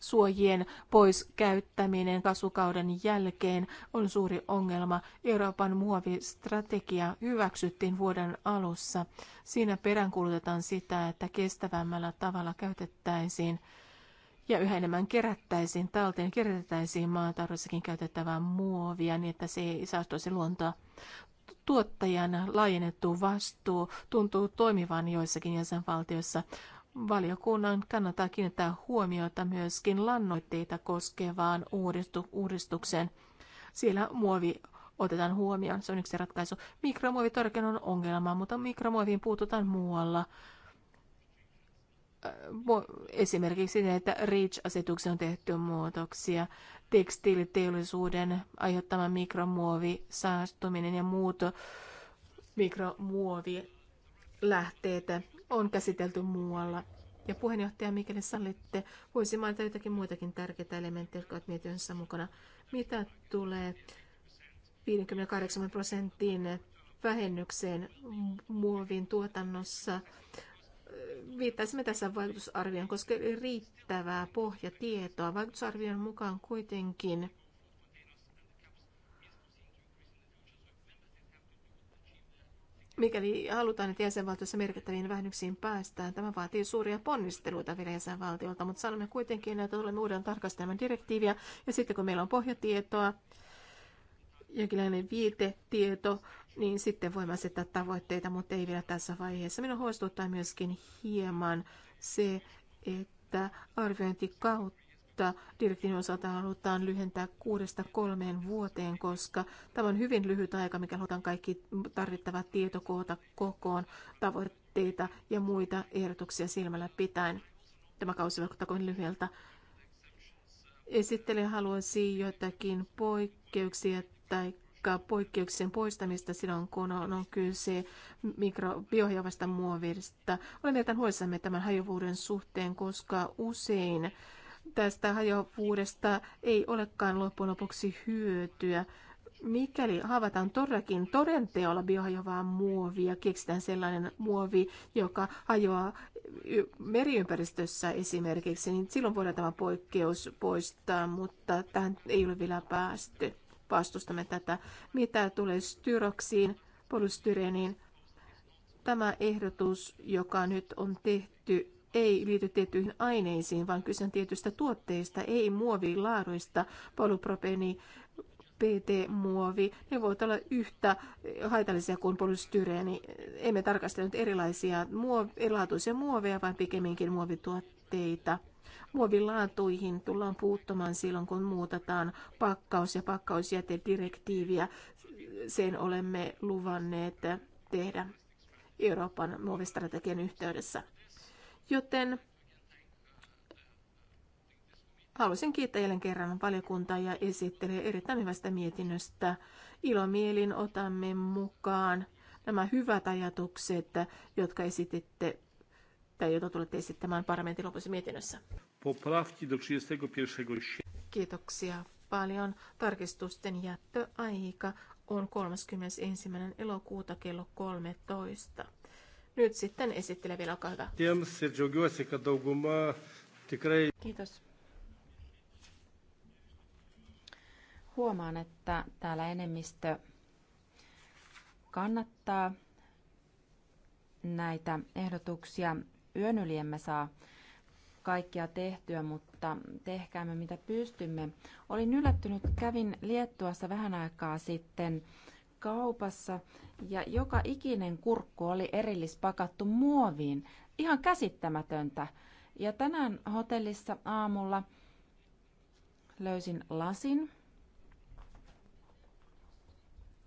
suojien pois käyttäminen kasvukauden jälkeen on suuri ongelma. Euroopan muovistrategia hyväksyttiin vuoden alussa. Siinä peräänkuulutetaan sitä, että kestävämmällä tavalla käytettäisiin ja yhä enemmän kerättäisiin talteen, kerätettäisiin maataloudessakin käytettävää muovia niin, että se ei saastuisi luontoa tuottajan laajennettu vastuu tuntuu toimivan joissakin jäsenvaltioissa. Valiokunnan kannattaa kiinnittää huomiota myöskin lannoitteita koskevaan uudistu- uudistukseen. Siellä muovi otetaan huomioon, se on yksi ratkaisu. Mikromuovi todellakin on ongelma, mutta mikromuoviin puututaan muualla äh, esimerkiksi että REACH-asetukseen on tehty muutoksia tekstiiliteollisuuden aiheuttama mikromuovi, saastuminen ja muut mikromuovilähteet on käsitelty muualla. Ja puheenjohtaja, mikäli sallitte, voisi mainita jotakin muitakin tärkeitä elementtejä, jotka ovat mietinnössä mukana. Mitä tulee 58 prosentin vähennykseen muovin tuotannossa viittaisimme tässä vaikutusarvioon, koska riittävää pohjatietoa. Vaikutusarvion mukaan kuitenkin Mikäli halutaan, että jäsenvaltiossa merkittäviin vähennyksiin päästään, tämä vaatii suuria ponnisteluita vielä jäsenvaltiolta, mutta sanomme kuitenkin, että tulemme uuden tarkastelman direktiiviä ja sitten kun meillä on pohjatietoa, jonkinlainen viitetieto, niin sitten voimme asettaa tavoitteita, mutta ei vielä tässä vaiheessa. Minun huolestuttaa myöskin hieman se, että arviointi kautta direktiivin osalta halutaan lyhentää kuudesta kolmeen vuoteen, koska tämä on hyvin lyhyt aika, mikä halutaan kaikki tarvittavat tietokoota kokoon, tavoitteita ja muita ehdotuksia silmällä pitäen. Tämä kausi vaikuttaa kovin lyhyeltä. Esittelen haluaisin joitakin poikkeuksia tai poikkeuksien poistamista silloin, kun on, on kyse mikro, muovista. Olen erittäin huolissamme tämän hajovuuden suhteen, koska usein tästä hajovuudesta ei olekaan loppujen lopuksi hyötyä. Mikäli havaitaan todellakin todenteolla biohajoavaa muovia, keksitään sellainen muovi, joka hajoaa meriympäristössä esimerkiksi, niin silloin voidaan tämä poikkeus poistaa, mutta tähän ei ole vielä päästy vastustamme tätä. Mitä tulee styroksiin, polystyreeniin, tämä ehdotus, joka nyt on tehty, ei liity tiettyihin aineisiin, vaan kyse on tietyistä tuotteista, ei laaduista, polypropeeni, PT-muovi, ne voivat olla yhtä haitallisia kuin polystyreeni. Emme tarkastele nyt erilaisia muov- erilaatuisia muoveja, vaan pikemminkin muovituotteita. Muovilaatuihin tullaan puuttumaan silloin, kun muutetaan pakkaus- ja pakkausjätedirektiiviä. Sen olemme luvanneet tehdä Euroopan muovistrategian yhteydessä. Joten Haluaisin kiittää jälleen kerran valiokuntaa ja esittelee erittäin hyvästä mietinnöstä. Ilomielin otamme mukaan nämä hyvät ajatukset, jotka esititte esittää, jota tulette esittämään parlamentin lopussa mietinnössä. Kiitoksia paljon. Tarkistusten jättöaika on 31. elokuuta kello 13. Nyt sitten esittele vielä, olkaa hyvä. Kiitos. Huomaan, että täällä enemmistö kannattaa näitä ehdotuksia yön yli emme saa kaikkea tehtyä, mutta tehkäämme mitä pystymme. Olin yllättynyt, kävin Liettuassa vähän aikaa sitten kaupassa ja joka ikinen kurkku oli erillispakattu muoviin. Ihan käsittämätöntä. Ja tänään hotellissa aamulla löysin lasin.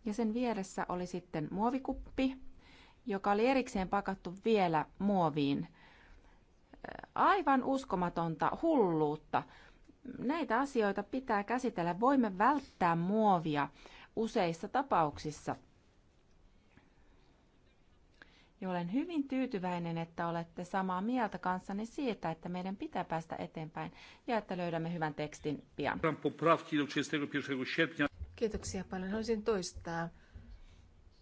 Ja sen vieressä oli sitten muovikuppi, joka oli erikseen pakattu vielä muoviin – aivan uskomatonta hulluutta. Näitä asioita pitää käsitellä. Voimme välttää muovia useissa tapauksissa. Ja olen hyvin tyytyväinen, että olette samaa mieltä kanssani siitä, että meidän pitää päästä eteenpäin ja että löydämme hyvän tekstin pian. Kiitoksia paljon. Haluaisin toistaa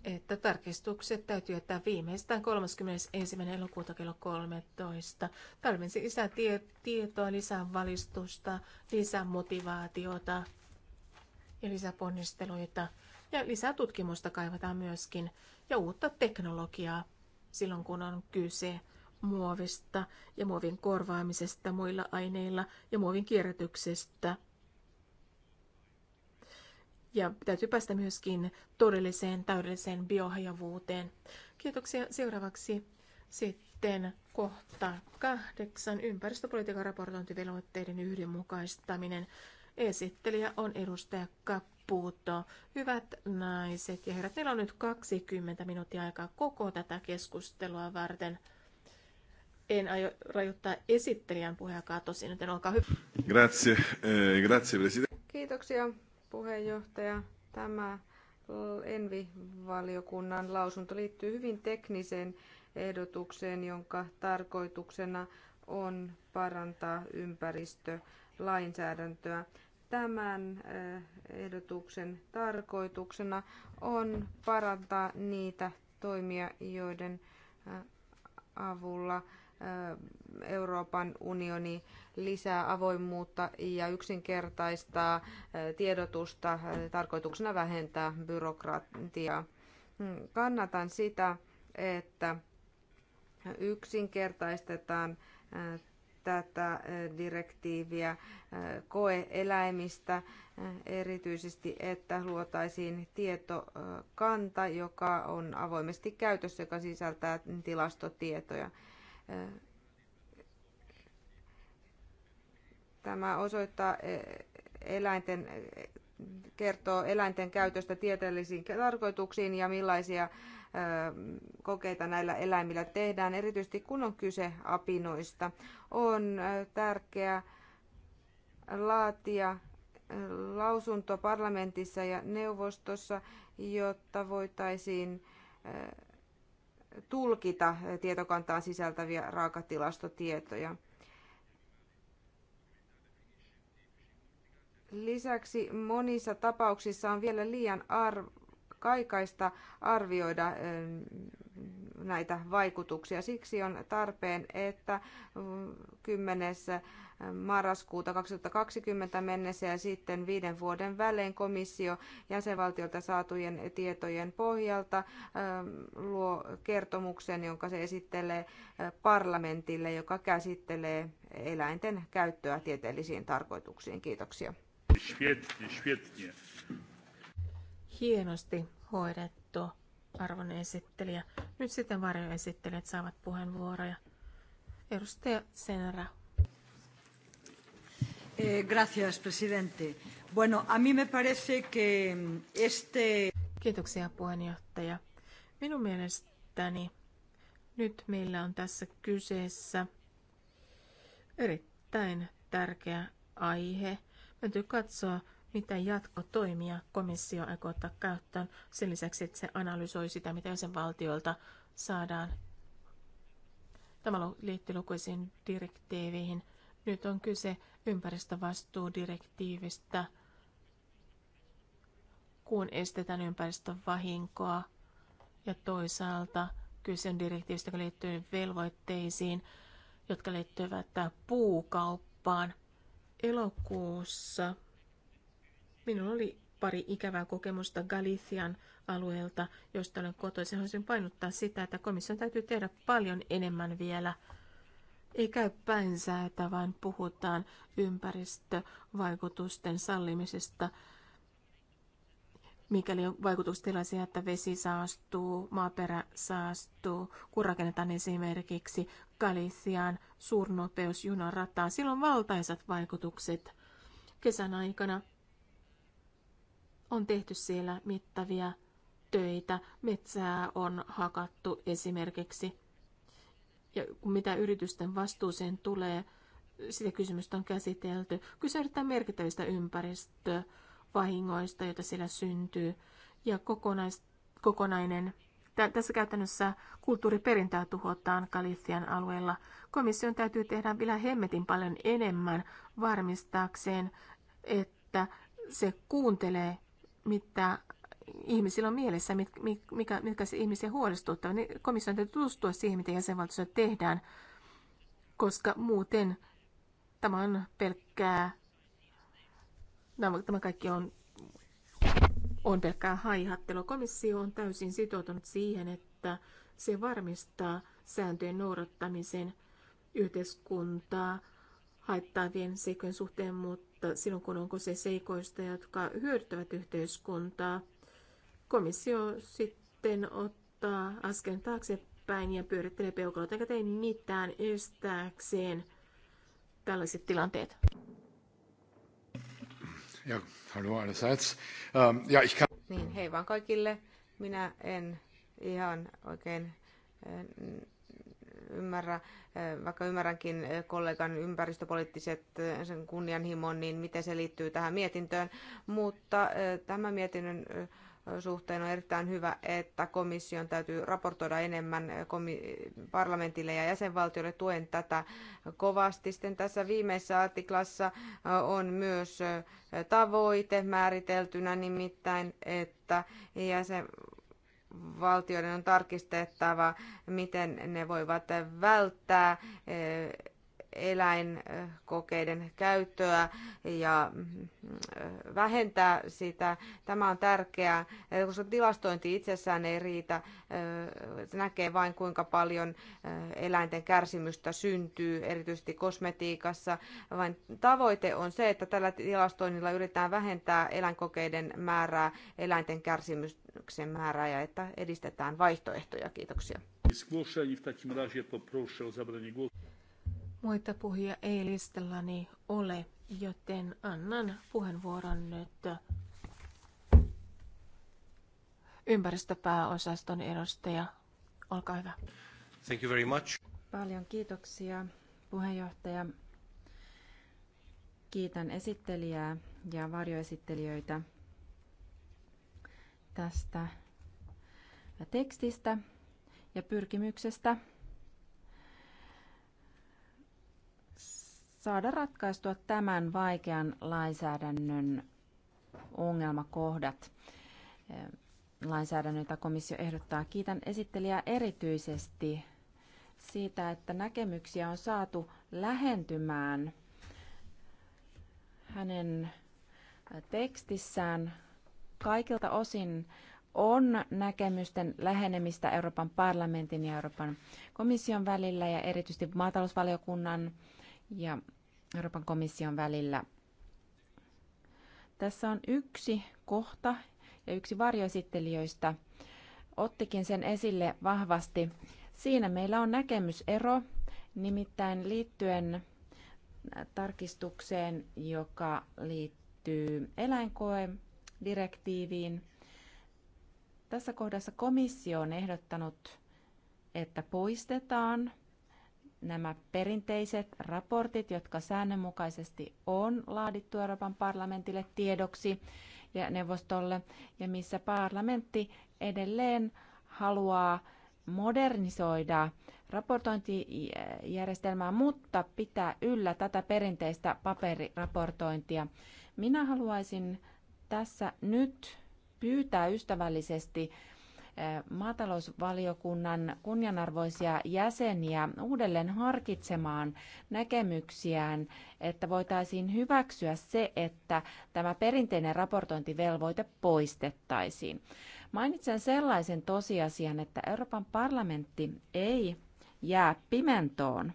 että tarkistukset täytyy jättää viimeistään 31. elokuuta kello 13. Tarvitsen lisää tie- tietoa, lisää valistusta, lisää motivaatiota ja lisää ponnisteluita. Ja lisää tutkimusta kaivataan myöskin ja uutta teknologiaa silloin, kun on kyse muovista ja muovin korvaamisesta muilla aineilla ja muovin kierrätyksestä – ja täytyy päästä myöskin todelliseen täydelliseen biohajavuuteen. Kiitoksia. Seuraavaksi sitten kohta kahdeksan ympäristöpolitiikan raportointivelvoitteiden yhdenmukaistaminen. Esittelijä on edustaja Kappuuto. Hyvät naiset ja herrat, meillä on nyt 20 minuuttia aikaa koko tätä keskustelua varten. En aio rajoittaa esittelijän puheakaan tosin, joten olkaa hyvä. Grazie, eh, grazie presidente. Kiitoksia puheenjohtaja. Tämä Envi-valiokunnan lausunto liittyy hyvin tekniseen ehdotukseen, jonka tarkoituksena on parantaa ympäristölainsäädäntöä. Tämän eh, ehdotuksen tarkoituksena on parantaa niitä toimia, joiden eh, avulla Euroopan unioni lisää avoimuutta ja yksinkertaistaa tiedotusta tarkoituksena vähentää byrokratiaa. Mm, kannatan sitä, että yksinkertaistetaan tätä direktiiviä koeeläimistä, erityisesti että luotaisiin tietokanta, joka on avoimesti käytössä, joka sisältää tilastotietoja. Tämä osoittaa e, eläinten, kertoo eläinten käytöstä tieteellisiin tarkoituksiin ja millaisia e, kokeita näillä eläimillä tehdään, erityisesti kun on kyse apinoista. On e, tärkeää laatia lausunto parlamentissa ja neuvostossa, jotta voitaisiin tulkita tietokantaan sisältäviä raakatilastotietoja. Lisäksi monissa tapauksissa on vielä liian arv- kaikaista arvioida näitä vaikutuksia. Siksi on tarpeen, että 10. marraskuuta 2020 mennessä ja sitten viiden vuoden välein komissio jäsenvaltiolta saatujen tietojen pohjalta ähm, luo kertomuksen, jonka se esittelee parlamentille, joka käsittelee eläinten käyttöä tieteellisiin tarkoituksiin. Kiitoksia. Hienosti hoidettu arvon esittelijä. Nyt sitten varjoesittelijät saavat puheenvuoroja. Edustaja Senra. Eh, gracias, presidente. Bueno, a mí me parece que este... Kiitoksia puheenjohtaja. Minun mielestäni nyt meillä on tässä kyseessä erittäin tärkeä aihe. Täytyy katsoa, mitä jatkotoimia komissio aikoo ottaa käyttöön sen lisäksi, että se analysoi sitä, mitä valtiolta saadaan. Tämä liittyy lukuisiin direktiiveihin. Nyt on kyse ympäristövastuudirektiivistä, kun estetään ympäristövahinkoa ja toisaalta kyse on direktiivistä, joka liittyy velvoitteisiin, jotka liittyvät puukauppaan. Elokuussa Minulla oli pari ikävää kokemusta Galician alueelta, josta olen kotoisin. Haluaisin painottaa sitä, että komission täytyy tehdä paljon enemmän vielä. Ei käy päänsäätä, vaan puhutaan ympäristövaikutusten sallimisesta, mikäli on vaikutustilaisia, että vesi saastuu, maaperä saastuu, kun rakennetaan esimerkiksi Galician suurnopeusjunarataa, Sillä on valtaisat vaikutukset. Kesän aikana on tehty siellä mittavia töitä. Metsää on hakattu esimerkiksi. Ja mitä yritysten vastuuseen tulee, sitä kysymystä on käsitelty. Kyse erittäin merkittävistä ympäristövahingoista, joita siellä syntyy. Ja kokonais, kokonainen, tässä käytännössä kulttuuriperintöä tuhotaan Kalifian alueella. Komission täytyy tehdä vielä hemmetin paljon enemmän varmistaakseen, että se kuuntelee mitä ihmisillä on mielessä, mit, mikä, mitkä se ihmisiä huolestuttaa, niin komission täytyy tutustua siihen, mitä jäsenvaltiossa tehdään, koska muuten tämä on pelkkää, tämä kaikki on, on pelkkää haihattelua. Komissio on täysin sitoutunut siihen, että se varmistaa sääntöjen noudattamisen yhteiskuntaa haittaavien seikkojen suhteen, mutta mutta silloin kun on kyse seikoista, jotka hyödyttävät yhteiskuntaa, komissio sitten ottaa asken taaksepäin ja pyörittelee peukaloita eikä tee mitään estääkseen tällaiset tilanteet. Ja, hallo allerseits. Ähm, ja, ich kann... Niin, hei vaan kaikille. Minä en ihan oikein äh, ymmärrä, vaikka ymmärränkin kollegan ympäristöpoliittiset sen kunnianhimon, niin miten se liittyy tähän mietintöön. Mutta tämän mietinnön suhteen on erittäin hyvä, että komission täytyy raportoida enemmän parlamentille ja jäsenvaltioille. Tuen tätä kovasti. Sitten tässä viimeisessä artiklassa on myös tavoite määriteltynä nimittäin, että jäsen valtioiden on tarkistettava, miten ne voivat välttää eh, eläinkokeiden käyttöä ja mm, vähentää sitä. Tämä on tärkeää, koska tilastointi itsessään ei riitä. Se näkee vain kuinka paljon eläinten kärsimystä syntyy, erityisesti kosmetiikassa. Vain tavoite on se, että tällä tilastoinnilla yritetään vähentää eläinkokeiden määrää, eläinten kärsimyksen määrää ja että edistetään vaihtoehtoja. Kiitoksia. Zgłoszeń w takim razie poproszę o zabranie głosu. Muita puhuja ei listallani ole, joten annan puheenvuoron nyt ympäristöpääosaston edustaja. Olkaa hyvä. Thank you very much. Paljon kiitoksia puheenjohtaja. Kiitän esittelijää ja varjoesittelijöitä tästä tekstistä ja pyrkimyksestä saada ratkaistua tämän vaikean lainsäädännön ongelmakohdat lainsäädännön, jota komissio ehdottaa. Kiitän esittelijää erityisesti siitä, että näkemyksiä on saatu lähentymään hänen tekstissään kaikilta osin on näkemysten lähenemistä Euroopan parlamentin ja Euroopan komission välillä ja erityisesti maatalousvaliokunnan ja Euroopan komission välillä. Tässä on yksi kohta ja yksi varjoesittelijöistä ottikin sen esille vahvasti. Siinä meillä on näkemysero, nimittäin liittyen äh, tarkistukseen, joka liittyy eläinkoedirektiiviin. Tässä kohdassa komissio on ehdottanut, että poistetaan nämä perinteiset raportit, jotka säännönmukaisesti on laadittu Euroopan parlamentille tiedoksi ja neuvostolle, ja missä parlamentti edelleen haluaa modernisoida raportointijärjestelmää, mutta pitää yllä tätä perinteistä paperiraportointia. Minä haluaisin tässä nyt pyytää ystävällisesti maatalousvaliokunnan kunnianarvoisia jäseniä uudelleen harkitsemaan näkemyksiään, että voitaisiin hyväksyä se, että tämä perinteinen raportointivelvoite poistettaisiin. Mainitsen sellaisen tosiasian, että Euroopan parlamentti ei jää pimentoon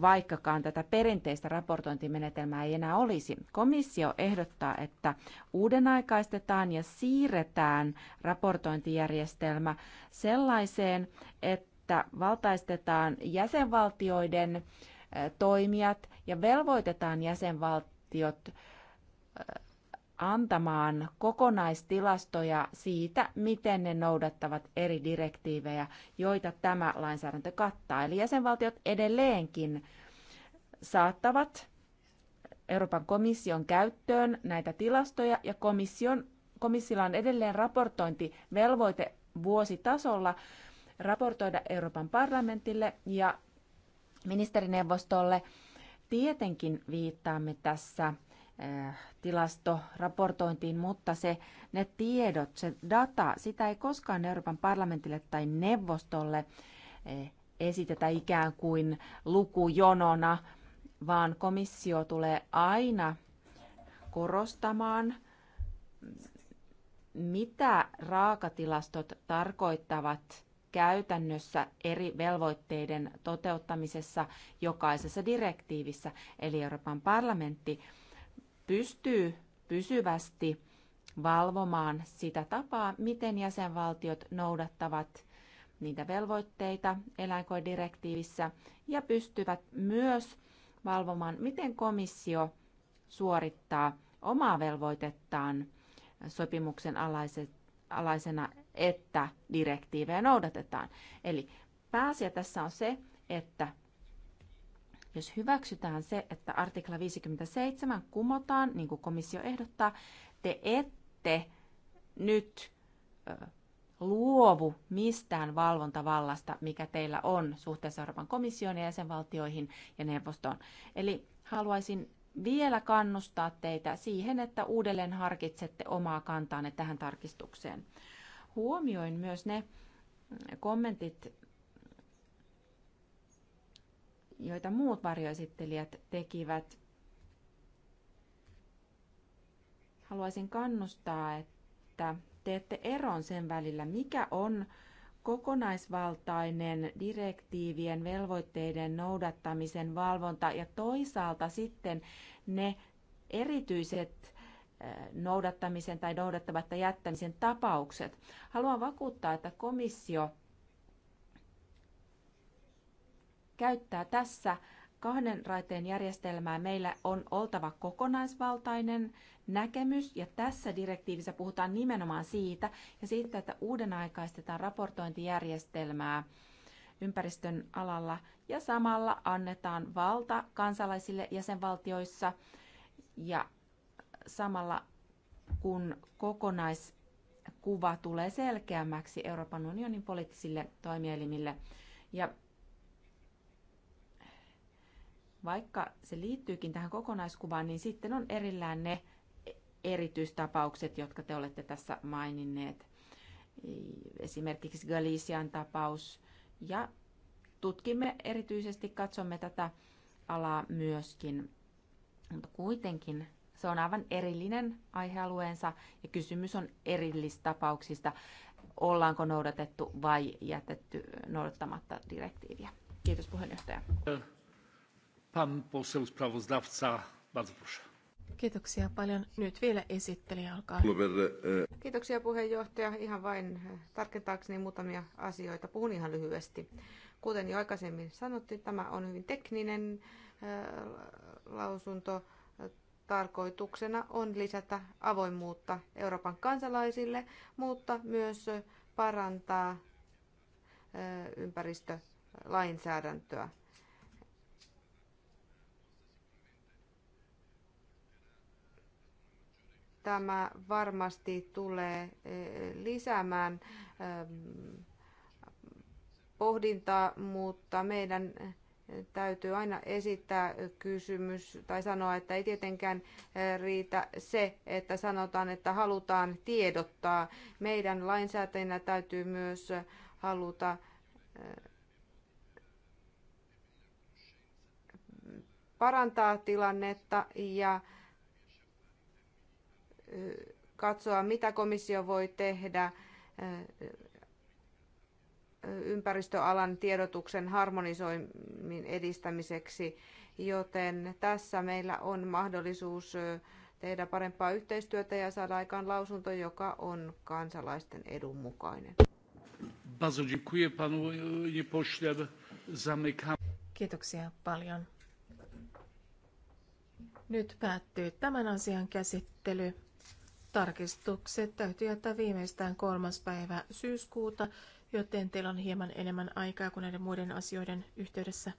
vaikkakaan tätä perinteistä raportointimenetelmää ei enää olisi. Komissio ehdottaa, että uudenaikaistetaan ja siirretään raportointijärjestelmä sellaiseen, että valtaistetaan jäsenvaltioiden eh, toimijat ja velvoitetaan jäsenvaltiot eh, antamaan kokonaistilastoja siitä, miten ne noudattavat eri direktiivejä, joita tämä lainsäädäntö kattaa. Eli jäsenvaltiot edelleenkin saattavat Euroopan komission käyttöön näitä tilastoja ja komission, komissilla on edelleen raportointivelvoite vuositasolla raportoida Euroopan parlamentille ja ministerineuvostolle. Tietenkin viittaamme tässä Eh, tilastoraportointiin, mutta se, ne tiedot, se data, sitä ei koskaan Euroopan parlamentille tai neuvostolle eh, esitetä ikään kuin lukujonona, vaan komissio tulee aina korostamaan, mitä raakatilastot tarkoittavat käytännössä eri velvoitteiden toteuttamisessa jokaisessa direktiivissä. Eli Euroopan parlamentti pystyy pysyvästi valvomaan sitä tapaa, miten jäsenvaltiot noudattavat niitä velvoitteita eläinkoedirektiivissä ja pystyvät myös valvomaan, miten komissio suorittaa omaa velvoitettaan sopimuksen alaisena, että direktiivejä noudatetaan. Eli pääasia tässä on se, että jos hyväksytään se, että artikla 57 kumotaan, niin kuin komissio ehdottaa, te ette nyt luovu mistään valvontavallasta, mikä teillä on suhteessa Euroopan komission ja jäsenvaltioihin ja neuvostoon. Eli haluaisin vielä kannustaa teitä siihen, että uudelleen harkitsette omaa kantaanne tähän tarkistukseen. Huomioin myös ne mm, kommentit, joita muut varjoesittelijät tekivät. Haluaisin kannustaa, että teette eron sen välillä, mikä on kokonaisvaltainen direktiivien velvoitteiden noudattamisen valvonta ja toisaalta sitten ne erityiset noudattamisen tai noudattamatta jättämisen tapaukset. Haluan vakuuttaa, että komissio käyttää tässä kahden raiteen järjestelmää meillä on oltava kokonaisvaltainen näkemys, ja tässä direktiivissä puhutaan nimenomaan siitä ja siitä, että uudenaikaistetaan raportointijärjestelmää ympäristön alalla ja samalla annetaan valta kansalaisille jäsenvaltioissa ja samalla kun kokonaiskuva tulee selkeämmäksi Euroopan unionin poliittisille toimielimille ja vaikka se liittyykin tähän kokonaiskuvaan, niin sitten on erillään ne erityistapaukset, jotka te olette tässä maininneet. Esimerkiksi Galician tapaus. Ja tutkimme erityisesti, katsomme tätä alaa myöskin. Mutta kuitenkin se on aivan erillinen aihealueensa ja kysymys on erillistapauksista. Ollaanko noudatettu vai jätetty noudattamatta direktiiviä? Kiitos puheenjohtaja. Pan poseł sprawozdawca, bardzo proszę. Kiitoksia paljon. Nyt vielä esittelijä alkaa. Eh, Kiitoksia puheenjohtaja. Ihan vain eh, tarkentaakseni muutamia asioita. Puhun ihan lyhyesti. Kuten jo aikaisemmin sanottiin, tämä on hyvin tekninen eh, lausunto. Tarkoituksena on lisätä avoimuutta Euroopan kansalaisille, mutta myös parantaa ympäristölainsäädäntöä. Tämä varmasti tulee eh, lisäämään ehm, pohdintaa, mutta meidän eh, täytyy aina esittää kysymys tai sanoa, että ei tietenkään eh, riitä se, että sanotaan, että halutaan tiedottaa. Meidän lainsäätäjinä täytyy myös haluta parantaa tilannetta ja katsoa, mitä komissio voi tehdä ympäristöalan tiedotuksen harmonisoimin edistämiseksi, joten tässä meillä on mahdollisuus tehdä parempaa yhteistyötä ja saada aikaan lausunto, joka on kansalaisten edun mukainen. E, Kiitoksia paljon. Nyt päättyy tämän asian käsittely. Tarkistukset täytyy jättää viimeistään kolmas päivä syyskuuta, joten teillä on hieman enemmän aikaa kuin näiden muiden asioiden yhteydessä.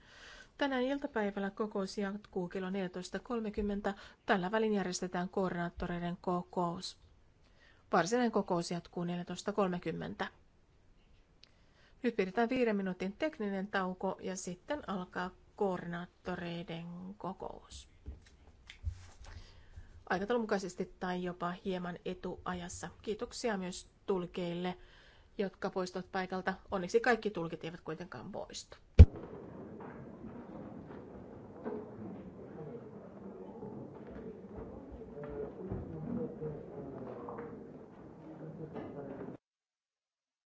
Tänään iltapäivällä kokous jatkuu kello 14.30. Tällä välin järjestetään koordinaattoreiden kokous. Varsinainen kokous jatkuu 14.30. Nyt pidetään viiden minuutin tekninen tauko ja sitten alkaa koordinaattoreiden kokous aikataulun mukaisesti tai jopa hieman etuajassa. Kiitoksia myös tulkeille, jotka poistuvat paikalta. Onneksi kaikki tulkit eivät kuitenkaan poistu.